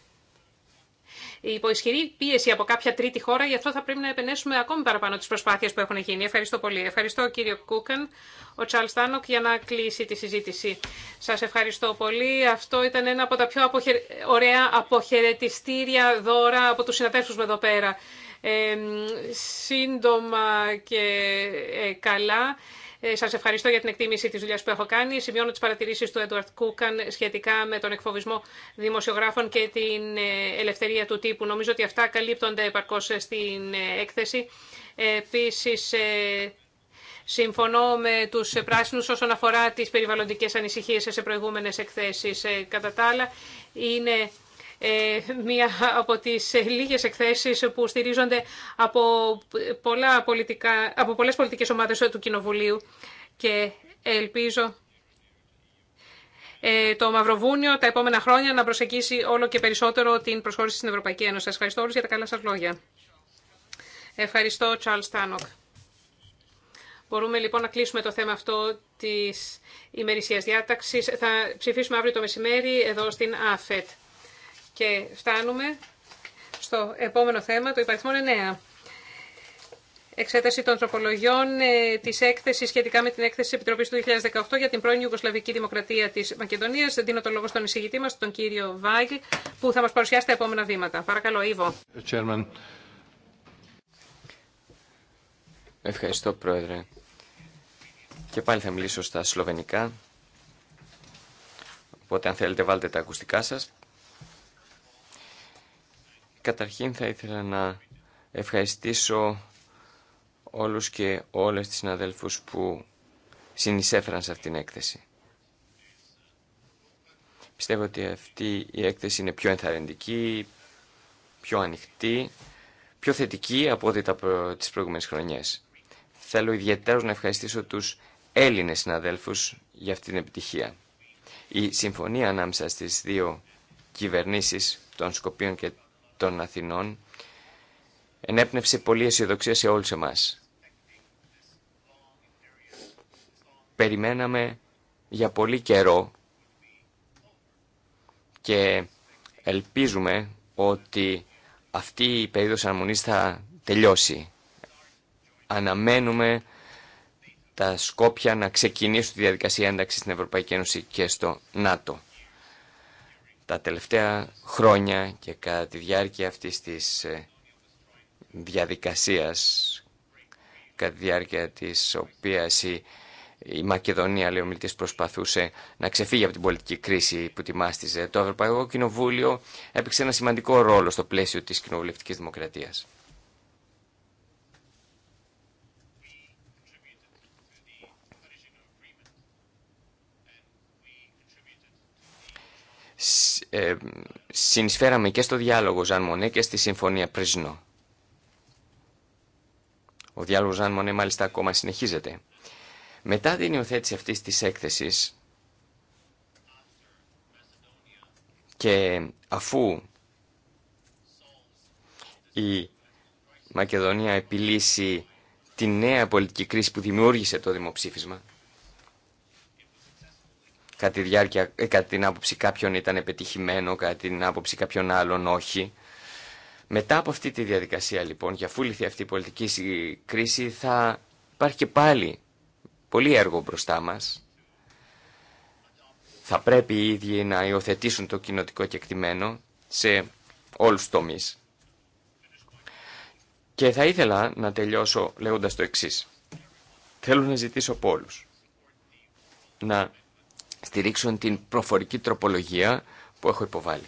υπό ισχυρή πίεση από κάποια τρίτη χώρα, γι' αυτό θα πρέπει να επενέσουμε ακόμη παραπάνω τις προσπάθειες που έχουν γίνει. Ευχαριστώ πολύ. Ευχαριστώ κύριο Κούκαν, ο Τσάλ Στάνοκ για να κλείσει τη συζήτηση. Σας ευχαριστώ πολύ. Αυτό ήταν ένα από τα πιο ωραία αποχαιρετιστήρια δώρα από τους συναδέλφους μου εδώ πέρα σύντομα και ε, καλά. Ε, Σα ευχαριστώ για την εκτίμηση τη δουλειά που έχω κάνει. Σημειώνω τι παρατηρήσει του Έντουαρτ Κούκαν σχετικά με τον εκφοβισμό δημοσιογράφων και την ε, ελευθερία του τύπου. Νομίζω ότι αυτά καλύπτονται επαρκώ στην έκθεση. Επίση, συμφωνώ με του πράσινου όσον αφορά τι περιβαλλοντικέ ανησυχίε σε προηγούμενε εκθέσει. Κατά τα άλλα, είναι ε, μία από τις λίγες εκθέσεις που στηρίζονται από, πολλά πολιτικά, από πολλές πολιτικές ομάδες του Κοινοβουλίου και ελπίζω ε, το Μαυροβούνιο τα επόμενα χρόνια να προσεγγίσει όλο και περισσότερο την προσχώρηση στην Ευρωπαϊκή Ένωση. Σας ευχαριστώ όλους για τα καλά σας λόγια. Ευχαριστώ, Charles Τάνοκ. Μπορούμε λοιπόν να κλείσουμε το θέμα αυτό της ημερησίας διάταξης. Θα ψηφίσουμε αύριο το μεσημέρι εδώ στην ΑΦΕΤ. Και φτάνουμε στο επόμενο θέμα, το υπαριθμό 9. Εξέταση των τροπολογιών ε, τη έκθεση σχετικά με την έκθεση της Επιτροπή του 2018 για την πρώην Ιουγκοσλαβική Δημοκρατία της Μακεδονίας. Δίνω το λόγο στον εισηγητή μα, τον κύριο Βάγγλ, που θα μας παρουσιάσει τα επόμενα βήματα. Παρακαλώ, Ήβο. Ευχαριστώ, Πρόεδρε. Και πάλι θα μιλήσω στα σλοβενικά. Οπότε, αν θέλετε, βάλτε τα ακουστικά σας. Καταρχήν θα ήθελα να ευχαριστήσω όλους και όλες τις συναδέλφους που συνεισέφεραν σε αυτήν την έκθεση. Πιστεύω ότι αυτή η έκθεση είναι πιο ενθαρρυντική, πιο ανοιχτή, πιο θετική από ό,τι τα προ... τις προηγούμενες χρονιές. Θέλω ιδιαίτερως να ευχαριστήσω τους Έλληνες συναδέλφους για αυτή την επιτυχία. Η συμφωνία ανάμεσα στις δύο κυβερνήσεις των Σκοπίων και των Αθηνών ενέπνευσε πολλή αισιοδοξία σε όλους εμάς. Περιμέναμε για πολύ καιρό και ελπίζουμε ότι αυτή η περίοδος αναμονής θα τελειώσει. Αναμένουμε τα Σκόπια να ξεκινήσουν τη διαδικασία ένταξη στην Ευρωπαϊκή Ένωση και στο ΝΑΤΟ. Τα τελευταία χρόνια και κατά τη διάρκεια αυτής της ε, διαδικασίας, κατά τη διάρκεια της οποίας η, Μακεδονία, λέει ο Μιλτής, προσπαθούσε να ξεφύγει από την πολιτική κρίση που τη μάστιζε, το Ευρωπαϊκό Κοινοβούλιο έπαιξε ένα σημαντικό ρόλο στο πλαίσιο της κοινοβουλευτικής δημοκρατίας. ε, συνεισφέραμε και στο διάλογο Ζαν Μονέ και στη Συμφωνία Πρεσνό. Ο διάλογος Ζαν Μονέ μάλιστα ακόμα συνεχίζεται. Μετά την υιοθέτηση αυτής της έκθεσης και αφού η Μακεδονία επιλύσει τη νέα πολιτική κρίση που δημιούργησε το δημοψήφισμα κατά, τη διάρκεια, ε, κατά την άποψη κάποιων ήταν επιτυχημένο, κατά την άποψη κάποιων άλλων όχι. Μετά από αυτή τη διαδικασία λοιπόν, για αφού λυθεί αυτή η πολιτική κρίση, θα υπάρχει και πάλι πολύ έργο μπροστά μας. Θα πρέπει οι ίδιοι να υιοθετήσουν το κοινοτικό κεκτημένο σε όλους τους τομείς. Και θα ήθελα να τελειώσω λέγοντας το εξής. Θέλω να ζητήσω από όλους να στηρίξουν την προφορική τροπολογία που έχω υποβάλει.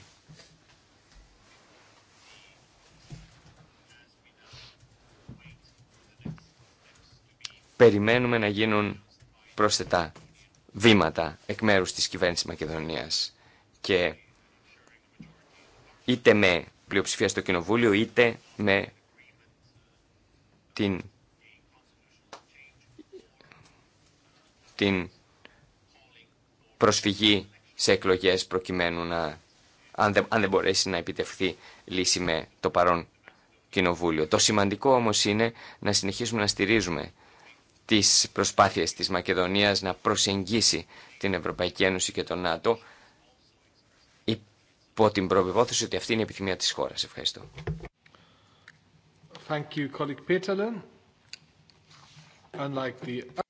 Περιμένουμε να γίνουν πρόσθετα βήματα εκ μέρους της κυβέρνησης Μακεδονίας και είτε με πλειοψηφία στο Κοινοβούλιο είτε με την την προσφυγή σε εκλογές προκειμένου να, αν δεν, μπορέσει να επιτευχθεί λύση με το παρόν κοινοβούλιο. Το σημαντικό όμως είναι να συνεχίσουμε να στηρίζουμε τις προσπάθειες της Μακεδονίας να προσεγγίσει την Ευρωπαϊκή Ένωση και τον ΝΑΤΟ υπό την προπιβόθεση ότι αυτή είναι η επιθυμία της χώρας. Ευχαριστώ.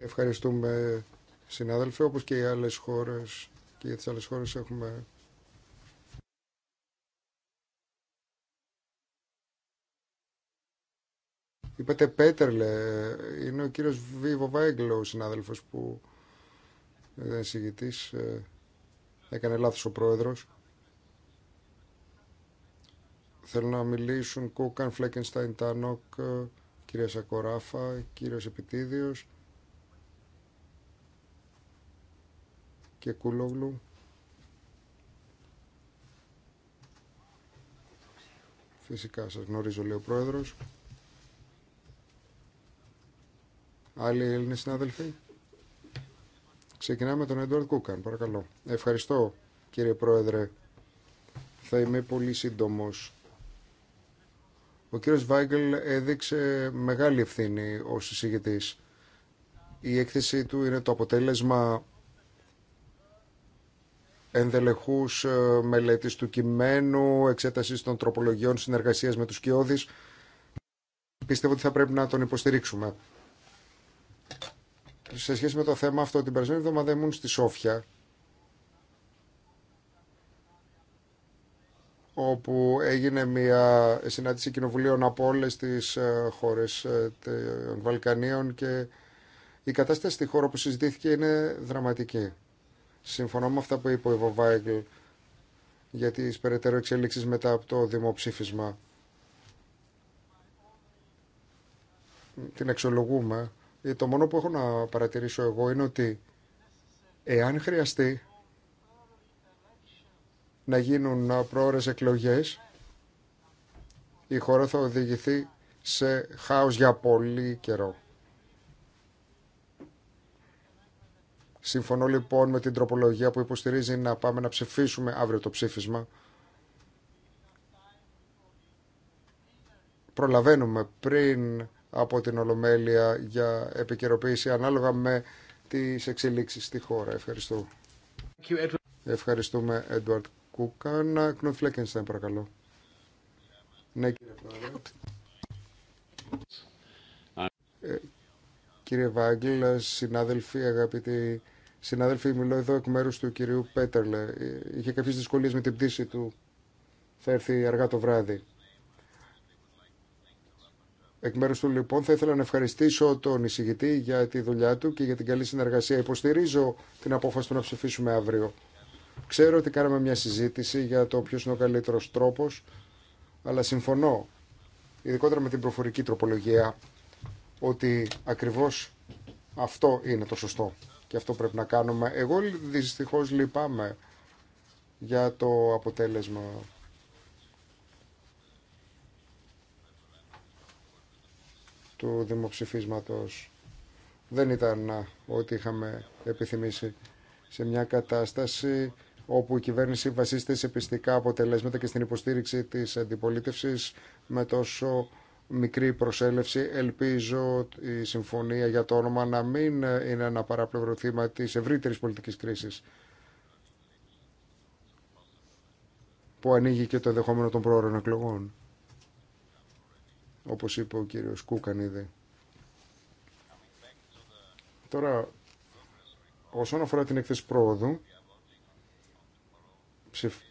Ευχαριστούμε συνάδελφοι, όπως και οι άλλες χώρες και για τις άλλες χώρες έχουμε Είπατε Πέτερλε, είναι ο κύριος Βίβο Βάγκλο, ο συνάδελφος που είναι συγητής, ε, έκανε λάθος ο πρόεδρος. Θέλω να μιλήσουν Κούκαν, Φλέκενστάιν, Τάνοκ, ε, κυρία Σακοράφα, κύριος Επιτίδιος, και Κούλογλου. Φυσικά σας γνωρίζω, λέει ο Πρόεδρος. Άλλοι Έλληνες συνάδελφοι. Ξεκινάμε τον Έντουαρτ Κούκαν, παρακαλώ. Ευχαριστώ, κύριε Πρόεδρε. Θα είμαι πολύ σύντομος. Ο κύριος Βάγκελ έδειξε μεγάλη ευθύνη ως εισηγητής. Η έκθεση του είναι το αποτέλεσμα ενδελεχούς ε, μελέτης του κειμένου, εξέτασης των τροπολογιών συνεργασίας με τους κοιόδης. Πιστεύω ότι θα πρέπει να τον υποστηρίξουμε. Σε σχέση με το θέμα αυτό, την περασμένη εβδομάδα ήμουν στη Σόφια, όπου έγινε μια συνάντηση κοινοβουλίων από όλε τι ε, χώρες ε, των Βαλκανίων και η κατάσταση στη χώρα που συζητήθηκε είναι δραματική. Συμφωνώ με αυτά που είπε ο Ιβο για τι περαιτέρω εξέλιξει μετά από το δημοψήφισμα. Την εξολογούμε. Το μόνο που έχω να παρατηρήσω εγώ είναι ότι εάν χρειαστεί να γίνουν πρόορες εκλογές, η χώρα θα οδηγηθεί σε χάος για πολύ καιρό. Συμφωνώ λοιπόν με την τροπολογία που υποστηρίζει να πάμε να ψηφίσουμε αύριο το ψήφισμα. Προλαβαίνουμε πριν από την Ολομέλεια για επικαιροποίηση ανάλογα με τις εξελίξεις στη χώρα. Ευχαριστώ. Ευχαριστούμε, Έντουαρτ Κούκαν. Κνούτ Φλέκενστεν, παρακαλώ. Ναι, κύριε Πρόεδρε. κύριε Βάγγελ, συνάδελφοι, αγαπητοί Συνάδελφοι, μιλώ εδώ εκ μέρου του κυρίου Πέτερλε. Είχε κάποιε δυσκολίε με την πτήση του. Θα έρθει αργά το βράδυ. Εκ μέρου του, λοιπόν, θα ήθελα να ευχαριστήσω τον εισηγητή για τη δουλειά του και για την καλή συνεργασία. Υποστηρίζω την απόφαση του να ψηφίσουμε αύριο. Ξέρω ότι κάναμε μια συζήτηση για το ποιο είναι ο καλύτερο τρόπο, αλλά συμφωνώ, ειδικότερα με την προφορική τροπολογία, ότι ακριβώ αυτό είναι το σωστό και αυτό πρέπει να κάνουμε. Εγώ δυστυχώς λυπάμαι για το αποτέλεσμα. του δημοψηφίσματος δεν ήταν ό,τι είχαμε επιθυμήσει σε μια κατάσταση όπου η κυβέρνηση βασίζεται σε πιστικά αποτελέσματα και στην υποστήριξη της αντιπολίτευσης με τόσο μικρή προσέλευση. Ελπίζω η συμφωνία για το όνομα να μην είναι ένα παράπλευρο θύμα τη ευρύτερη πολιτική κρίσης που ανοίγει και το ενδεχόμενο των πρόωρων εκλογών όπως είπε ο κύριος Κούκαν ήδη. Τώρα, όσον αφορά την εκθέση πρόοδου,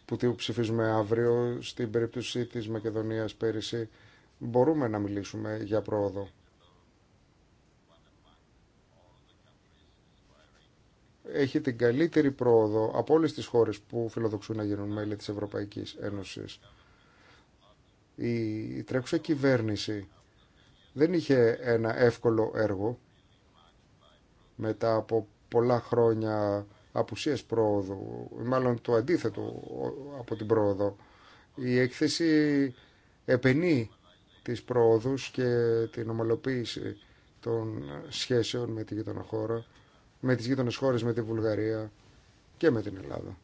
που ψηφίζουμε αύριο, στην περίπτωση της Μακεδονίας πέρυσι, μπορούμε να μιλήσουμε για πρόοδο. Έχει την καλύτερη πρόοδο από όλες τις χώρες που φιλοδοξούν να γίνουν μέλη της Ευρωπαϊκής Ένωσης. Η τρέχουσα κυβέρνηση δεν είχε ένα εύκολο έργο μετά από πολλά χρόνια απουσίας πρόοδου, μάλλον το αντίθετο από την πρόοδο. Η έκθεση επενεί τις προόδους και την ομαλοποίηση των σχέσεων με τη γείτονα χώρα, με τις γείτονες χώρες, με τη Βουλγαρία και με την Ελλάδα.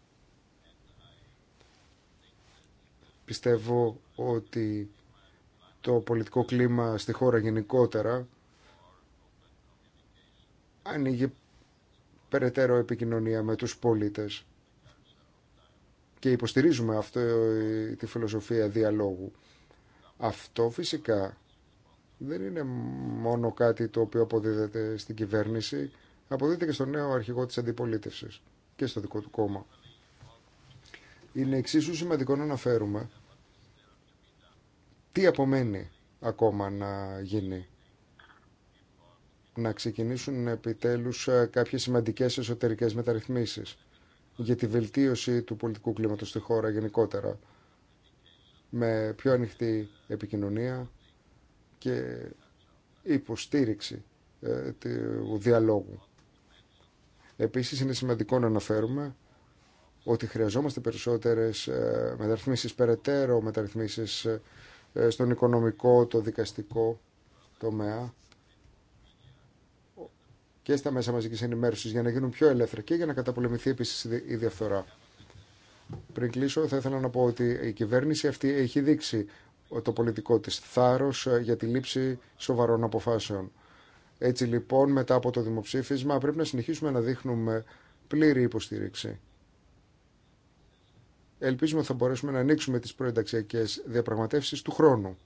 Πιστεύω ότι το πολιτικό κλίμα στη χώρα γενικότερα ανοίγει περαιτέρω επικοινωνία με τους πολίτες και υποστηρίζουμε αυτή ε, τη φιλοσοφία διαλόγου αυτό φυσικά δεν είναι μόνο κάτι το οποίο αποδίδεται στην κυβέρνηση, αποδίδεται και στον νέο αρχηγό της αντιπολίτευσης και στο δικό του κόμμα. Είναι εξίσου σημαντικό να αναφέρουμε τι απομένει ακόμα να γίνει. Να ξεκινήσουν επιτέλους ε, κάποιες σημαντικές εσωτερικές μεταρρυθμίσεις για τη βελτίωση του πολιτικού κλίματος στη χώρα γενικότερα με πιο ανοιχτή επικοινωνία και υποστήριξη ε, του διαλόγου. Επίσης είναι σημαντικό να αναφέρουμε ότι χρειαζόμαστε περισσότερες ε, μεταρρυθμίσεις περαιτέρω, μεταρρυθμίσεις ε, στον οικονομικό, το δικαστικό τομέα και στα μέσα μαζικής ενημέρωσης για να γίνουν πιο ελεύθερα και για να καταπολεμηθεί επίσης η διαφθορά. Πριν κλείσω, θα ήθελα να πω ότι η κυβέρνηση αυτή έχει δείξει το πολιτικό της θάρρος ε, για τη λήψη σοβαρών αποφάσεων. Έτσι λοιπόν, μετά από το δημοψήφισμα, πρέπει να συνεχίσουμε να δείχνουμε πλήρη υποστήριξη. Ελπίζουμε θα μπορέσουμε να ανοίξουμε τις προενταξιακές διαπραγματεύσεις του χρόνου.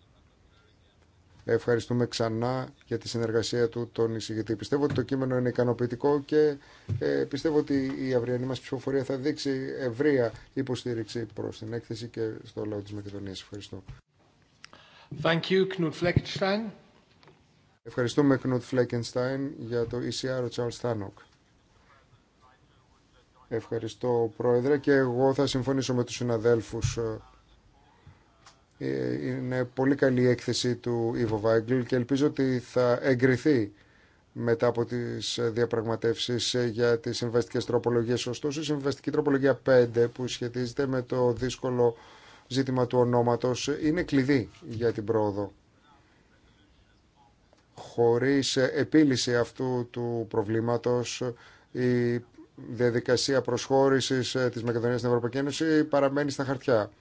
Ευχαριστούμε ξανά για τη συνεργασία του τον εισηγητή. Πιστεύω ότι το κείμενο είναι ικανοποιητικό και ε, πιστεύω ότι η αυριανή μας ψηφοφορία θα δείξει ευρεία υποστήριξη προς την έκθεση και στο λαό της Μακεδονίας. Ευχαριστώ. Thank you, Knut Ευχαριστούμε Knut Fleckenstein για το ECR ο Charles Θάνοκ. Ευχαριστώ Πρόεδρε και εγώ θα συμφωνήσω με τους συναδέλφους ε, ε, είναι πολύ καλή η έκθεση του Ιβο Βάγκλ και ελπίζω ότι θα εγκριθεί μετά από τις διαπραγματεύσεις για τις συμβαστικές τροπολογίες. Ωστόσο, η συμβαστική τροπολογία 5 που σχετίζεται με το δύσκολο ζήτημα του ονόματος είναι κλειδί για την πρόοδο. Χωρίς επίλυση αυτού του προβλήματος η διαδικασία προσχώρησης της Μακεδονίας στην Ευρωπαϊκή Ένωση παραμένει στα χαρτιά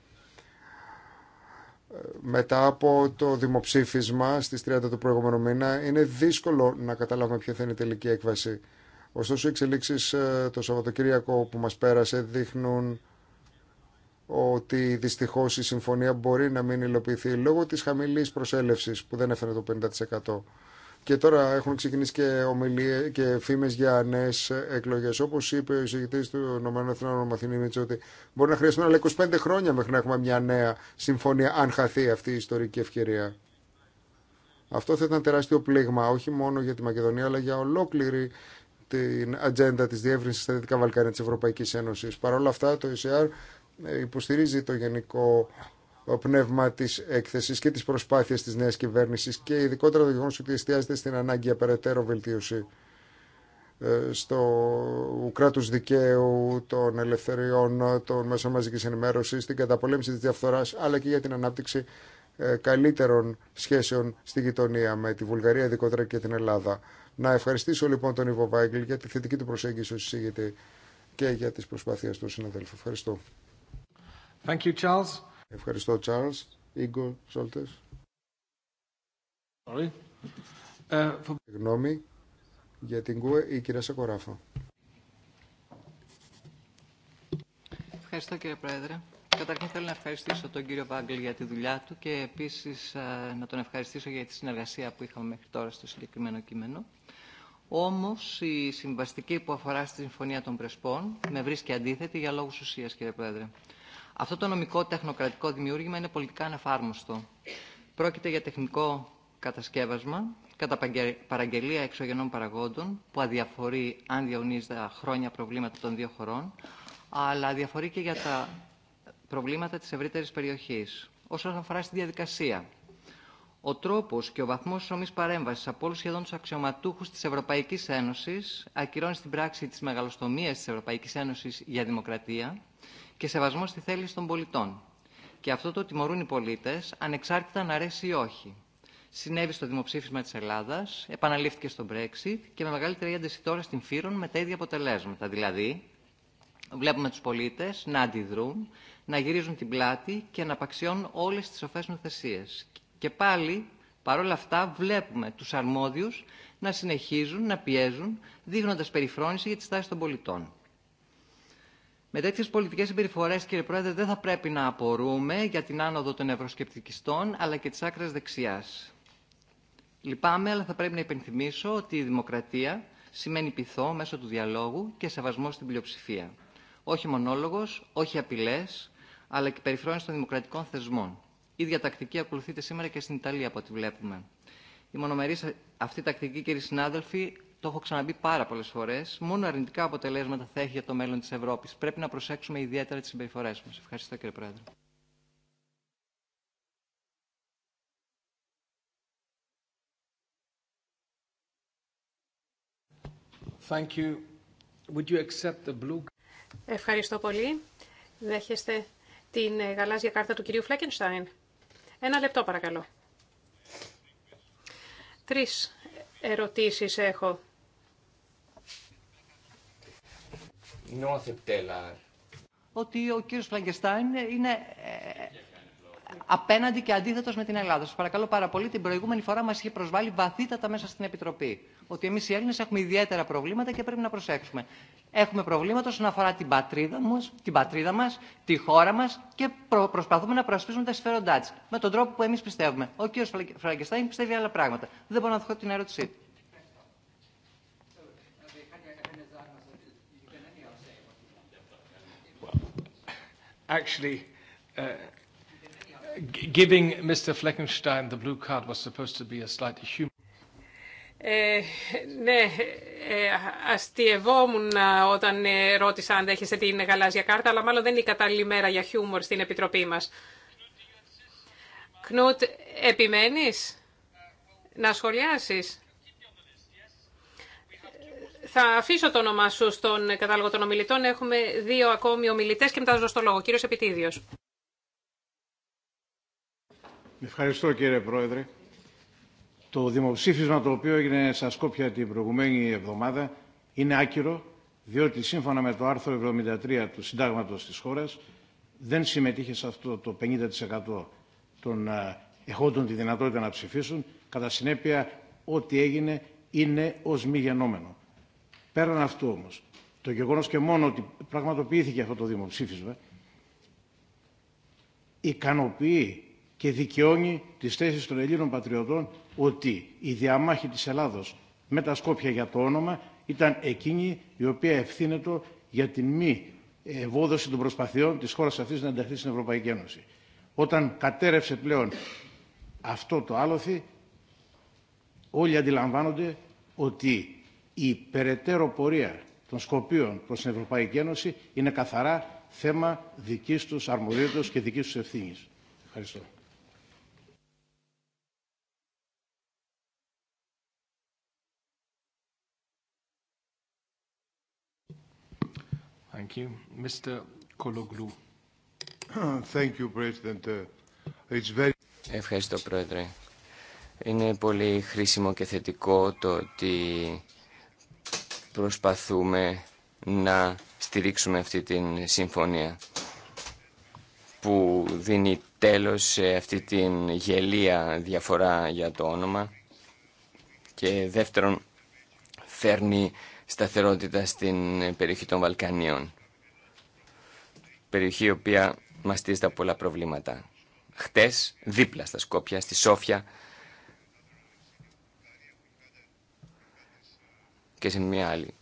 μετά από το δημοψήφισμα στι 30 του προηγούμενου μήνα είναι δύσκολο να καταλάβουμε ποια θα είναι η τελική έκβαση. Ωστόσο οι εξελίξει ε, το Σαββατοκύριακο που μας πέρασε δείχνουν ότι δυστυχώς η συμφωνία μπορεί να μην υλοποιηθεί λόγω της χαμηλής προσέλευσης που δεν έφερε το 50%. Και τώρα έχουν ξεκινήσει και ομιλίε και φήμε για νέε εκλογέ. Όπω είπε ο εισηγητή του ΗΠΑ, ο Μαθηνή ότι μπορεί να χρειαστούν άλλα 25 χρόνια μέχρι να έχουμε μια νέα συμφωνία, αν χαθεί αυτή η ιστορική ευκαιρία. Αυτό θα ήταν τεράστιο πλήγμα, όχι μόνο για τη Μακεδονία, αλλά για ολόκληρη την ατζέντα τη διεύρυνση στα Δυτικά Βαλκάνια τη Ευρωπαϊκή Ένωση. Παρ' όλα αυτά, το ΕΣΕΑΡ υποστηρίζει το γενικό ο πνεύμα τη έκθεση και τη προσπάθεια τη νέα κυβέρνηση και ειδικότερα το γεγονό ότι εστιάζεται στην ανάγκη για περαιτέρω βελτίωση ε, στο κράτο δικαίου, των ελευθεριών, των μέσων μαζική ενημέρωση, στην καταπολέμηση τη διαφθορά, αλλά και για την ανάπτυξη ε, καλύτερων σχέσεων στη γειτονία με τη Βουλγαρία, ειδικότερα και την Ελλάδα. Να ευχαριστήσω λοιπόν τον Ιβο Βάγγελ για τη θετική του προσέγγιση ως εισηγητή και για τις προσπάθειες του συναδέλφου. Ευχαριστώ. Thank Charles. Ευχαριστώ, Τσάρλς. Ίγκο Σόλτες. Ε, Συγγνώμη για την ΚΟΕ, η κυρία Σακοράφα. Ευχαριστώ κύριε Πρόεδρε. Καταρχήν θέλω να ευχαριστήσω τον κύριο Βάγκλ για τη δουλειά του και επίσης ε, να τον ευχαριστήσω για τη συνεργασία που είχαμε μέχρι τώρα στο συγκεκριμένο κείμενο. Όμως η συμβαστική που αφορά στη Συμφωνία των Πρεσπών με βρίσκει αντίθετη για λόγους ουσίας κύριε Πρόεδρε. Αυτό το νομικό τεχνοκρατικό δημιούργημα είναι πολιτικά αναφάρμοστο. Πρόκειται για τεχνικό κατασκεύασμα κατά παραγγελία εξωγενών παραγόντων που αδιαφορεί αν διαωνίζεται χρόνια προβλήματα των δύο χωρών αλλά αδιαφορεί και για τα προβλήματα της ευρύτερης περιοχής. Όσον αφορά στη διαδικασία, ο τρόπο και ο βαθμό τη ομής παρέμβαση από όλου σχεδόν του αξιωματούχου τη Ευρωπαϊκή Ένωση ακυρώνει στην πράξη τη μεγαλοστομίας τη Ευρωπαϊκή Ένωση για δημοκρατία και σεβασμό στη θέληση των πολιτών. Και αυτό το τιμωρούν οι πολίτε, ανεξάρτητα αν αρέσει ή όχι. Συνέβη στο δημοψήφισμα τη Ελλάδα, επαναλήφθηκε στο Brexit και με μεγαλύτερη ένταση τώρα στην Φύρον με τα ίδια αποτελέσματα. Δηλαδή, βλέπουμε του πολίτε να αντιδρούν, να γυρίζουν την πλάτη και να απαξιώνουν όλε τι σοφέ νοθεσίε. Και πάλι, παρόλα αυτά, βλέπουμε του αρμόδιου να συνεχίζουν να πιέζουν, δείχνοντα περιφρόνηση για τη στάση των πολιτών. Με τέτοιε πολιτικέ συμπεριφορέ, κύριε Πρόεδρε, δεν θα πρέπει να απορούμε για την άνοδο των ευρωσκεπτικιστών αλλά και τη άκρα δεξιά. Λυπάμαι, αλλά θα πρέπει να υπενθυμίσω ότι η δημοκρατία σημαίνει πειθό μέσω του διαλόγου και σεβασμό στην πλειοψηφία. Όχι μονόλογο, όχι απειλέ, αλλά και περιφρόνηση των δημοκρατικών θεσμών. Η τακτική ακολουθείται σήμερα και στην Ιταλία, από ό,τι βλέπουμε. Η μονομερή αυτή τακτική, κύριοι συνάδελφοι, το έχω ξαναμπεί πάρα πολλέ φορέ, μόνο αρνητικά αποτελέσματα θα έχει για το μέλλον τη Ευρώπη. Πρέπει να προσέξουμε ιδιαίτερα τι συμπεριφορέ μα. Ευχαριστώ, κύριε Πρόεδρε. Thank you. Would you accept the blue... Ευχαριστώ πολύ. Δέχεστε την ε, γαλάζια κάρτα του κυρίου Φλέκενστάιν. Ένα λεπτό παρακαλώ. Τρεις ερωτήσεις έχω. Ότι ο κύριος Φλαγκεστάιν είναι ε, απέναντι και αντίθετο με την Ελλάδα. Σα παρακαλώ πάρα πολύ, την προηγούμενη φορά μα είχε προσβάλει βαθύτατα μέσα στην Επιτροπή. Ότι εμεί οι Έλληνε έχουμε ιδιαίτερα προβλήματα και πρέπει να προσέξουμε. Έχουμε προβλήματα όσον αφορά την πατρίδα μα, την πατρίδα μας, τη χώρα μα και προσπαθούμε να προασπίσουμε τα συμφέροντά τη. Με τον τρόπο που εμεί πιστεύουμε. Ο κ. Φραγκεστάιν πιστεύει άλλα πράγματα. Δεν μπορώ να δω την ερώτησή του. actually uh, giving Mr. Fleckenstein the blue card was supposed to be a slightly humorous. Ε, ναι, ε, αστειευόμουν όταν ε, ρώτησα αν δέχεσαι την γαλάζια κάρτα, αλλά μάλλον δεν είναι η κατάλληλη μέρα για χιούμορ στην Επιτροπή μας. Κνούτ, επιμένεις να σχολιάσεις. Θα αφήσω το όνομά σου στον κατάλογο των ομιλητών. Έχουμε δύο ακόμη ομιλητέ και μετά θα δώσω το λόγο. Κύριο Επιτίδιο. Ευχαριστώ κύριε Πρόεδρε. Το δημοψήφισμα το οποίο έγινε στα Σκόπια την προηγουμένη εβδομάδα είναι άκυρο, διότι σύμφωνα με το άρθρο 73 του συντάγματος τη χώρα, δεν συμμετείχε σε αυτό το 50% των ε, εχόντων τη δυνατότητα να ψηφίσουν. Κατά συνέπεια, ό,τι έγινε είναι ως μη γενόμενο. Πέραν αυτού όμως, το γεγονό και μόνο ότι πραγματοποιήθηκε αυτό το δημοψήφισμα ικανοποιεί και δικαιώνει τι θέσει των Ελλήνων πατριωτών ότι η διαμάχη της Ελλάδος με τα Σκόπια για το όνομα ήταν εκείνη η οποία ευθύνεται για την μη ευόδοση των προσπαθειών της χώρας αυτή να ενταχθεί στην Ευρωπαϊκή Ένωση. Όταν κατέρευσε πλέον αυτό το άλοθη, όλοι αντιλαμβάνονται ότι η περαιτέρω πορεία των Σκοπίων προς την Ευρωπαϊκή Ένωση είναι καθαρά θέμα δικής τους αρμοδιότητας και δικής τους ευθύνης. Ευχαριστώ. Thank you. Mr. Thank you, President. Uh, Ευχαριστώ, Πρόεδρε. Είναι πολύ χρήσιμο και θετικό το ότι προσπαθούμε να στηρίξουμε αυτή την συμφωνία που δίνει τέλος σε αυτή την γελία διαφορά για το όνομα και δεύτερον φέρνει σταθερότητα στην περιοχή των Βαλκανίων περιοχή η οποία μαστίζει τα πολλά προβλήματα. Χτες, δίπλα στα Σκόπια, στη Σόφια, και σε μια άλλη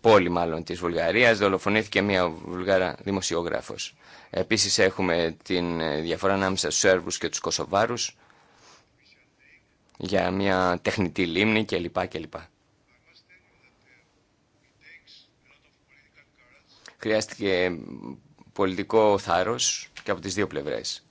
πόλη μάλλον της Βουλγαρίας δολοφονήθηκε μια Βουλγάρα δημοσιογράφος. Επίσης έχουμε την ε, διαφορά ανάμεσα στους Σέρβους και τους Κωσοβάρους για μια τεχνητή λίμνη κλπ. κλπ. Χρειάστηκε πολιτικό θάρρος και από τις δύο πλευρές.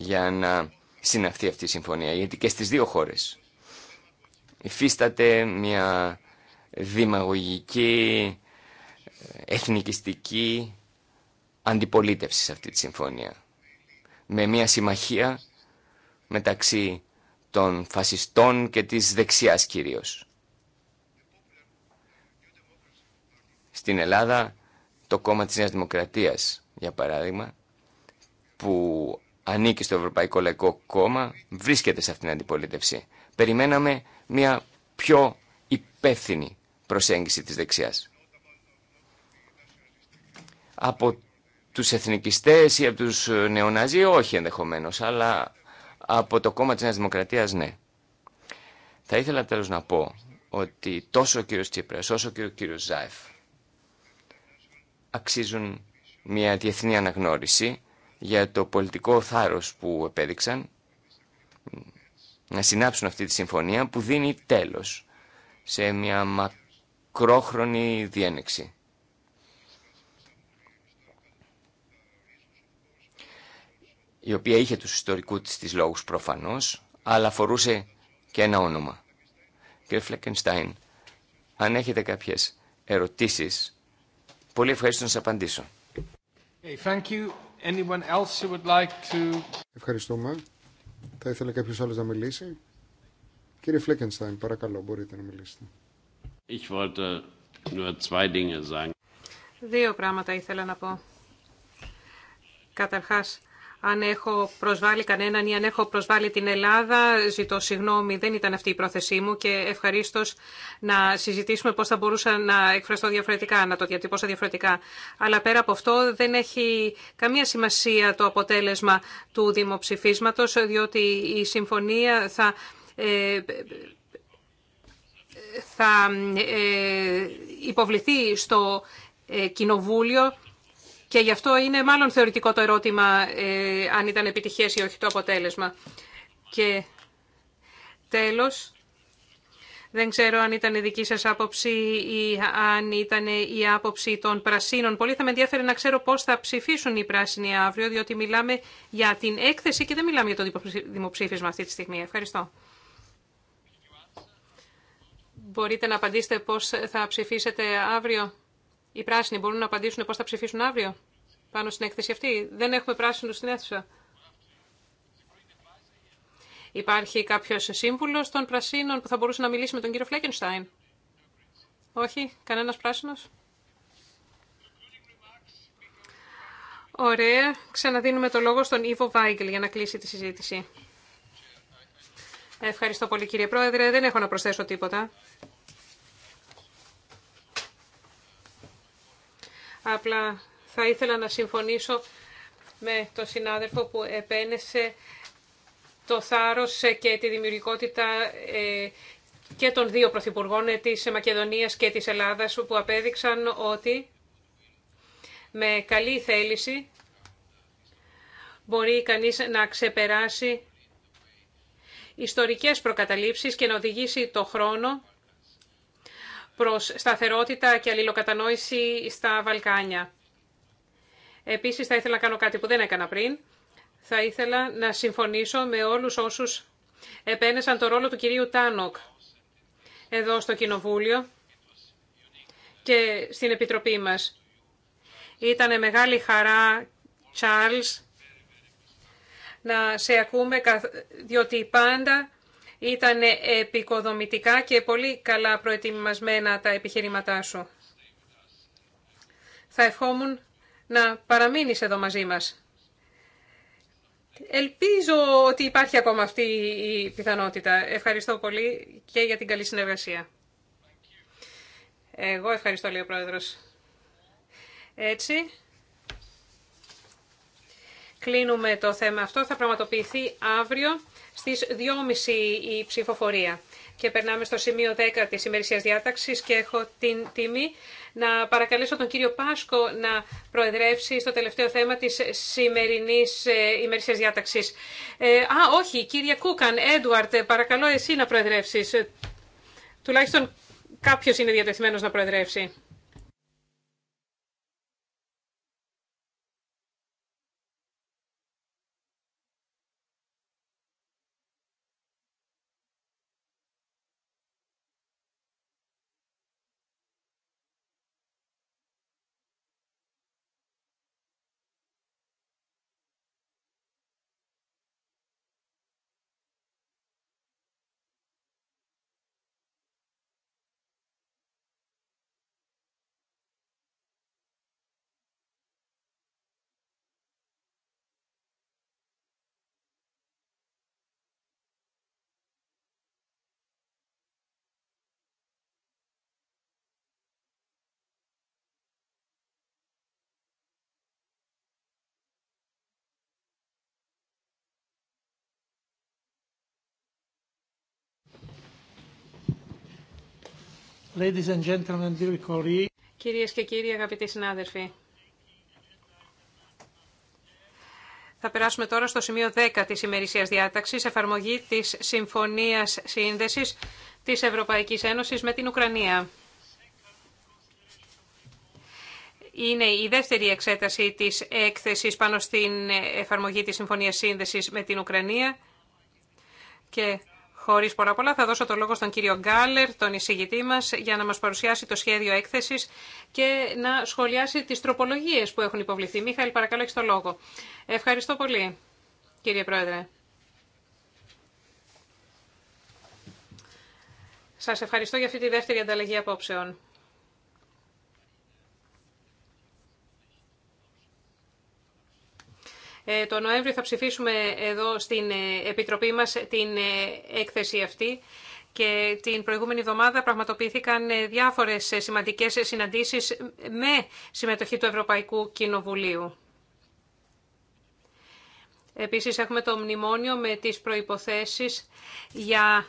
για να συναυθεί αυτή η συμφωνία. Γιατί και στις δύο χώρες υφίσταται μια δημαγωγική, εθνικιστική αντιπολίτευση σε αυτή τη συμφωνία. Με μια συμμαχία μεταξύ των φασιστών και της δεξιάς κυρίως. Στην Ελλάδα το κόμμα της Νέας Δημοκρατίας, για παράδειγμα, που ανήκει στο Ευρωπαϊκό Λαϊκό Κόμμα βρίσκεται σε αυτήν την αντιπολίτευση. Περιμέναμε μια πιο υπεύθυνη προσέγγιση της δεξιάς. Από τους εθνικιστές ή από τους νεοναζί όχι ενδεχομένως, αλλά από το κόμμα της Νέας Δημοκρατίας ναι. Θα ήθελα τέλος να πω ότι τόσο ο κύριος Τσίπρας όσο και ο κύριος Ζάεφ αξίζουν μια διεθνή αναγνώριση για το πολιτικό θάρρος που επέδειξαν να συνάψουν αυτή τη συμφωνία που δίνει τέλος σε μια μακρόχρονη διένεξη. η οποία είχε τους ιστορικούς της της λόγους προφανώς, αλλά φορούσε και ένα όνομα. Κύριε Φλεκενστάιν, αν έχετε κάποιες ερωτήσεις, πολύ ευχαριστώ να σας απαντήσω. Hey, Ευχαριστούμε. Θα ήθελα κάποιο άλλο να μιλήσει. Κύριε Φλέκενστάιν, παρακαλώ, μπορείτε να μιλήσετε. Ich wollte nur zwei Dinge sagen. Δύο πράγματα ήθελα να πω. Καταρχάς, αν έχω προσβάλει κανέναν ή αν έχω προσβάλει την Ελλάδα, ζητώ συγγνώμη, δεν ήταν αυτή η πρόθεσή μου και ευχαρίστω να συζητήσουμε πώ θα μπορούσα να εκφραστώ διαφορετικά, να το διατυπώσω διαφορετικά. Αλλά πέρα από αυτό δεν έχει καμία σημασία το αποτέλεσμα του δημοψηφίσματο, διότι η συμφωνία θα. Ε, θα ε, υποβληθεί στο ε, Κοινοβούλιο και γι' αυτό είναι μάλλον θεωρητικό το ερώτημα ε, αν ήταν επιτυχές ή όχι το αποτέλεσμα. Και τέλος, δεν ξέρω αν ήταν η δική σας άποψη ή αν ήταν η άποψη των πρασίνων. Πολύ θα με ενδιαφέρει να ξέρω πώς θα ψηφίσουν οι πράσινοι αύριο, διότι μιλάμε για την έκθεση και δεν μιλάμε για το δημοψήφισμα αυτή τη στιγμή. Ευχαριστώ. Μπορείτε να απαντήσετε πώς θα ψηφίσετε αύριο. Οι πράσινοι μπορούν να απαντήσουν πώ θα ψηφίσουν αύριο πάνω στην έκθεση αυτή. Δεν έχουμε πράσινο στην αίθουσα. Υπάρχει κάποιο σύμβουλο των πρασίνων που θα μπορούσε να μιλήσει με τον κύριο Φλέκενστάιν. Όχι, κανένα πράσινο. Ωραία. Ξαναδίνουμε το λόγο στον Ιβο Βάιγκελ για να κλείσει τη συζήτηση. Ευχαριστώ πολύ κύριε Πρόεδρε. Δεν έχω να προσθέσω τίποτα. Απλά θα ήθελα να συμφωνήσω με τον συνάδελφο που επένεσε το θάρρος και τη δημιουργικότητα ε, και των δύο πρωθυπουργών ε, της Μακεδονίας και της Ελλάδας που απέδειξαν ότι με καλή θέληση μπορεί κανείς να ξεπεράσει ιστορικές προκαταλήψεις και να οδηγήσει το χρόνο προς σταθερότητα και αλληλοκατανόηση στα Βαλκάνια. Επίσης θα ήθελα να κάνω κάτι που δεν έκανα πριν. Θα ήθελα να συμφωνήσω με όλους όσους επένεσαν το ρόλο του κυρίου Τάνοκ εδώ στο Κοινοβούλιο και στην Επιτροπή μας. Ήτανε μεγάλη χαρά, Charles, να σε ακούμε, διότι πάντα ήταν επικοδομητικά και πολύ καλά προετοιμασμένα τα επιχειρήματά σου. Θα ευχόμουν να παραμείνεις εδώ μαζί μας. Ελπίζω ότι υπάρχει ακόμα αυτή η πιθανότητα. Ευχαριστώ πολύ και για την καλή συνεργασία. Εγώ ευχαριστώ, λέει ο Πρόεδρος. Έτσι, κλείνουμε το θέμα αυτό. Θα πραγματοποιηθεί αύριο στις 2.30 η ψηφοφορία. Και περνάμε στο σημείο 10 της ημερησίας διάταξης και έχω την τιμή να παρακαλέσω τον κύριο Πάσκο να προεδρεύσει στο τελευταίο θέμα της σημερινής ε, ημερησίας διάταξης. Ε, α, όχι, κύριε Κούκαν, Έντουαρτ, παρακαλώ εσύ να προεδρεύσεις. Ε, τουλάχιστον κάποιος είναι διατεθειμένος να προεδρεύσει. Ladies Κυρίες και κύριοι, αγαπητοί συνάδελφοι. Θα περάσουμε τώρα στο σημείο 10 της ημερησίας διάταξης, εφαρμογή της Συμφωνίας Σύνδεσης της Ευρωπαϊκής Ένωσης με την Ουκρανία. Είναι η δεύτερη εξέταση της έκθεσης πάνω στην εφαρμογή της Συμφωνίας Σύνδεσης με την Ουκρανία και Χωρίς πολλά πολλά θα δώσω το λόγο στον κύριο Γκάλερ, τον εισηγητή μας, για να μας παρουσιάσει το σχέδιο έκθεσης και να σχολιάσει τις τροπολογίες που έχουν υποβληθεί. Μίχαηλ, παρακαλώ, έχεις το λόγο. Ευχαριστώ πολύ, κύριε Πρόεδρε. Σας ευχαριστώ για αυτή τη δεύτερη ανταλλαγή απόψεων. Ε, το Νοέμβριο θα ψηφίσουμε εδώ στην ε, Επιτροπή μας την ε, έκθεση αυτή και την προηγούμενη εβδομάδα πραγματοποιήθηκαν διάφορες σημαντικές συναντήσεις με συμμετοχή του Ευρωπαϊκού Κοινοβουλίου. Επίσης έχουμε το μνημόνιο με τις προϋποθέσεις για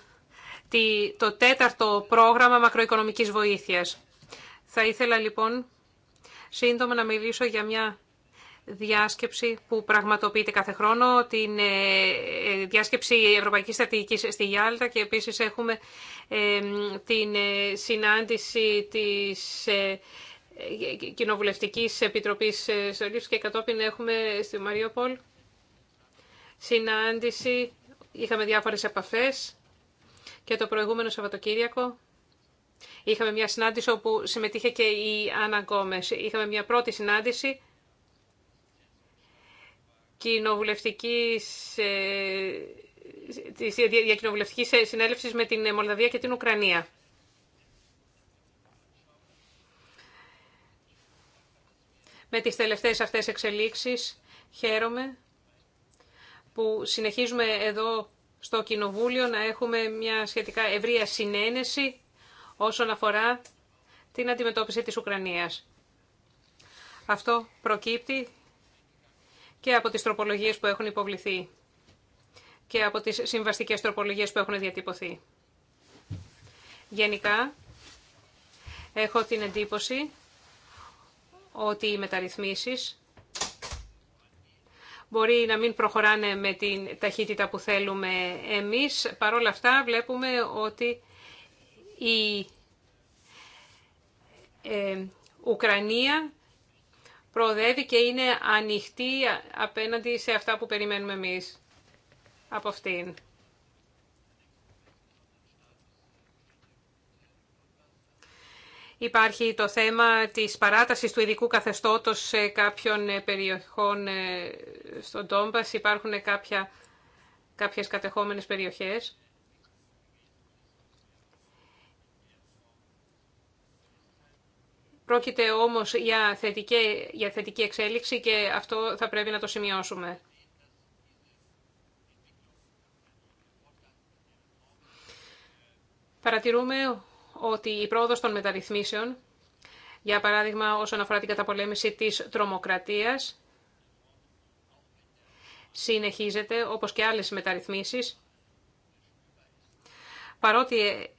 το τέταρτο πρόγραμμα μακροοικονομικής βοήθειας. Θα ήθελα λοιπόν σύντομα να μιλήσω για μια διάσκεψη που πραγματοποιείται κάθε χρόνο, την ε, ε, διάσκεψη Ευρωπαϊκής Στρατηγικής στη Γιάλτα και επίσης έχουμε την ε, συνάντηση της Κοινοβουλευτικής Επιτροπής Σολίψης και κατόπιν έχουμε στη Μαριόπολ συνάντηση, είχαμε διάφορες επαφές και το προηγούμενο Σαββατοκύριακο είχαμε μια συνάντηση όπου συμμετείχε και η Άννα Είχαμε μια πρώτη συνάντηση κοινοβουλευτικής, ε, της διακοινοβουλευτικής συνέλευσης με την Μολδαβία και την Ουκρανία. Με τις τελευταίες αυτές εξελίξεις χαίρομαι που συνεχίζουμε εδώ στο Κοινοβούλιο να έχουμε μια σχετικά ευρία συνένεση όσον αφορά την αντιμετώπιση της Ουκρανίας. Αυτό προκύπτει και από τις τροπολογίες που έχουν υποβληθεί και από τις συμβαστικές τροπολογίες που έχουν διατυπωθεί. Γενικά, έχω την εντύπωση ότι οι μεταρρυθμίσεις μπορεί να μην προχωράνε με την ταχύτητα που θέλουμε εμείς. Παρ' όλα αυτά βλέπουμε ότι η ε, Ουκρανία προοδεύει και είναι ανοιχτή απέναντι σε αυτά που περιμένουμε εμείς από αυτήν. Υπάρχει το θέμα της παράτασης του ειδικού καθεστώτος σε κάποιων περιοχών ε, στον Τόμπας. Υπάρχουν κάποια, κάποιες κατεχόμενες περιοχές. Πρόκειται όμως για θετική, για θετική εξέλιξη και αυτό θα πρέπει να το σημειώσουμε. Παρατηρούμε ότι η πρόοδος των μεταρρυθμίσεων, για παράδειγμα όσον αφορά την καταπολέμηση της τρομοκρατίας, συνεχίζεται όπως και άλλες μεταρρυθμίσεις, παρότι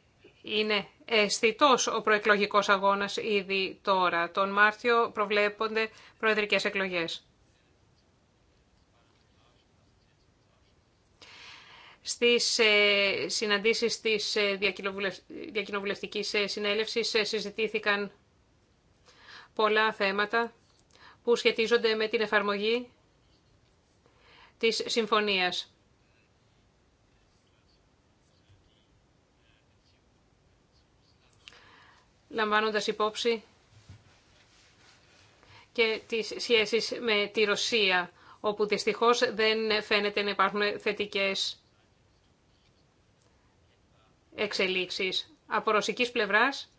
είναι αισθητό ο προεκλογικός αγώνας ήδη τώρα. Τον Μάρτιο προβλέπονται προεδρικές εκλογές. Στις ε, συναντήσεις της ε, διακοινοβουλευτικής ε, συνέλευσης συζητήθηκαν πολλά θέματα που σχετίζονται με την εφαρμογή της συμφωνίας. λαμβάνοντας υπόψη και τις σχέσεις με τη Ρωσία, όπου δυστυχώς δεν φαίνεται να υπάρχουν θετικές εξελίξεις. Από ρωσικής πλευράς,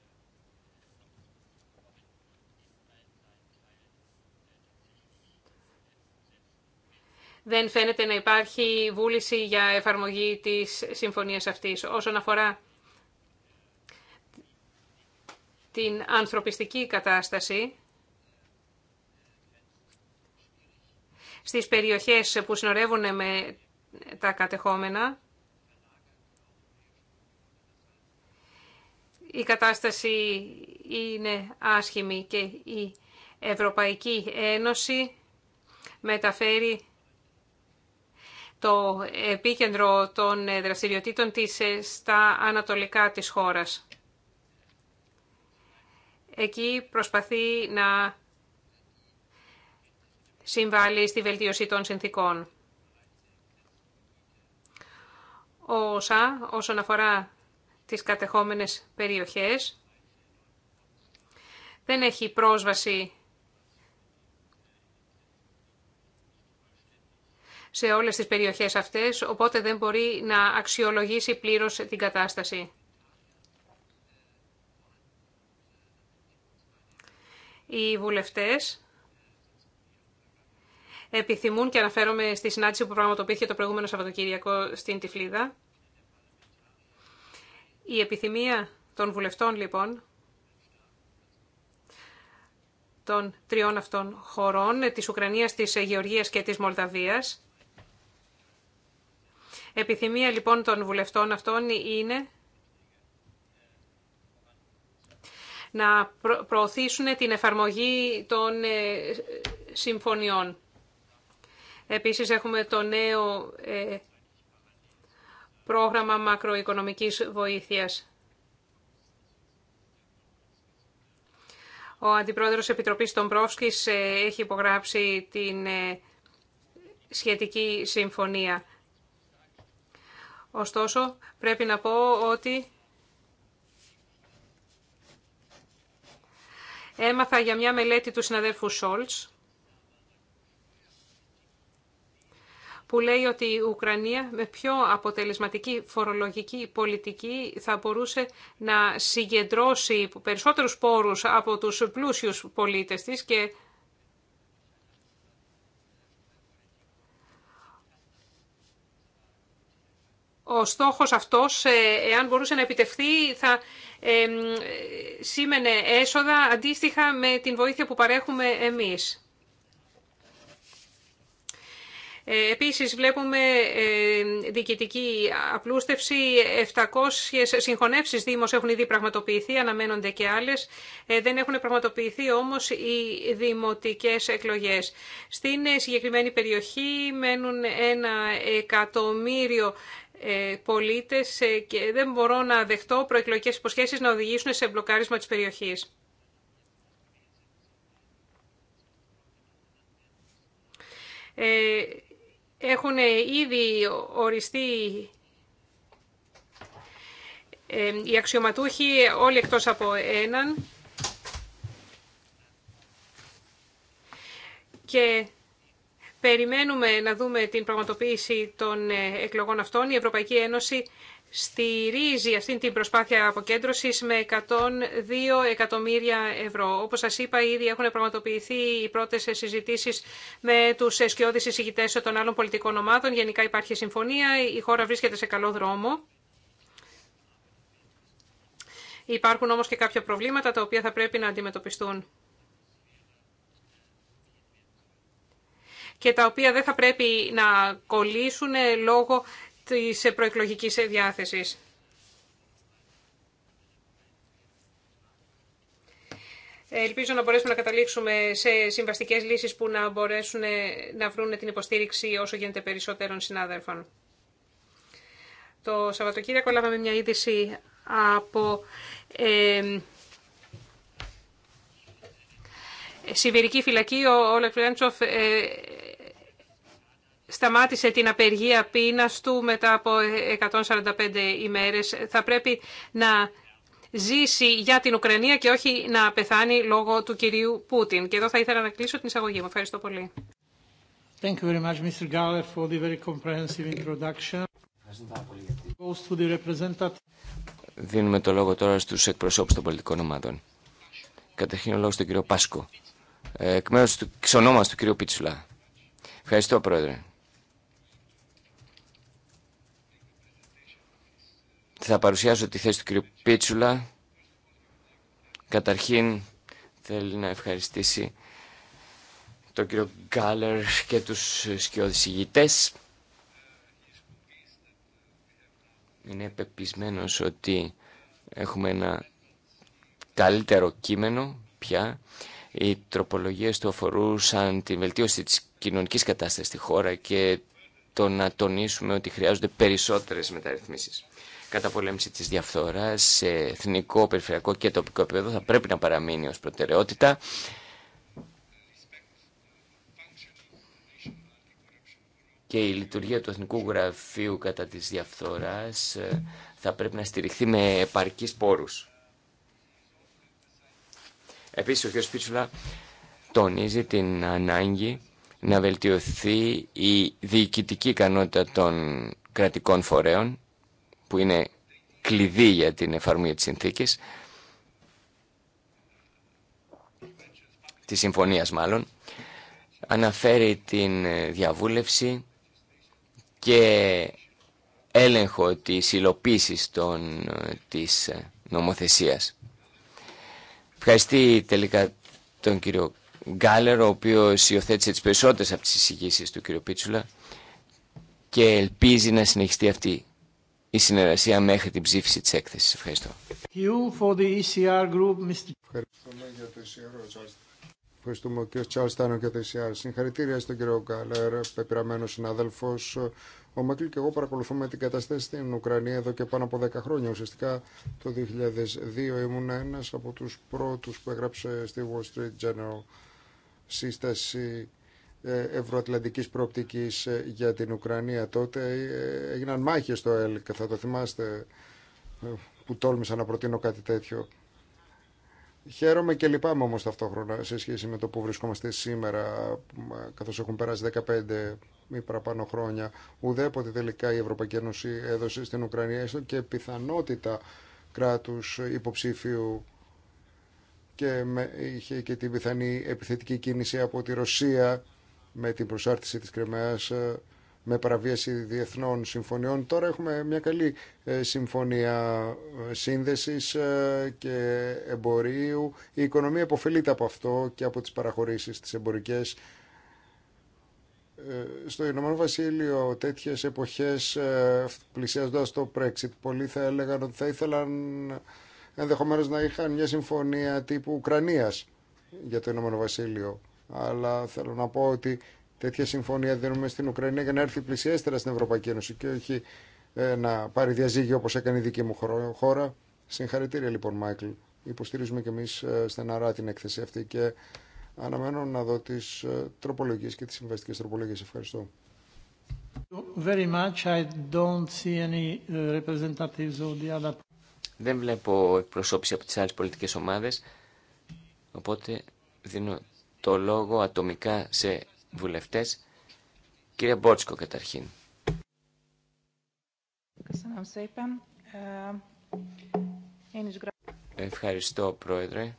δεν φαίνεται να υπάρχει βούληση για εφαρμογή της συμφωνίας αυτής. Όσον αφορά την ανθρωπιστική κατάσταση στις περιοχές που συνορεύουν με τα κατεχόμενα. Η κατάσταση είναι άσχημη και η Ευρωπαϊκή Ένωση μεταφέρει το επίκεντρο των δραστηριοτήτων της στα ανατολικά της χώρας. Εκεί προσπαθεί να συμβάλλει στη βελτίωση των συνθήκων. Όσα, όσον αφορά τις κατεχόμενες περιοχές, δεν έχει πρόσβαση σε όλες τις περιοχές αυτές, οπότε δεν μπορεί να αξιολογήσει πλήρως την κατάσταση. οι βουλευτές επιθυμούν και αναφέρομαι στη συνάντηση που πραγματοποιήθηκε το προηγούμενο Σαββατοκύριακο στην Τυφλίδα. Η επιθυμία των βουλευτών λοιπόν των τριών αυτών χωρών, της Ουκρανίας, της Γεωργίας και της Μολδαβίας. Επιθυμία λοιπόν των βουλευτών αυτών είναι να προωθήσουν την εφαρμογή των ε, συμφωνιών. Επίσης έχουμε το νέο ε, πρόγραμμα μακροοικονομικής βοήθειας. Ο Αντιπρόεδρος Επιτροπής των Πρόσκης ε, έχει υπογράψει την σχετική συμφωνία. Ωστόσο, πρέπει να πω ότι έμαθα για μια μελέτη του συναδέλφου Σόλτς, που λέει ότι η Ουκρανία με πιο αποτελεσματική φορολογική πολιτική θα μπορούσε να συγκεντρώσει περισσότερους πόρους από τους πλούσιους πολίτες της και ο στόχος αυτός, ε, εάν μπορούσε να επιτευχθεί, θα ε, σήμαινε έσοδα αντίστοιχα με την βοήθεια που παρέχουμε εμείς. Ε, επίσης βλέπουμε ε, διοικητική απλούστευση, 700 συγχωνεύσεις δήμος έχουν ήδη πραγματοποιηθεί, αναμένονται και άλλες. Ε, δεν έχουν πραγματοποιηθεί όμως οι δημοτικές εκλογές. Στην ε, συγκεκριμένη περιοχή μένουν ένα εκατομμύριο ε, πολίτες ε, και δεν μπορώ να δεχτώ προεκλογικές υποσχέσει να οδηγήσουν σε μπλοκάρισμα της περιοχής. Ε, έχουν ήδη οριστεί οι αξιωματούχοι όλοι εκτός από έναν και Περιμένουμε να δούμε την πραγματοποίηση των ε, εκλογών αυτών. Η Ευρωπαϊκή Ένωση στηρίζει αυτή την προσπάθεια αποκέντρωσης με 102 εκατομμύρια ευρώ. Όπως σας είπα, ήδη έχουν πραγματοποιηθεί οι πρώτες συζητήσεις με τους σκιώδεις εισηγητές των άλλων πολιτικών ομάδων. Γενικά υπάρχει συμφωνία, η χώρα βρίσκεται σε καλό δρόμο. Υπάρχουν όμως και κάποια προβλήματα τα οποία θα πρέπει να αντιμετωπιστούν. και τα οποία δεν θα πρέπει να κολλήσουν λόγω της προεκλογικής διάθεσης. Ελπίζω να μπορέσουμε να καταλήξουμε σε συμβαστικές λύσεις που να μπορέσουν να βρουν την υποστήριξη όσο γίνεται περισσότερων συνάδελφων. Το Σαββατοκύριακο λάβαμε μια είδηση από ε, Σιβηρική φυλακή, ο Όλεκ ε, σταμάτησε την απεργία πείνας του μετά από 145 ημέρες. Θα πρέπει να ζήσει για την Ουκρανία και όχι να πεθάνει λόγω του κυρίου Πούτιν. Και εδώ θα ήθελα να κλείσω την εισαγωγή μου. Ευχαριστώ πολύ. Thank you very much, Mr. for the very comprehensive introduction. Δίνουμε το λόγο τώρα στους εκπροσώπους των πολιτικών ομάδων. Καταρχήν ο λόγος στον κύριο Πάσκο. Ε, εκ μέρου του ξενόμα του Πίτσουλα. Ευχαριστώ πρόεδρε. Θα παρουσιάσω τη θέση του κ. Πίτσουλα. Καταρχήν θέλει να ευχαριστήσει τον κύριο Γκάλερ και τους σκιώδης Είναι επεπισμένος ότι έχουμε ένα καλύτερο κείμενο πια οι τροπολογίες του αφορούσαν τη βελτίωση της κοινωνικής κατάστασης στη χώρα και το να τονίσουμε ότι χρειάζονται περισσότερες μεταρρυθμίσεις. Καταπολέμηση της διαφθοράς σε εθνικό, περιφερειακό και τοπικό επίπεδο θα πρέπει να παραμείνει ως προτεραιότητα. και η λειτουργία του Εθνικού Γραφείου κατά της διαφθοράς ε, θα πρέπει να στηριχθεί με επαρκείς πόρους. Επίσης, ο κ. Σπίτσουλα τονίζει την ανάγκη να βελτιωθεί η διοικητική ικανότητα των κρατικών φορέων, που είναι κλειδί για την εφαρμογή της συνθήκης, της συμφωνίας μάλλον, αναφέρει την διαβούλευση και έλεγχο της υλοποίησης των, της νομοθεσίας. Ευχαριστεί τελικά τον κύριο Γκάλερ, ο οποίο υιοθέτησε τις περισσότερε από τις εισηγήσει του κύριου Πίτσουλα και ελπίζει να συνεχιστεί αυτή η συνεργασία μέχρι την ψήφιση τη έκθεση. Ευχαριστώ. Ευχαριστούμε ο κ. Τσάλ Τάνο και θεσιά. Συγχαρητήρια στον κύριο Γκάλερ, πεπειραμένο συνάδελφο. Ο Μακλή και εγώ παρακολουθούμε την κατάσταση στην Ουκρανία εδώ και πάνω από 10 χρόνια. Ουσιαστικά το 2002 ήμουν ένα από του πρώτου που έγραψε στη Wall Street Journal σύσταση ε, ευρωατλαντικής προοπτικής ε, για την Ουκρανία. Τότε ε, έγιναν μάχες στο ΕΛΚ, θα το θυμάστε, που τόλμησα να προτείνω κάτι τέτοιο. Χαίρομαι και λυπάμαι όμως ταυτόχρονα σε σχέση με το που βρισκόμαστε σήμερα, καθώς έχουν περάσει 15 ή παραπάνω χρόνια. Ουδέποτε τελικά η Ευρωπαϊκή Ένωση έδωσε στην Ουκρανία έστω και πιθανότητα κράτους υποψήφιου και είχε και την πιθανή επιθετική κίνηση από τη Ρωσία με την προσάρτηση της Κρεμαίας ε, με παραβίαση διεθνών συμφωνιών. Τώρα έχουμε μια καλή ε, συμφωνία ε, σύνδεσης ε, και εμπορίου. Η οικονομία υποφελείται από αυτό και από τις παραχωρήσεις τις εμπορικές. Στο Ηνωμένο Βασίλειο τέτοιες εποχές πλησιάζοντας το Brexit πολλοί θα έλεγαν ότι θα ήθελαν ενδεχομένως να είχαν μια συμφωνία τύπου Ουκρανίας για το Ηνωμένο Βασίλειο. Αλλά θέλω να πω ότι τέτοια συμφωνία δίνουμε στην Ουκρανία για να έρθει πλησιέστερα στην Ευρωπαϊκή Ένωση και όχι ε, να πάρει διαζύγιο όπως έκανε η δική μου χώρα. Συγχαρητήρια λοιπόν Μάικλ. Υποστηρίζουμε και εμείς ε, στεναρά την έκθεση αυτή και αναμένω να δω τις ε, τροπολογίες και τις συμβαστικές τροπολογίες. Ευχαριστώ. Very much. I don't see any representatives Δεν βλέπω εκπροσώπηση από τις άλλες πολιτικές ομάδες, οπότε δίνω το λόγο ατομικά σε βουλευτές. Κύριε Μπότσκο, καταρχήν. Ευχαριστώ, Πρόεδρε.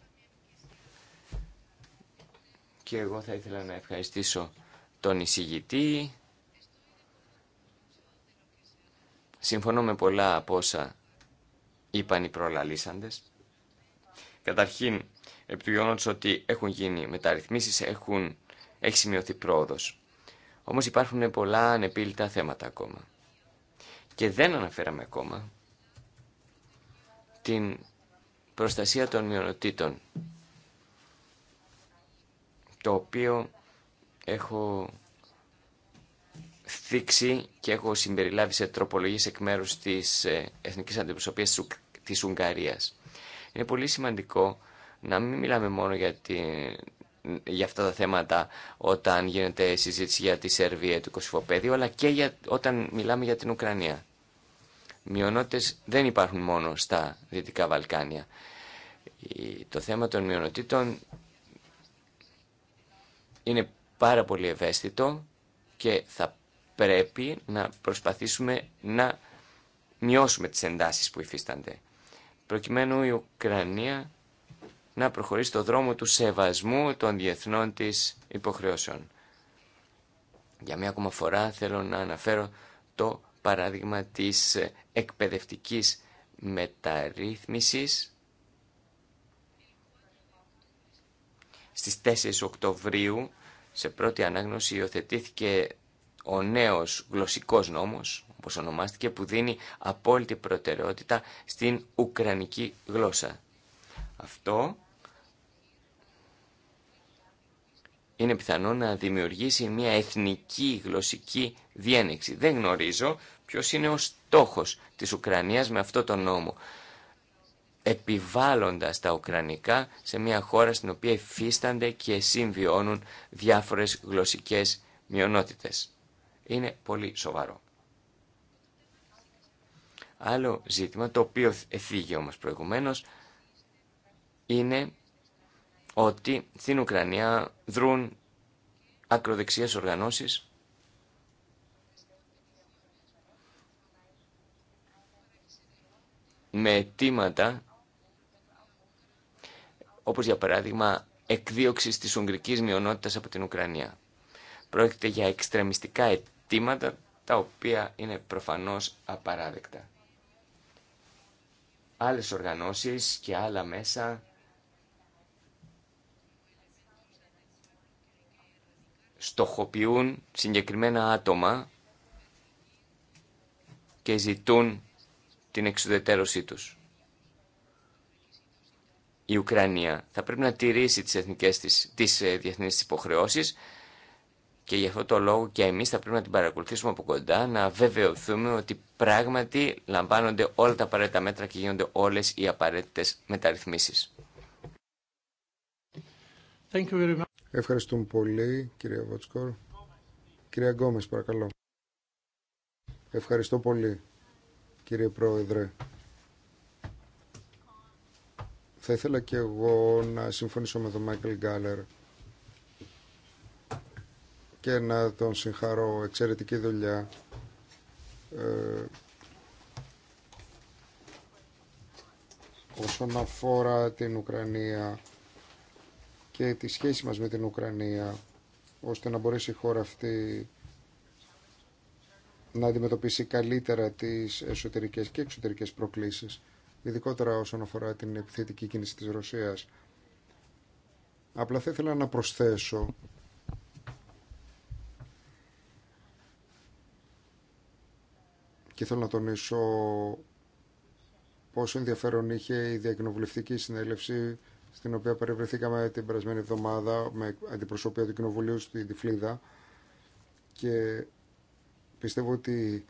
Και εγώ θα ήθελα να ευχαριστήσω τον εισηγητή. Συμφωνώ με πολλά από όσα είπαν οι προλαλήσαντες. Καταρχήν, επί του ότι έχουν γίνει μεταρρυθμίσεις, έχουν έχει σημειωθεί πρόοδο. Όμως υπάρχουν πολλά ανεπίλητα θέματα ακόμα. Και δεν αναφέραμε ακόμα την προστασία των μειονοτήτων, το οποίο έχω θίξει και έχω συμπεριλάβει σε τροπολογίες εκ μέρους της ε, Εθνικής Αντιπροσωπείας της Ουγγαρίας. Είναι πολύ σημαντικό να μην μιλάμε μόνο για την για αυτά τα θέματα όταν γίνεται συζήτηση για τη Σερβία του Κωσυφοπέδιου, αλλά και για, όταν μιλάμε για την Ουκρανία. Μειονότητες δεν υπάρχουν μόνο στα Δυτικά Βαλκάνια. Το θέμα των μειονοτήτων είναι πάρα πολύ ευαίσθητο και θα πρέπει να προσπαθήσουμε να μειώσουμε τις εντάσεις που υφίστανται. Προκειμένου η Ουκρανία να προχωρήσει το δρόμο του σεβασμού των διεθνών της υποχρεώσεων. Για μία ακόμα φορά θέλω να αναφέρω το παράδειγμα της εκπαιδευτικής μεταρρύθμισης στις 4 Οκτωβρίου σε πρώτη ανάγνωση υιοθετήθηκε ο νέος γλωσσικός νόμος, όπως ονομάστηκε, που δίνει απόλυτη προτεραιότητα στην ουκρανική γλώσσα. Αυτό είναι πιθανό να δημιουργήσει μια εθνική γλωσσική διένεξη. Δεν γνωρίζω ποιος είναι ο στόχος της Ουκρανίας με αυτό τον νόμο, επιβάλλοντας τα Ουκρανικά σε μια χώρα στην οποία υφίστανται και συμβιώνουν διάφορες γλωσσικές μειονότητες. Είναι πολύ σοβαρό. Άλλο ζήτημα, το οποίο εφήγη όμως προηγουμένως, είναι ότι στην Ουκρανία δρούν ακροδεξιές οργανώσεις με αιτήματα όπως για παράδειγμα εκδίωξη της ουγγρικής μειονότητας από την Ουκρανία. Πρόκειται για εξτρεμιστικά αιτήματα τα οποία είναι προφανώς απαράδεκτα. Άλλες οργανώσεις και άλλα μέσα στοχοποιούν συγκεκριμένα άτομα και ζητούν την εξουδετερώσή τους. Η Ουκρανία θα πρέπει να τηρήσει τις, εθνικές της, τις ε, διεθνείς υποχρεώσεις και γι' αυτό το λόγο και εμείς θα πρέπει να την παρακολουθήσουμε από κοντά, να βεβαιωθούμε ότι πράγματι λαμβάνονται όλα τα απαραίτητα μέτρα και γίνονται όλες οι απαραίτητες μεταρρυθμίσεις. Thank you very much. Ευχαριστούμε πολύ, κυρία Βοτσκόρ. Κυρία Γκόμες, παρακαλώ. Ευχαριστώ πολύ, κύριε Πρόεδρε. Θα ήθελα και εγώ να συμφωνήσω με τον Μάικλ Γκάλερ και να τον συγχαρώ. Εξαιρετική δουλειά. Ε, όσον αφορά την Ουκρανία, και τη σχέση μας με την Ουκρανία ώστε να μπορέσει η χώρα αυτή να αντιμετωπίσει καλύτερα τις εσωτερικές και εξωτερικές προκλήσεις ειδικότερα όσον αφορά την επιθετική κίνηση της Ρωσίας. Απλά θα ήθελα να προσθέσω και θέλω να τονίσω πόσο ενδιαφέρον είχε η διακοινοβουλευτική συνέλευση στην οποία περιβρεθήκαμε την περασμένη εβδομάδα με αντιπροσωπεία του Κοινοβουλίου στη Τυφλίδα και πιστεύω ότι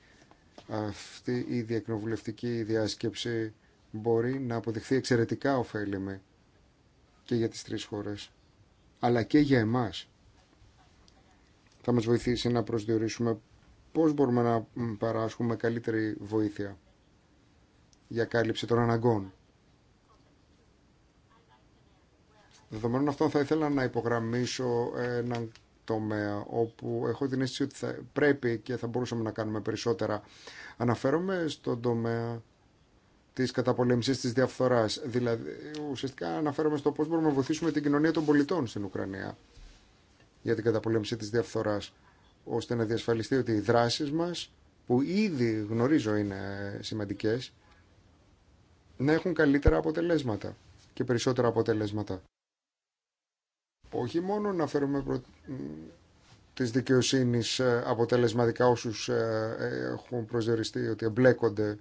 αυτή η διακοινοβουλευτική διάσκεψη μπορεί να αποδειχθεί εξαιρετικά ωφέλιμη και για τις τρεις χώρες, αλλά και για εμάς. Θα μας βοηθήσει να προσδιορίσουμε πώς μπορούμε να παράσχουμε καλύτερη βοήθεια για κάλυψη των αναγκών. Δεδομένων αυτών θα ήθελα να υπογραμμίσω έναν τομέα όπου έχω την αίσθηση ότι θα πρέπει και θα μπορούσαμε να κάνουμε περισσότερα. Αναφέρομαι στον τομέα της καταπολέμησης της διαφθοράς. Δηλαδή, ουσιαστικά αναφέρομαι στο πώς μπορούμε να βοηθήσουμε την κοινωνία των πολιτών στην Ουκρανία για την καταπολέμηση της διαφθοράς, ώστε να διασφαλιστεί ότι οι δράσεις μας, που ήδη γνωρίζω είναι σημαντικές, να έχουν καλύτερα αποτελέσματα και περισσότερα αποτελέσματα όχι μόνο να φέρουμε προ... τις δικαιοσύνης ε, αποτελεσματικά όσους ε, ε, έχουν προσδιοριστεί ότι εμπλέκονται,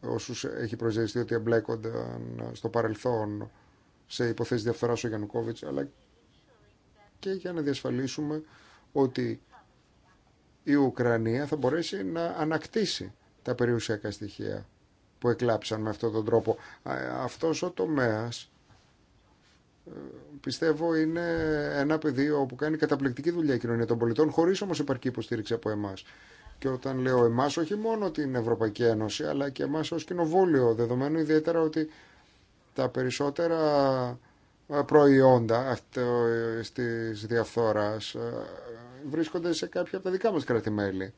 όσους έχει προσδιοριστεί ότι εμπλέκονται στο παρελθόν σε υποθέσεις διαφθοράς ο Γιαννουκόβιτς, αλλά και για να διασφαλίσουμε ότι η Ουκρανία θα μπορέσει να ανακτήσει τα περιουσιακά στοιχεία που εκλάψαν με αυτόν τον τρόπο. Αυτός ο τομέας πιστεύω είναι ένα πεδίο που κάνει καταπληκτική δουλειά η κοινωνία των πολιτών, χωρί όμω επαρκή υποστήριξη από εμά. Και όταν λέω εμά, όχι μόνο την Ευρωπαϊκή Ένωση, αλλά και εμά ω κοινοβούλιο, δεδομένου ιδιαίτερα ότι τα περισσότερα ε, προϊόντα τη ε, διαφθόρα ε, βρίσκονται σε κάποια από τα δικά μα κράτη-μέλη.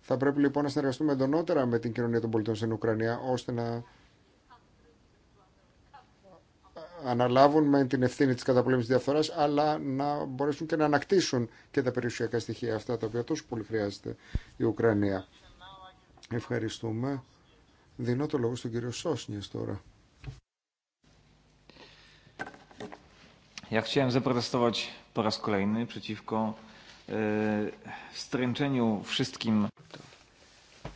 Θα πρέπει λοιπόν να συνεργαστούμε εντονότερα με την κοινωνία των πολιτών στην Ουκρανία, ώστε να αναλάβουν με την ευθύνη της καταπολέμησης διαφθορά, αλλά να μπορέσουν και να ανακτήσουν και τα περιουσιακά στοιχεία αυτά, τα οποία τόσο πολύ χρειάζεται η Ουκρανία. Ευχαριστούμε. Δίνω το λόγο στον κύριο Σόσνιες τώρα. Ja chciałem zaprotestować po raz kolejny przeciwko e, wszystkim.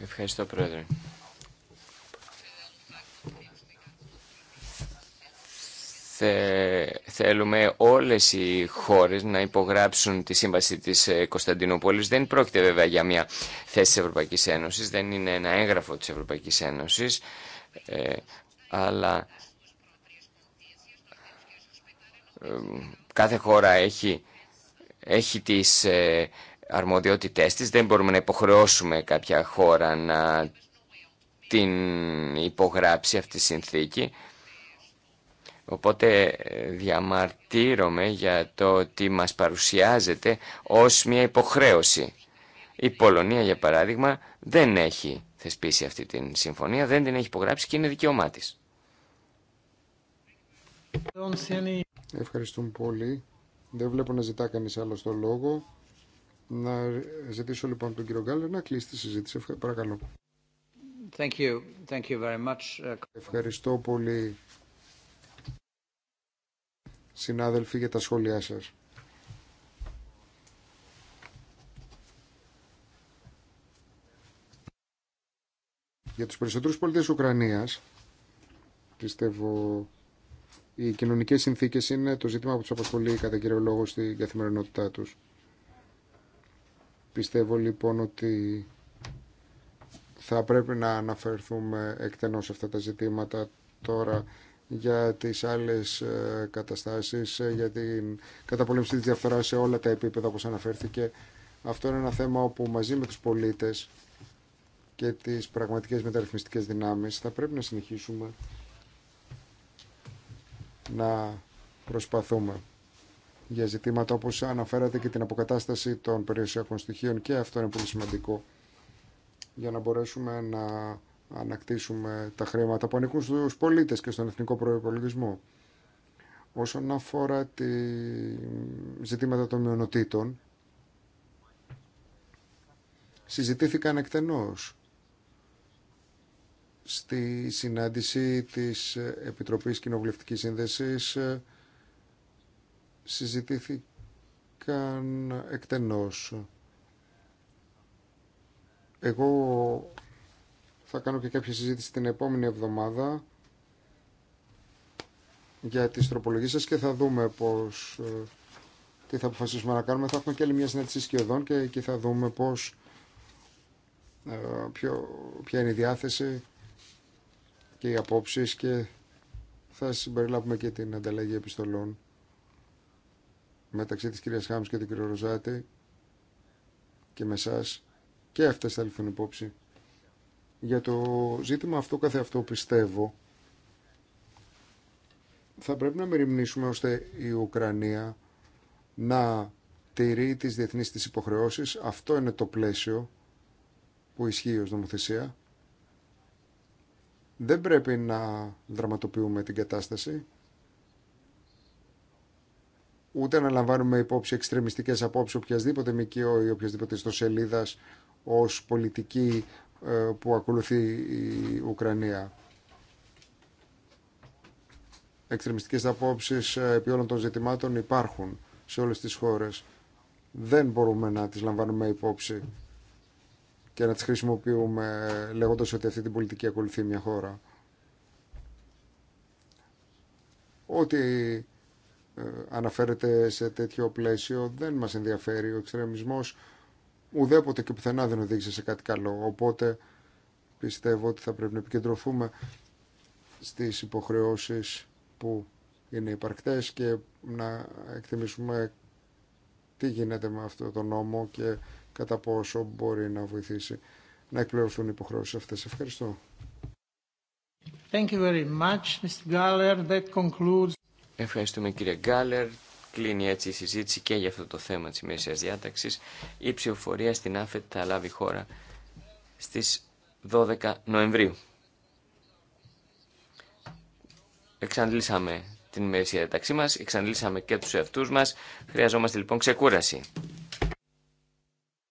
Ευχαριστώ, Πρόεδρε. θέλουμε όλες οι χώρες να υπογράψουν τη σύμβαση της ε, Κωνσταντινούπολης. Δεν πρόκειται βέβαια για μια θέση της Ευρωπαϊκής Ένωσης, δεν είναι ένα έγγραφο της Ευρωπαϊκής Ένωσης, ε, αλλά ε, κάθε χώρα έχει, έχει τις αρμοδιότητές της. Δεν μπορούμε να υποχρεώσουμε κάποια χώρα να την υπογράψει αυτή τη συνθήκη. Οπότε ε, διαμαρτύρομαι για το ότι μας παρουσιάζεται ως μια υποχρέωση. Η Πολωνία, για παράδειγμα, δεν έχει θεσπίσει αυτή την συμφωνία, δεν την έχει υπογράψει και είναι δικαίωμά τη. Ευχαριστούμε πολύ. Δεν βλέπω να ζητά κανείς άλλο το λόγο. Να ζητήσω λοιπόν τον κύριο Γκάλερ να κλείσει τη συζήτηση. Παρακαλώ. Ευχαριστώ πολύ συνάδελφοι, για τα σχόλιά σας. Για τους περισσότερους πολίτες Ουκρανίας, πιστεύω, οι κοινωνικές συνθήκες είναι το ζήτημα που τους απασχολεί κατά κύριο λόγο στην καθημερινότητά τους. Πιστεύω λοιπόν ότι θα πρέπει να αναφερθούμε εκτενώς σε αυτά τα ζητήματα τώρα για τις άλλες ε, καταστάσεις, ε, για την καταπολέμηση της διαφθοράς σε όλα τα επίπεδα όπως αναφέρθηκε. Αυτό είναι ένα θέμα όπου μαζί με τους πολίτες και τις πραγματικές μεταρρυθμιστικές δυνάμεις θα πρέπει να συνεχίσουμε να προσπαθούμε για ζητήματα όπως αναφέρατε και την αποκατάσταση των περιουσιακών στοιχείων και αυτό είναι πολύ σημαντικό για να μπορέσουμε να ανακτήσουμε τα χρήματα που ανήκουν στους πολίτες και στον εθνικό προϋπολογισμό. Όσον αφορά τη ζητήματα των μειονοτήτων, συζητήθηκαν εκτενώς στη συνάντηση της Επιτροπής Κοινοβουλευτικής Σύνδεσης συζητήθηκαν εκτενώς. Εγώ θα κάνω και κάποια συζήτηση την επόμενη εβδομάδα για τις τροπολογίες σας και θα δούμε πώς, ε, τι θα αποφασίσουμε να κάνουμε. Θα έχουμε και άλλη μια συνέντευξη σκιωδών και εκεί θα δούμε πώς, ε, ποιο, ποια είναι η διάθεση και οι απόψεις και θα συμπεριλάβουμε και την ανταλλαγή επιστολών μεταξύ της κυρίας Χάμς και του κυρίου Ροζάτη και με εσάς και αυτές θα ληφθούν υπόψη. Για το ζήτημα αυτό καθε αυτό πιστεύω θα πρέπει να μεριμνήσουμε ώστε η Ουκρανία να τηρεί τις διεθνείς της υποχρεώσεις. Αυτό είναι το πλαίσιο που ισχύει ως νομοθεσία. Δεν πρέπει να δραματοποιούμε την κατάσταση, ούτε να λαμβάνουμε υπόψη εξτρεμιστικές απόψεις οποιασδήποτε ΜΚΟ ή οποιασδήποτε ιστοσελίδας ως πολιτική ε, που ακολουθεί η Ουκρανία. Εξτρεμιστικές απόψεις ε, επί όλων των ζητημάτων υπάρχουν σε όλες τις χώρες. Δεν μπορούμε να τις λαμβάνουμε υπόψη και να τις χρησιμοποιούμε ε, λέγοντας ότι αυτή την πολιτική ακολουθεί μια χώρα. Ό,τι αναφέρεται σε τέτοιο πλαίσιο δεν μας ενδιαφέρει ο εξτρεμισμός ουδέποτε και πουθενά δεν οδήγησε σε κάτι καλό. Οπότε πιστεύω ότι θα πρέπει να επικεντρωθούμε στις υποχρεώσεις που είναι υπαρκτές και να εκτιμήσουμε τι γίνεται με αυτό το νόμο και κατά πόσο μπορεί να βοηθήσει να εκπληρωθούν οι υποχρεώσεις αυτές. Ευχαριστώ. Thank you very much, Mr. That concludes... Ευχαριστούμε κύριε Γκάλερ. Κλείνει έτσι η συζήτηση και για αυτό το θέμα της ημερήσιας διάταξης. Η ψηφοφορία στην ΑΦΕΤ θα λάβει χώρα στις 12 Νοεμβρίου. Εξαντλήσαμε την ημερήσια διάταξή μας, εξαντλήσαμε και τους εαυτούς μας. Χρειαζόμαστε λοιπόν ξεκούραση.